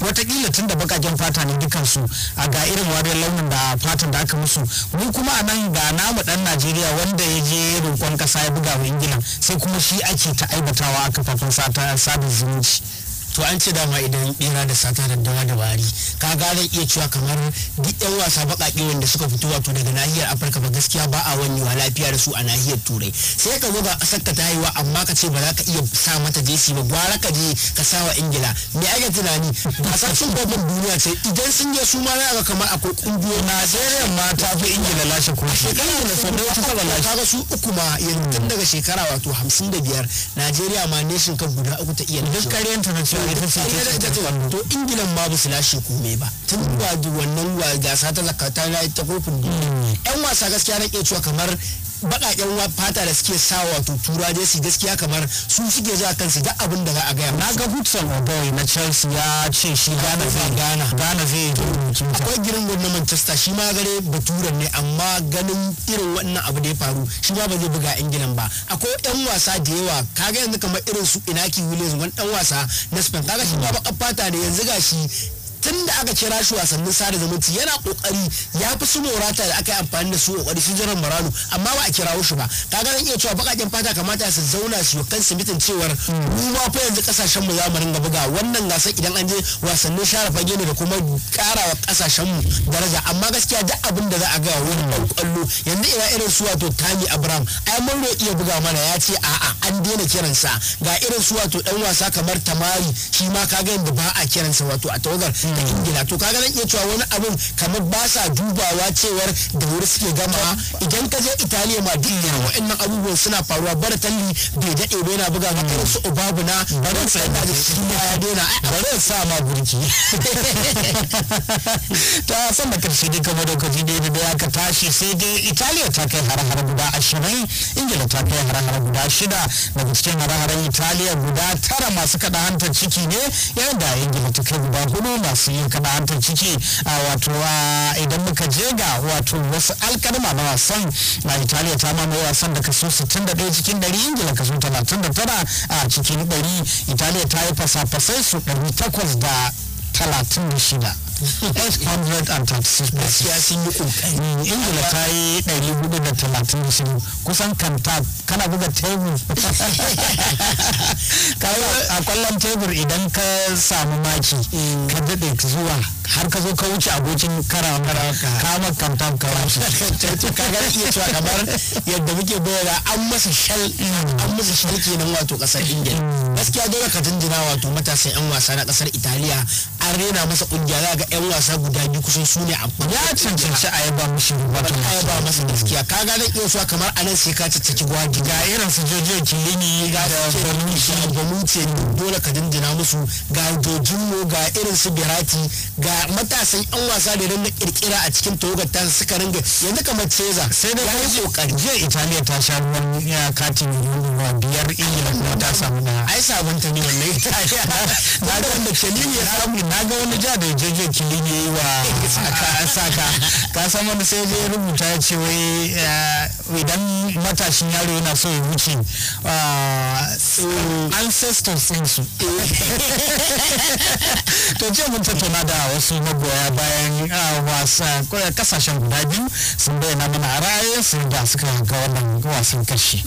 watakila tunda da fata ne dukansu a ga irin wariyar launin da fatan da aka musu mu kuma a nan ga namu dan najeriya wanda ya je roƙon ƙasa ya buga wa ingila sai kuma shi ake ta aibatawa a kafafen sada zumunci to an ce dama idan bera da sata da dawa da wari ka zan iya cewa kamar duk yan wasa baƙaƙe wanda suka fito wato daga nahiyar afirka ba gaskiya ba a wani wa lafiya da su a nahiyar turai sai ka zo ba sarka ta haihuwa amma ka ce ba za ka iya sa mata jesi ba gwara ka je ka sa wa ingila me ake tunani gasar sun babban duniya ce idan sun je su ma za ga kamar akwai kungiyoyi najeriya ma ta fi ingila lashe kofi shekara da sau da wata su uku ma yanzu tun daga shekara wato hamsin da biyar najeriya ma nation kan guda uku ta iya duk ita to ingilan ma ba su lashe komai ba tun ba wannan gasa ta zakata na ita kofin hmm. yan wasa gaskiya na ke cewa kamar baƙaƙen fata da suke sa wato tura su gaskiya kamar su suke zuwa kansu da abin da za a gaya na ga hudson oboy na chelsea ya ce shi gana zai gana gana zai akwai girin na manchester shi ma gare baturan ne amma ganin irin wannan abu da ya faru shi ma ba zai buga ingilan ba akwai yan wasa da yawa kaga yanzu kamar irin su inaki williams wani dan wasa na spain kaga shi ma baƙar fata ne yanzu ga shi tun da aka kira shi wasannin sada zumunci yana kokari ya fi su morata da aka yi amfani da su kokari su jiran marano amma ba a kira shi ba kaga zan iya cewa bakaken fata kamata su zauna su kan su mitin cewar mu ma fa yanzu kasashen mu za mu ringa buga wannan gasar idan an je wasannin share fage ne da kuma karawa kasashen mu daraja amma gaskiya duk abin da za a ga wani dan kwallo yanzu ina irin su wato Tani Abraham ai mun iya buga mana ya ce a'a an daina kiransa ga irin su wato dan wasa kamar Tamari shi ma kaga yanda ba a kiransa wato a tawagar ingila to kaga zan iya cewa wani abin kamar ba sa dubawa cewar da wuri suke gama idan ka je italiya ma duk irin wa'annan abubuwan suna faruwa baratalli bai daɗe ba yana buga maka su ubabu na barin sa yana da shi ya daina barin sa ma burki ta san da karshe dai kamar lokaci dai da ka tashi sai dai italiya ta kai har-har guda ashirin ingila ta kai har-har guda shida daga cikin har-haren italiya guda tara masu kaɗa hantar ciki ne yayin da ingila ta kai guda hudu masu asiyu yin ba ciki wato idan muka je ga wato wasu alkalma na wasan na italiya ta mamaye wasan da kaso 61 cikin 100 ingila kaso 39 a cikin 100 italiya ta yi fasafasai fasai su takwas da shida. 836 gaskiya sun yi kokari ingila ta yi 436 kusan kanta kana buga tebur a kwallon tebur idan ka samu maki ka daɗe zuwa har ka zo ka wuce abokin karawa kama kamtam kawai kaga iya cewa kamar yadda muke bayyana an masa shal an masa shal kenan wato ƙasar ingila mm. gaskiya dole ka jinjina wato matasan yan wasa na ƙasar italiya an rena masa ƙungiya za ga yan wasa guda biyu kusan su ne amfani ya cancanci a yaba mushi wato a yaba masa gaskiya ka ga zan iya suwa kamar a nan sai ka caccaki gwaji ga irin su jojo kilini ga banuci banuci dole ka dindina musu ga dojinmu ga irin su birati ga matasan yan wasa da rinna kirkira a cikin tawagar ta suka ringa yanzu kamar ceza sai dai ya yi kokari jiya italiya ta sha ruwan ya katin ruwa biyar ingila kuma ta samu na ai sabon ta ne wannan italiya na ga wanda kelini ya samu na ga wani ja da jeje kili ya yi wa saka ka san wani sai je rubuta ya ce wai idan matashin yaro yana so ya wuce ah, ancestors din su to ce mun tattauna da wasu magoya bayan ah, wasan kasashen guda biyu sun bayyana mana a raye sun da suka ga wannan wasan kashi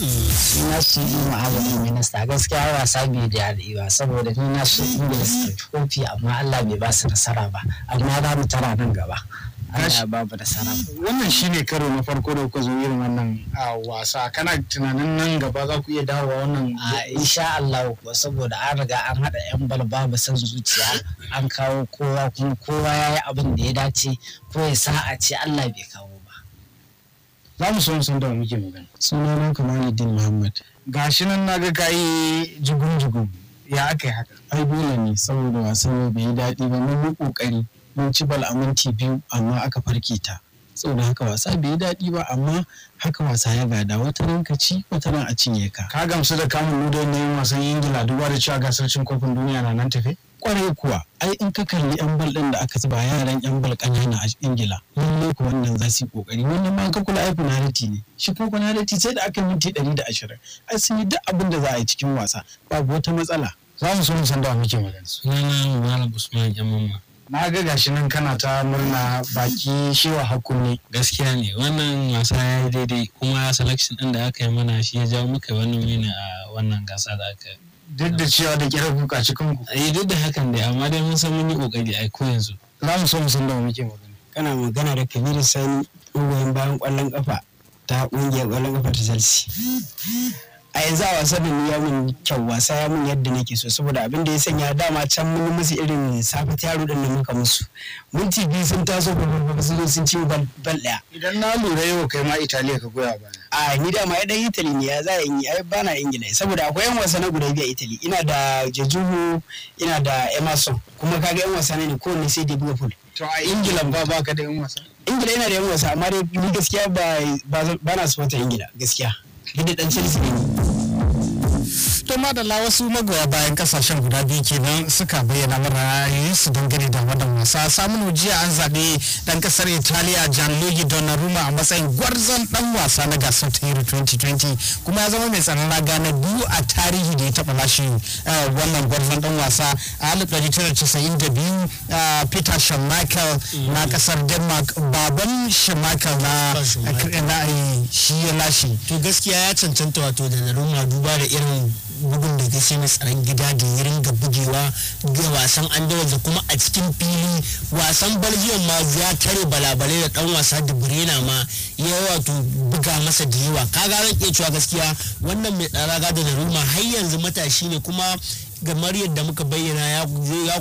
na su yi minista gaskiya wasa bai da saboda ni na su ingila su amma allah bai ba su nasara ba amma za mu tara nan gaba Wannan babu da Wannan shine karo na farko da kuka zo irin wannan wasa kana tunanin nan gaba za ku iya dawowa wannan insha Allah kuwa saboda an riga an haɗa yan balba ba san zuciya an kawo kowa kuma kowa ya yi abin da ya dace ko ya sa a ce Allah bai kawo ba. Za mu so san da muke magana. Sunana Kamaluddin Muhammad. Gashi nan na ga kayi jugun-jugun. ya aka yi haka ai dole ne saboda wasan bai yi daɗi ba mun yi ƙoƙari mun ci bal a minti biyu amma aka farke ta saboda haka wasa bai yi daɗi ba amma haka wasa ya gada wata ran ka ci wata ran a cinye ka ka gamsu da kamun nudo na yin wasan ingila duba da cewa gasar cin kofin duniya na nan tafe kwarai kuwa ai in ka kalli yan bal din da aka zuba yaran yan bal kanana a ingila lalle ku wannan za su yi kokari wannan ma ka kula ai penalty ne shi ko penalty sai da aka yi minti ɗari da ashirin. ai sun yi duk abin da za a yi cikin wasa babu wata matsala za mu so mu san da muke magana sunana malam usman jamama na ga gashi nan kana ta murna baki shi wa hakuni. gaskiya ne wannan wasa ya yi daidai kuma selection din da aka yi mana shi ya jawo muka wannan mini a wannan gasa da aka duk da cewa da kira kuka cikin ku eh duk da hakan dai amma dai mun san mun yi kokari a ko yanzu za mu so mu san da muke magana kana magana da Kabiru Sani ugoyin bayan kwallon kafa ta kungiyar kwallon kafa ta Chelsea a yanzu a wasa da ya mun kyau wasa ya mun yadda nake so saboda abin da ya sanya dama can mun musu irin safe yaro din muka musu minti biyu sun taso babban sun sun ci bal daya idan na lura yau kai ma italiya ka goya ba a ni da ma dan italy ne ya za a yi ai bana ingila saboda akwai yan wasa na guda biyu a italy ina da jejuhu ina da emerson kuma kaga yan wasa ne ko ne sai da liverpool to a ingila ba ba ka da yan wasa ingila yana da yan wasa amma dai ni gaskiya ba ba na supporter ingila gaskiya Gidda da dan chelsea ne to madalla wasu magoya bayan kasashen guda biyu kenan suka bayyana mana su dangane da wannan wasa samun jiya an zaɓe dan kasar italiya gianluigi donnarumma a matsayin gwarzon dan wasa na gasar ta euro 2020 kuma ya zama mai tsaron raga na biyu a tarihi da ya taɓa lashe eh, wannan gwarzon dan wasa a 1992 eh, peter schmeichel na kasar denmark baban schmeichel na eh, shi ya lashe to gaskiya ya cancanta wato da duba da irin bugun da ke sami tsaron gida da ya ringa bugewa ga wasan andawar da kuma a cikin fili wasan belgium ma ya tare balabalai da dan wasa da ma ya wato buga masa da yawa kaga ran iya cewa gaskiya wannan mai tsara gada da ruma har yanzu matashi ne kuma gamar yadda muka bayyana ya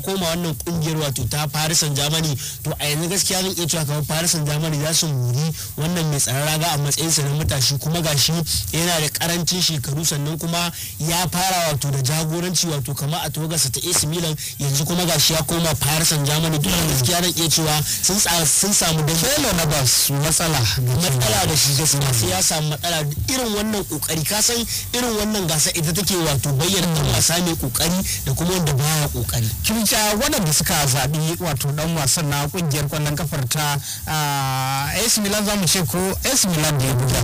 koma wannan kungiyar wato ta farisan jamani to a yanzu gaskiya zan iya cewa kamar farisan germany za su muri wannan mai tsaron raga a matsayin sa na matashi kuma gashi yana da karancin shekaru sannan kuma ya fara wato da jagoranci wato kamar a tawagarsa ta AC Milan yanzu kuma gashi ya koma farisan jamani to gaskiya zan iya cewa sun samu da Bello na su matsala matsala da shi gaskiya sai ya samu matsala irin wannan kokari ka san irin wannan gasa ita take wato bayyana mm. wasa mai kokari kokari da kuma wanda baya kokari kin kinca waɗanda suka zabi wato dan wasan na kungiyar kwallon kafar ta AC ah, Milan zamu ce ko AC Milan da ya buga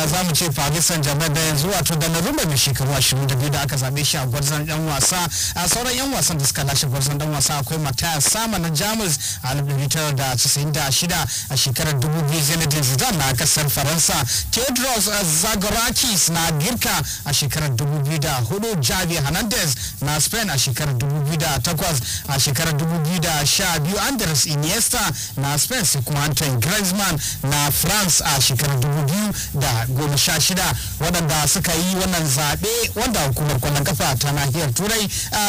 ah, zamu ce Paris Saint-Germain da yanzu wato da Narumba mai shekaru 22 da aka zaɓe shi a gwarzon dan wasa a ah, sauran yan wasan da suka lashe gwarzon dan wasa akwai Matthias Sama na Jamus a da 96 a shekarar 2000 Zinedine Zidane na kasar Faransa Theodros Zagorakis na Girka a shekarar 2004 Javi Hana hernandez na Spain a shekarar 2008 a shekarar 2012 Andres Iniesta na Spain sai kuma Antoine Griezmann na France a shekarar 2016 waɗanda suka yi wannan zaɓe wanda hukumar kwallon kafa ta nahiyar Turai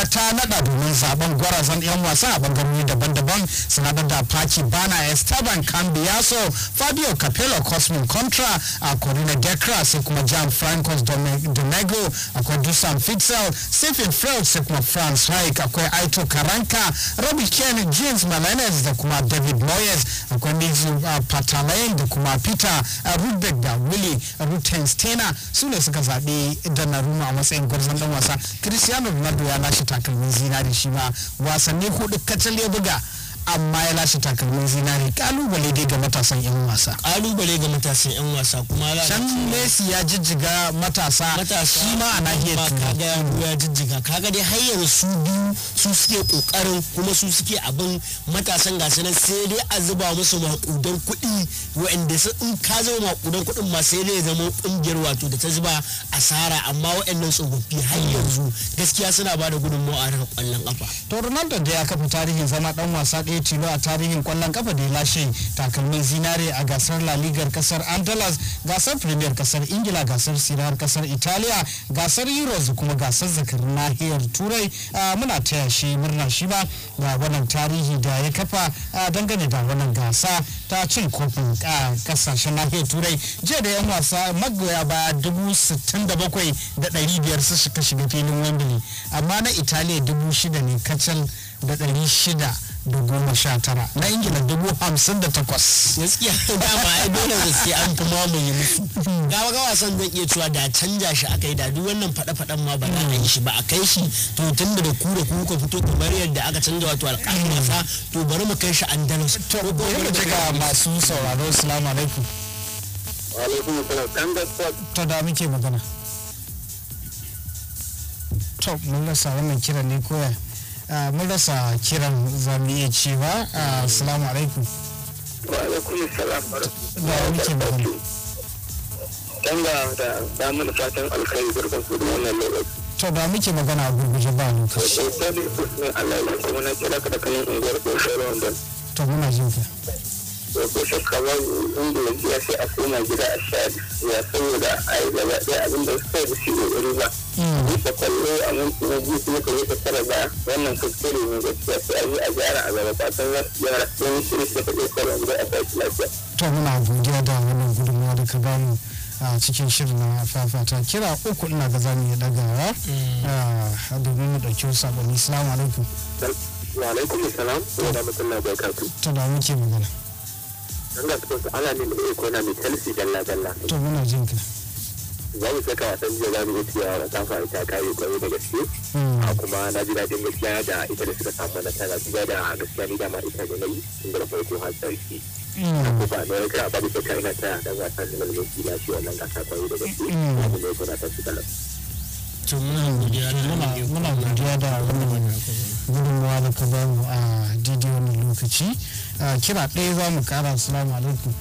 ta naɗa domin zaben gwarazan 'yan wasa a bangarori daban-daban sanadar da Pachi Bana Esteban Cambiaso Fabio Capello Cosmin Contra a Corina Decra sai kuma francos Donego akwai Dusan Fitzel Stephen Feltz kuma France Reich akwai Aito Karanka Robbie Ken James Malanez da kuma David Moyes akwai Nizu uh, Patalayen da kuma Peter uh, Rudbeck da Willy Rutenstena sune ne suka zaɓi Donnarumma a matsayin gwarzon ɗan wasa Cristiano Ronaldo ya lashe takalmin zinari shi ma wasanni hudu kacal ya buga amma ya lashe takalmin zinari kalubale dai ga matasan yan wasa kalubale ga matasan yan wasa kuma can messi ya jijjiga matasa shi ma a nahiyar kaga ya jijjiga kaga dai har yanzu su biyu su suke kokarin kuma su suke abin matasan gasu nan sai dai a zuba musu makudan kuɗi wa'anda in ka zama makudan kuɗin ma sai dai ya zama kungiyar wato da ta zuba asara amma wa'annan tsofaffi har yanzu gaskiya suna ba da gudunmawa a kwallon kafa to ronaldo da ya kafa tarihin zama dan wasa ɗaya tilo a tarihin kwallon kafa da ya lashe takalmin zinare a gasar la ligar kasar andalas gasar premier kasar ingila gasar sirar kasar italiya gasar euros kuma gasar zakar nahiyar turai muna taya shi murna shi ba ga wannan tarihi da ya kafa dangane da wannan gasa ta cin kofin kasashen nahiyar turai jiya da yan wasa magoya baya dubu sittin da bakwai da ɗari biyar su shiga filin wembley amma na italiya dubu shida ne kacal da ɗari shida da goma sha tara na ingila dubu hamsin da takwas gaskiya dama ai dole gaskiya an fi yi musu gawa gawa wasan zan iya cewa da canja shi aka yi da duk wannan fada fadan ma ba za a yi shi ba a kai shi to tun da ku da kuka ka fito kamar yadda aka canja wato alƙalin wasa to bari mu kai shi an su. to ko da daga masu sauraro assalamu alaikum wa alaikum assalam kan gaskiya to da muke magana to mun rasa wannan kiran ne koya Eh, mun rasa kiran zamu iya cewa eh, assalamu alaikum wa alaikum assalam wa rahmatullahi dan ga da da mun fatan alkhairi barkan ku da wannan lokaci to da muke magana a gurguje ba lokaci to eh, ne Allah ya kuma na kira ka da kanin unguwar Bashir London to muna jin ka da ko shakka ba a koma gida a sha ya saboda a yi gaba ɗaya abin da suka da shi ƙoƙari ba. Bisa hmm. kwallo a minti na biyu kuma ka ta tara ba wannan kuskure ne gaskiya sai a yi a gyara a gaba za su gyara don shi ne suka ɗaya da a lafiya. To muna godiya da wannan gudunmawa da ka a cikin shirin na fafata kira uku ina ga zamu iya dagawa hmm. domin mu ɗauki wasu sabonni salamu alaikum. Wa alaikum salam wa muke magana. don ga su ala ne mai ko na mai chelsea dalla dalla to muna jin ka za mu saka wasan jiya za mu yi ita kwaye da gaske hmm. a kuma na ji daɗin gaskiya da ita da suka samu nasara duba da gaskiya ni dama ita ne nayi da farko har sarki ko kuma na rika ba da saka ina ta da wasan da mulki da shi wannan gasa kwaye da gaske abu ne ko da ta su kalam muna godiya da wannan gudunmawa da ka bamu a daidai wannan lokaci kira ɗaya za mu kara assalamu alaikum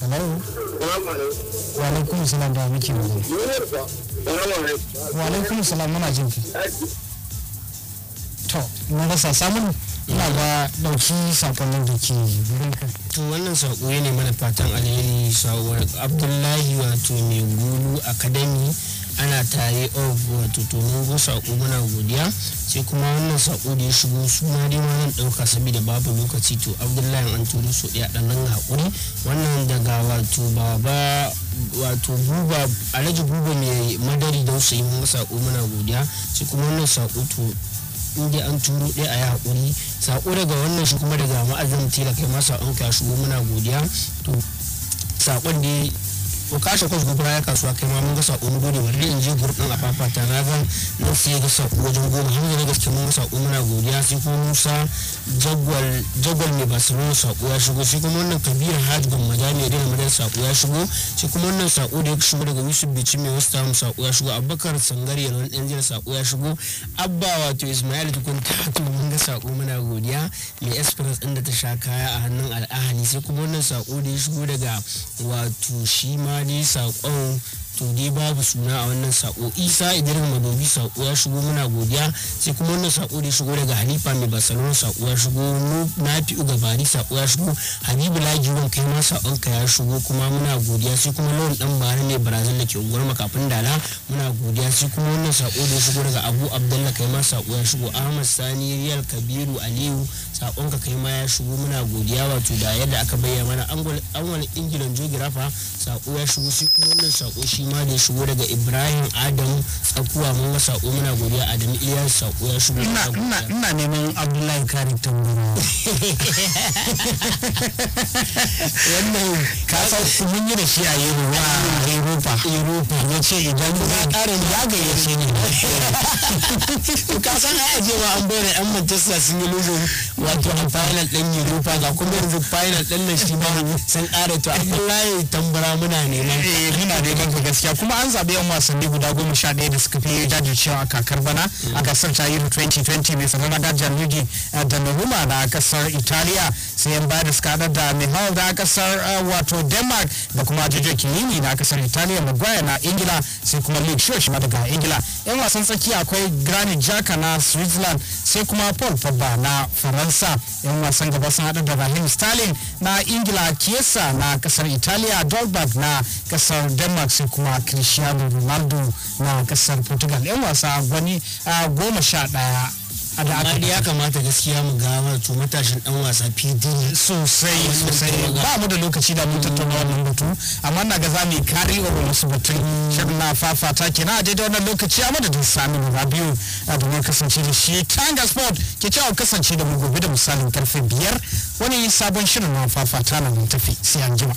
hello wa alaikum salam da muke magana wa alaikum salam muna jin ka to na rasa samun ina ga dauki sakonnin da ke wurin ka to wannan sako ne mana fatan alheri sawar abdullahi wato mai gulu academy ana tare of wato to mun go sako muna godiya sai kuma wannan sako da ya shigo su ma dai ma zan dauka saboda babu lokaci to abdullahi an turo su ɗaya ɗan nan haƙuri wannan daga wato baba wato buba alhaji buba mai madari don su yi mun sako muna godiya sai kuma wannan sako to inda an turo ɗaya a yi haƙuri sako daga wannan shi kuma daga ma'azin tilaka ya masa an ka shigo muna godiya to sakon da to kashe kwas gobara ya kasuwa kai ma mun ga sako mun gode wani in je gurbin a fafata na ga mun fiye ga sako wajen goma har da gaske mun sako muna godiya sai kuma musa jagwal jagwal ne ba su mun sako ya shigo sai kuma wannan kabiyar hajj gwamma ya da madan sako ya shigo sai kuma wannan sako da ya shigo daga yusuf bici mai wasu tamu sako ya shigo abubakar sangare ya wani ɗan jiya sako ya shigo abba wato ismail tukun ta mun ga sako muna godiya mai express ɗin da ta sha kaya a hannun al'ahali sai kuma wannan sako da ya shigo daga wato shi ma kuma saƙon to dai babu suna a wannan saƙo isa idirin madobi saƙo ya shigo muna godiya sai kuma wannan saƙo da shigo daga halifa mai barcelona saƙo ya shigo na fi gabari saƙo ya shigo habibu lagiwan kai ma ka ya shigo kuma muna godiya sai kuma lawan dan bari mai barazil da ke unguwar makafin dala muna godiya sai kuma wannan saƙo da shigo daga abu abdullahi kai ma saƙo ya shigo ahmad sani riyal kabiru aliyu sakonka kai ma ya shigo muna godiya wato da yadda aka bayyana mana an wani ingilan jogirafa sako ya shigo shi kuma wannan sako shi ma da ya shigo daga ibrahim adam akuwa mun ga sako muna godiya adam iya sako ya shigo ina neman abdullahi kari tamburu wannan ka san mun yi da shi a yoruba yoruba yoruba na ce idan ba karin zagaye shi ne ka san a ajewa an bayar yan manchester sun yi lulu wato a final din Europa ga kuma yanzu final din nan shi ma sun ƙara to Abdullahi tambara muna neman eh, muna neman ka gaskiya kuma an zabe yan wasanni guda goma sha ɗaya da suka fi jajircewa a kakar bana a gasar ta Euro 2020 mai sanarwa da Gianluigi eh, Donnarumma na kasar Italiya sai yan bayar da suka da Mihal da kasar eh, wato Denmark da kuma Jojo Kinini na kasar Italiya Maguire na Ingila sai kuma Luke Shaw shi ma daga Ingila yan wasan tsakiya akwai Granit jaka na Switzerland sai kuma Paul Pogba na Faransa wasa yan wasan gaba sun hada da rahim sterling na ingila chiesa na kasar italiya dolberg na kasar denmark sai kuma cristiano ronaldo na kasar portugal yan wasa gwani ah, goma sha daya amma da ya kamata gaskiya mu ga wato matashin dan wasa PD sosai sosai ba mu da lokaci da mu tattauna wannan batu amma ina ga zamu kari wa wasu batun shirin na fafata kenan a daidai wannan lokaci a madadin Sami biyu a mun kasance da shi Tanga Sport ke cewa kasance da mu gobe da misalin karfe biyar wani sabon shirin na fafata na mun tafi sai an jima.